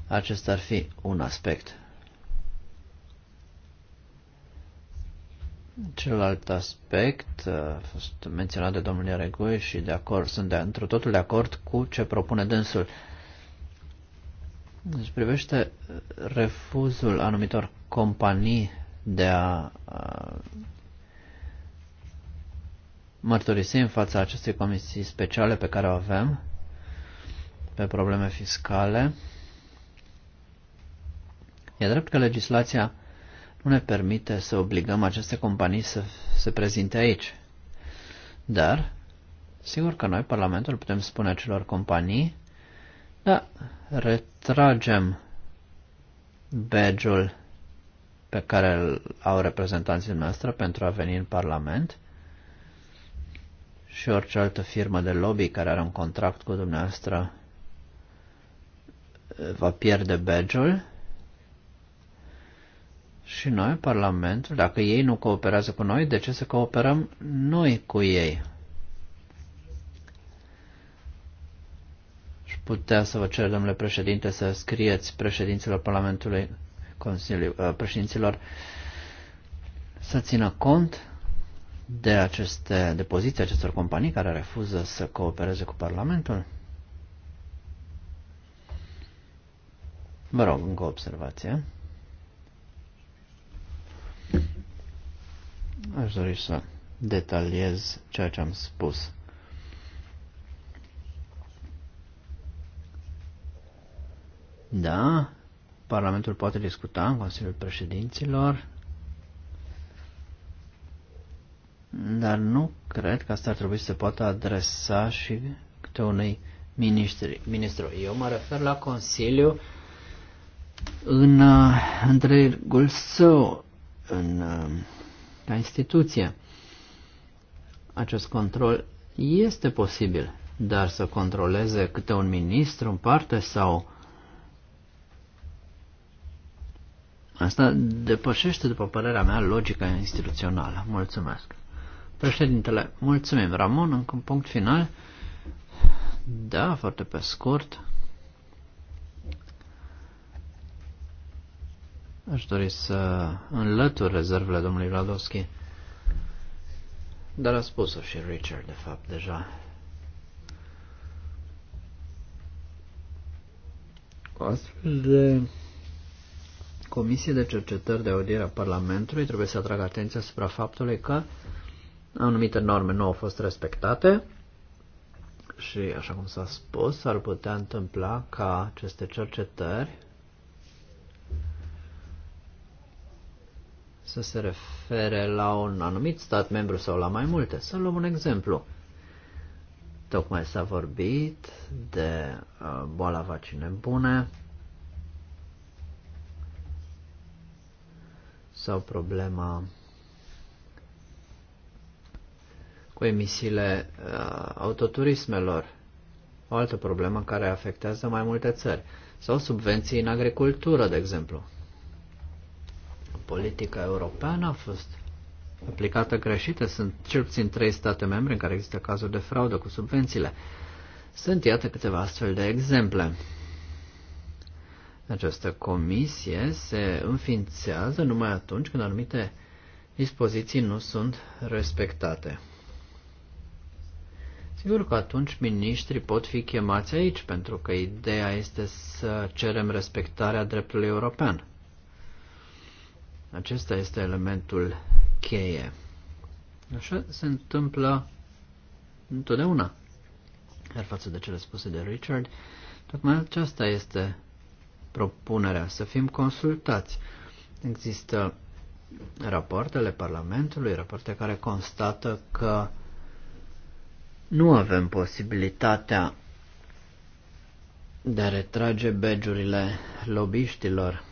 Acesta ar fi un aspect. Celălalt aspect uh, a fost menționat de domnul Iaregui și de acord, sunt de, într totul de acord cu ce propune dânsul. Deci privește refuzul anumitor companii de a, a mărturisim în fața acestei comisii speciale pe care o avem pe probleme fiscale. E drept că legislația nu ne permite să obligăm aceste companii să se prezinte aici. Dar, sigur că noi, Parlamentul, putem spune acelor companii, da, retragem badge-ul pe care îl au reprezentanții noastre pentru a veni în Parlament – și orice altă firmă de lobby care are un contract cu dumneavoastră eh, va pierde badge-ul și noi, Parlamentul, dacă ei nu cooperează cu noi, de ce să cooperăm noi cu ei? Și putea să vă cer, domnule președinte, să scrieți președinților Parlamentului, eh, președinților, să țină cont de, aceste, de poziția acestor companii care refuză să coopereze cu Parlamentul? Vă rog, încă o observație. Aș dori să detaliez ceea ce am spus. Da, Parlamentul poate discuta în Consiliul Președinților, dar nu cred că asta ar trebui să se poată adresa și câte unui ministri, ministru. Eu mă refer la Consiliu în uh, Andrei său, în, uh, ca instituție. Acest control este posibil, dar să controleze câte un ministru în parte sau Asta depășește, după părerea mea, logica instituțională. Mulțumesc. Președintele, mulțumim, Ramon, încă un punct final. Da, foarte pe scurt. Aș dori să înlătur rezervele domnului Vladovski. Dar a spus-o și Richard, de fapt, deja. O astfel de comisie de cercetări de audiere a Parlamentului trebuie să atragă atenția asupra faptului că anumite norme nu au fost respectate și, așa cum s-a spus, ar putea întâmpla ca aceste cercetări să se refere la un anumit stat membru sau la mai multe. Să luăm un exemplu. Tocmai s-a vorbit de uh, boala vaccine bune sau problema cu emisiile uh, autoturismelor, o altă problemă care afectează mai multe țări, sau subvenții în agricultură, de exemplu. Politica europeană a fost aplicată greșită. Sunt cel puțin trei state membre în care există cazuri de fraudă cu subvențiile. Sunt, iată, câteva astfel de exemple. Această comisie se înființează numai atunci când anumite dispoziții nu sunt respectate. Sigur că atunci miniștrii pot fi chemați aici, pentru că ideea este să cerem respectarea dreptului european. Acesta este elementul cheie. Așa se întâmplă întotdeauna. Iar față de cele spuse de Richard, tocmai aceasta este propunerea, să fim consultați. Există rapoartele Parlamentului, rapoarte care constată că nu avem posibilitatea de a retrage begiurile lobiștilor.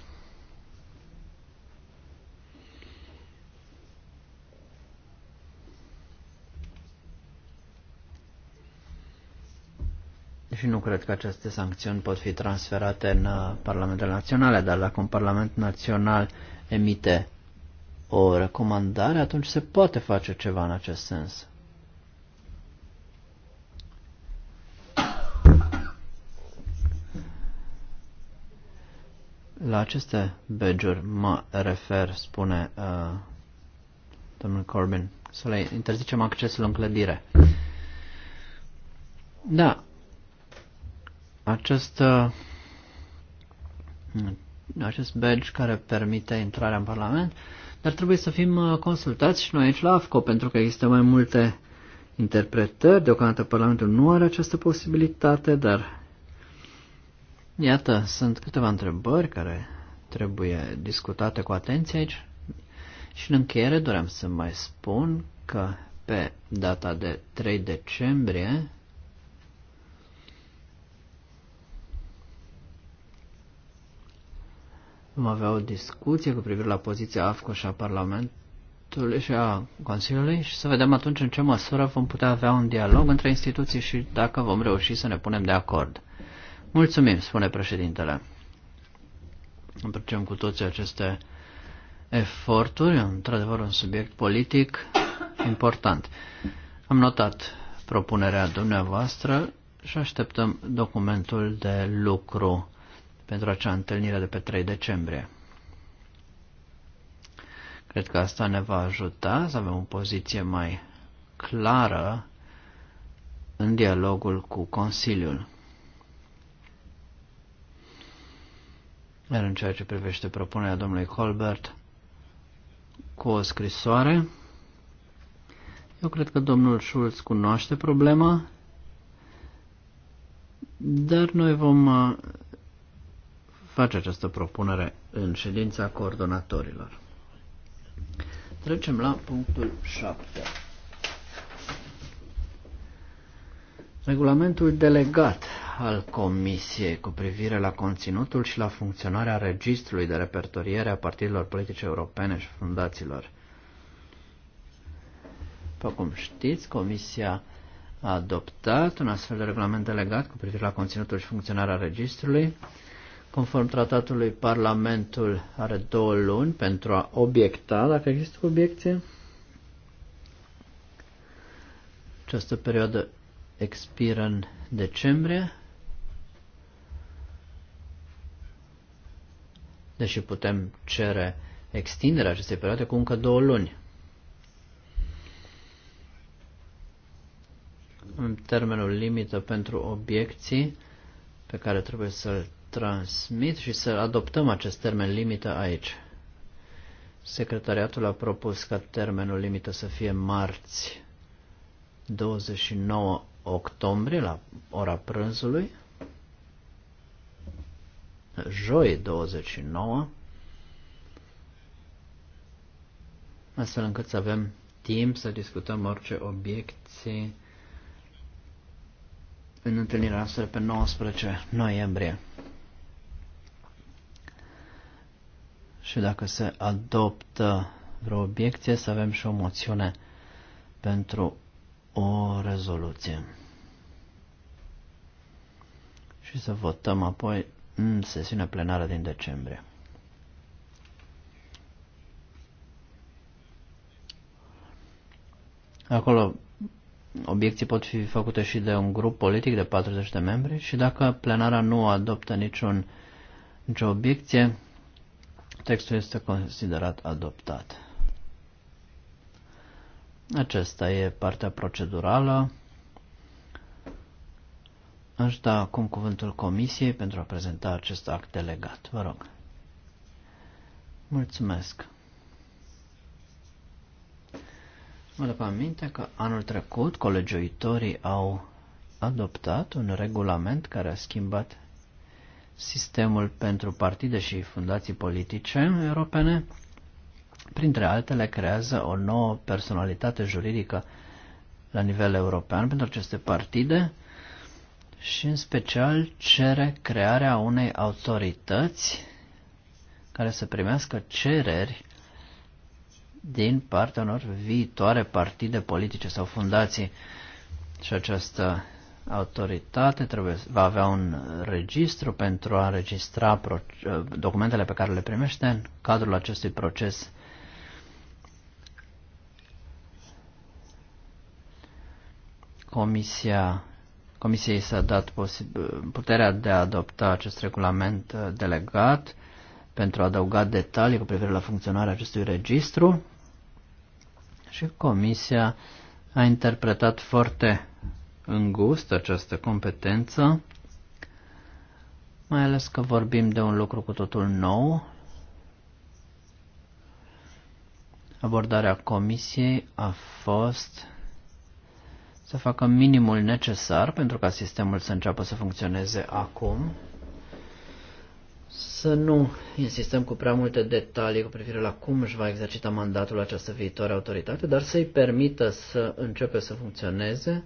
Și nu cred că aceste sancțiuni pot fi transferate în uh, Parlamentele Naționale, dar dacă un Parlament Național emite o recomandare, atunci se poate face ceva în acest sens. La aceste badge mă refer, spune uh, domnul Corbin, să le interzicem accesul în clădire. Da, acest, uh, acest badge care permite intrarea în Parlament, dar trebuie să fim uh, consultați și noi aici la AFCO, pentru că există mai multe interpretări. Deocamdată Parlamentul nu are această posibilitate, dar Iată, sunt câteva întrebări care trebuie discutate cu atenție aici și în încheiere doream să mai spun că pe data de 3 decembrie vom avea o discuție cu privire la poziția AFCO și a Parlamentului și a Consiliului și să vedem atunci în ce măsură vom putea avea un dialog între instituții și dacă vom reuși să ne punem de acord. Mulțumim, spune președintele. Apreciem cu toții aceste eforturi, într-adevăr un subiect politic important. Am notat propunerea dumneavoastră și așteptăm documentul de lucru pentru acea întâlnire de pe 3 decembrie. Cred că asta ne va ajuta să avem o poziție mai clară în dialogul cu Consiliul. Iar în ceea ce privește propunerea domnului Colbert cu o scrisoare, eu cred că domnul Schulz cunoaște problema, dar noi vom uh, face această propunere în ședința coordonatorilor. Trecem la punctul 7. Regulamentul delegat al Comisiei cu privire la conținutul și la funcționarea registrului de repertoriere a partidelor politice europene și fundațiilor. După cum știți, Comisia a adoptat un astfel de regulament delegat cu privire la conținutul și funcționarea registrului. Conform tratatului, Parlamentul are două luni pentru a obiecta dacă există obiecție. Această perioadă expiră în decembrie deși putem cere extinderea acestei perioade cu încă două luni. În termenul limită pentru obiecții pe care trebuie să-l transmit și să adoptăm acest termen limită aici. Secretariatul a propus ca termenul limită să fie marți 29 octombrie la ora prânzului joi 29, astfel încât să avem timp să discutăm orice obiecții în întâlnirea noastră pe 19 noiembrie. Și dacă se adoptă vreo obiecție, să avem și o moțiune pentru o rezoluție. Și să votăm apoi în sesiunea plenară din decembrie. Acolo obiecții pot fi făcute și de un grup politic de 40 de membri și dacă plenara nu adoptă niciun, nicio obiecție, textul este considerat adoptat. Acesta e partea procedurală. Aș da acum cuvântul Comisiei pentru a prezenta acest act delegat. Vă rog. Mulțumesc. Mă dă aminte că anul trecut colegiuitorii au adoptat un regulament care a schimbat sistemul pentru partide și fundații politice europene. Printre altele, creează o nouă personalitate juridică la nivel european pentru aceste partide, și în special cere crearea unei autorități care să primească cereri din partea unor viitoare partide politice sau fundații. Și această autoritate trebuie, va avea un registru pentru a registra ă, documentele pe care le primește în cadrul acestui proces. Comisia Comisiei s-a dat puterea de a adopta acest regulament uh, delegat pentru a adăuga detalii cu privire la funcționarea acestui registru și Comisia a interpretat foarte îngust această competență, mai ales că vorbim de un lucru cu totul nou. Abordarea Comisiei a fost să facă minimul necesar pentru ca sistemul să înceapă să funcționeze acum, să nu insistăm cu prea multe detalii cu privire la cum își va exercita mandatul această viitoare autoritate, dar să-i permită să începe să funcționeze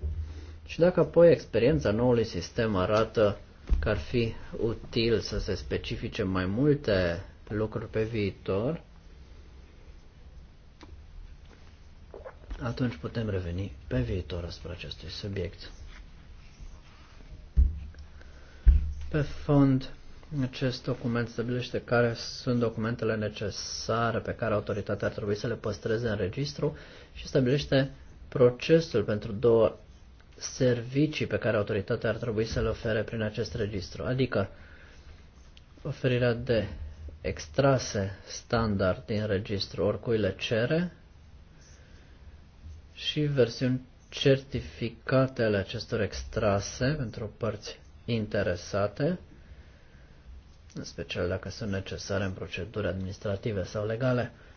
și dacă apoi experiența noului sistem arată că ar fi util să se specifice mai multe lucruri pe viitor, atunci putem reveni pe viitor asupra acestui subiect. Pe fond, acest document stabilește care sunt documentele necesare pe care autoritatea ar trebui să le păstreze în registru și stabilește procesul pentru două servicii pe care autoritatea ar trebui să le ofere prin acest registru, adică oferirea de extrase standard din registru oricui le cere, și versiuni certificate ale acestor extrase pentru părți interesate, în special dacă sunt necesare în proceduri administrative sau legale.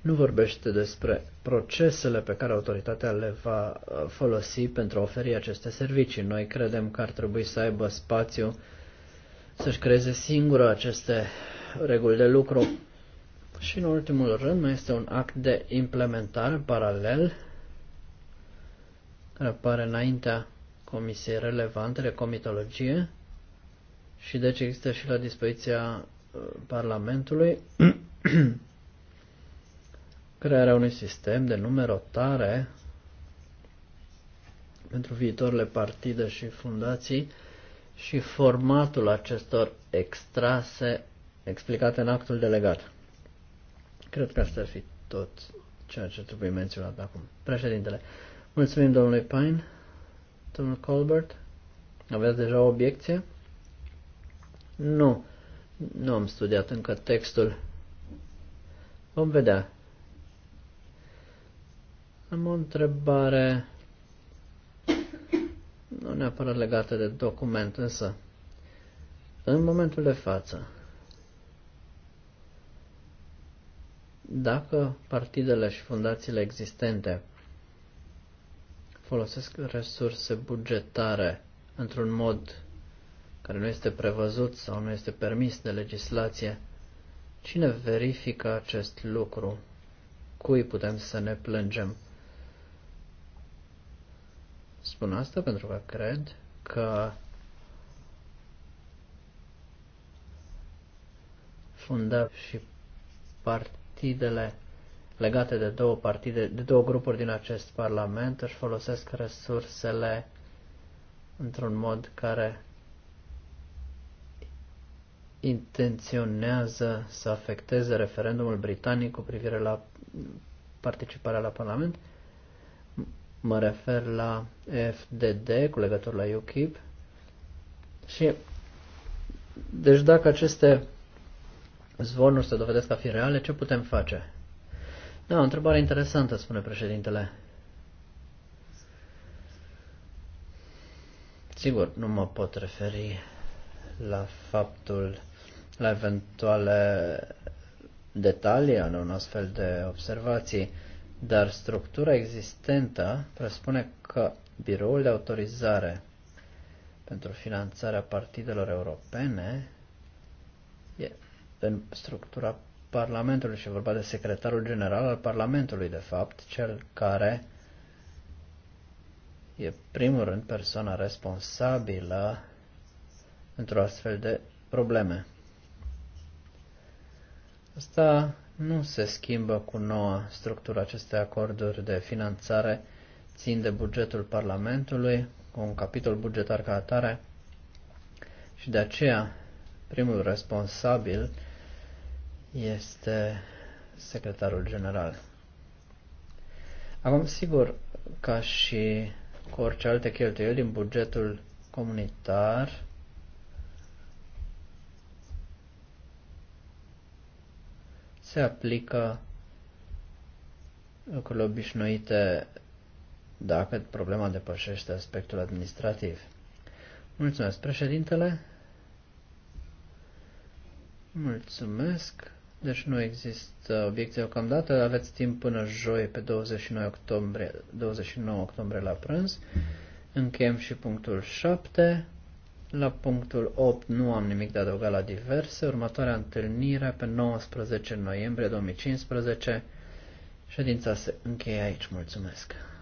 nu vorbește despre procesele pe care autoritatea le va uh, folosi pentru a oferi aceste servicii. Noi credem că ar trebui să aibă spațiu să-și creeze singură aceste reguli de lucru și în ultimul rând mai este un act de implementare paralel care apare înaintea comisiei relevante de comitologie și deci există și la dispoziția uh, Parlamentului crearea unui sistem de numerotare pentru viitorile partide și fundații și formatul acestor extrase explicate în actul delegat. Cred că asta ar fi tot ceea ce trebuie menționat acum. Președintele, mulțumim domnului Pine, domnul Colbert. Aveți deja o obiecție? Nu, nu am studiat încă textul. Vom vedea. Am o întrebare nu neapărat legată de document, însă în momentul de față Dacă partidele și fundațiile existente folosesc resurse bugetare într-un mod care nu este prevăzut sau nu este permis de legislație, cine verifică acest lucru? Cui putem să ne plângem? Spun asta pentru că cred că funda și partidele partidele legate de două partide, de două grupuri din acest parlament își folosesc resursele într-un mod care intenționează să afecteze referendumul britanic cu privire la participarea la Parlament. Mă refer la FDD cu legătură la UKIP. Și deci dacă aceste zvonuri se dovedesc a fi reale, ce putem face? Da, o întrebare interesantă, spune președintele. Sigur, nu mă pot referi la faptul, la eventuale detalii ale unor astfel de observații, dar structura existentă presupune că biroul de autorizare pentru finanțarea partidelor europene în structura Parlamentului și vorba de secretarul general al Parlamentului, de fapt, cel care e primul rând persoana responsabilă într-o astfel de probleme. Asta nu se schimbă cu noua structură. acestei acorduri de finanțare țin de bugetul Parlamentului, cu un capitol bugetar ca atare, și de aceea primul responsabil este secretarul general. Acum, sigur, ca și cu orice alte cheltuieli din bugetul comunitar, se aplică lucrurile obișnuite dacă problema depășește aspectul administrativ. Mulțumesc, președintele. Mulțumesc. Deci nu există obiecții deocamdată, aveți timp până joi pe 29 octombrie, 29 octombrie la prânz. Încheiem și punctul 7. La punctul 8 nu am nimic de adăugat la diverse. Următoarea întâlnire pe 19 noiembrie 2015. Ședința se încheie aici. Mulțumesc!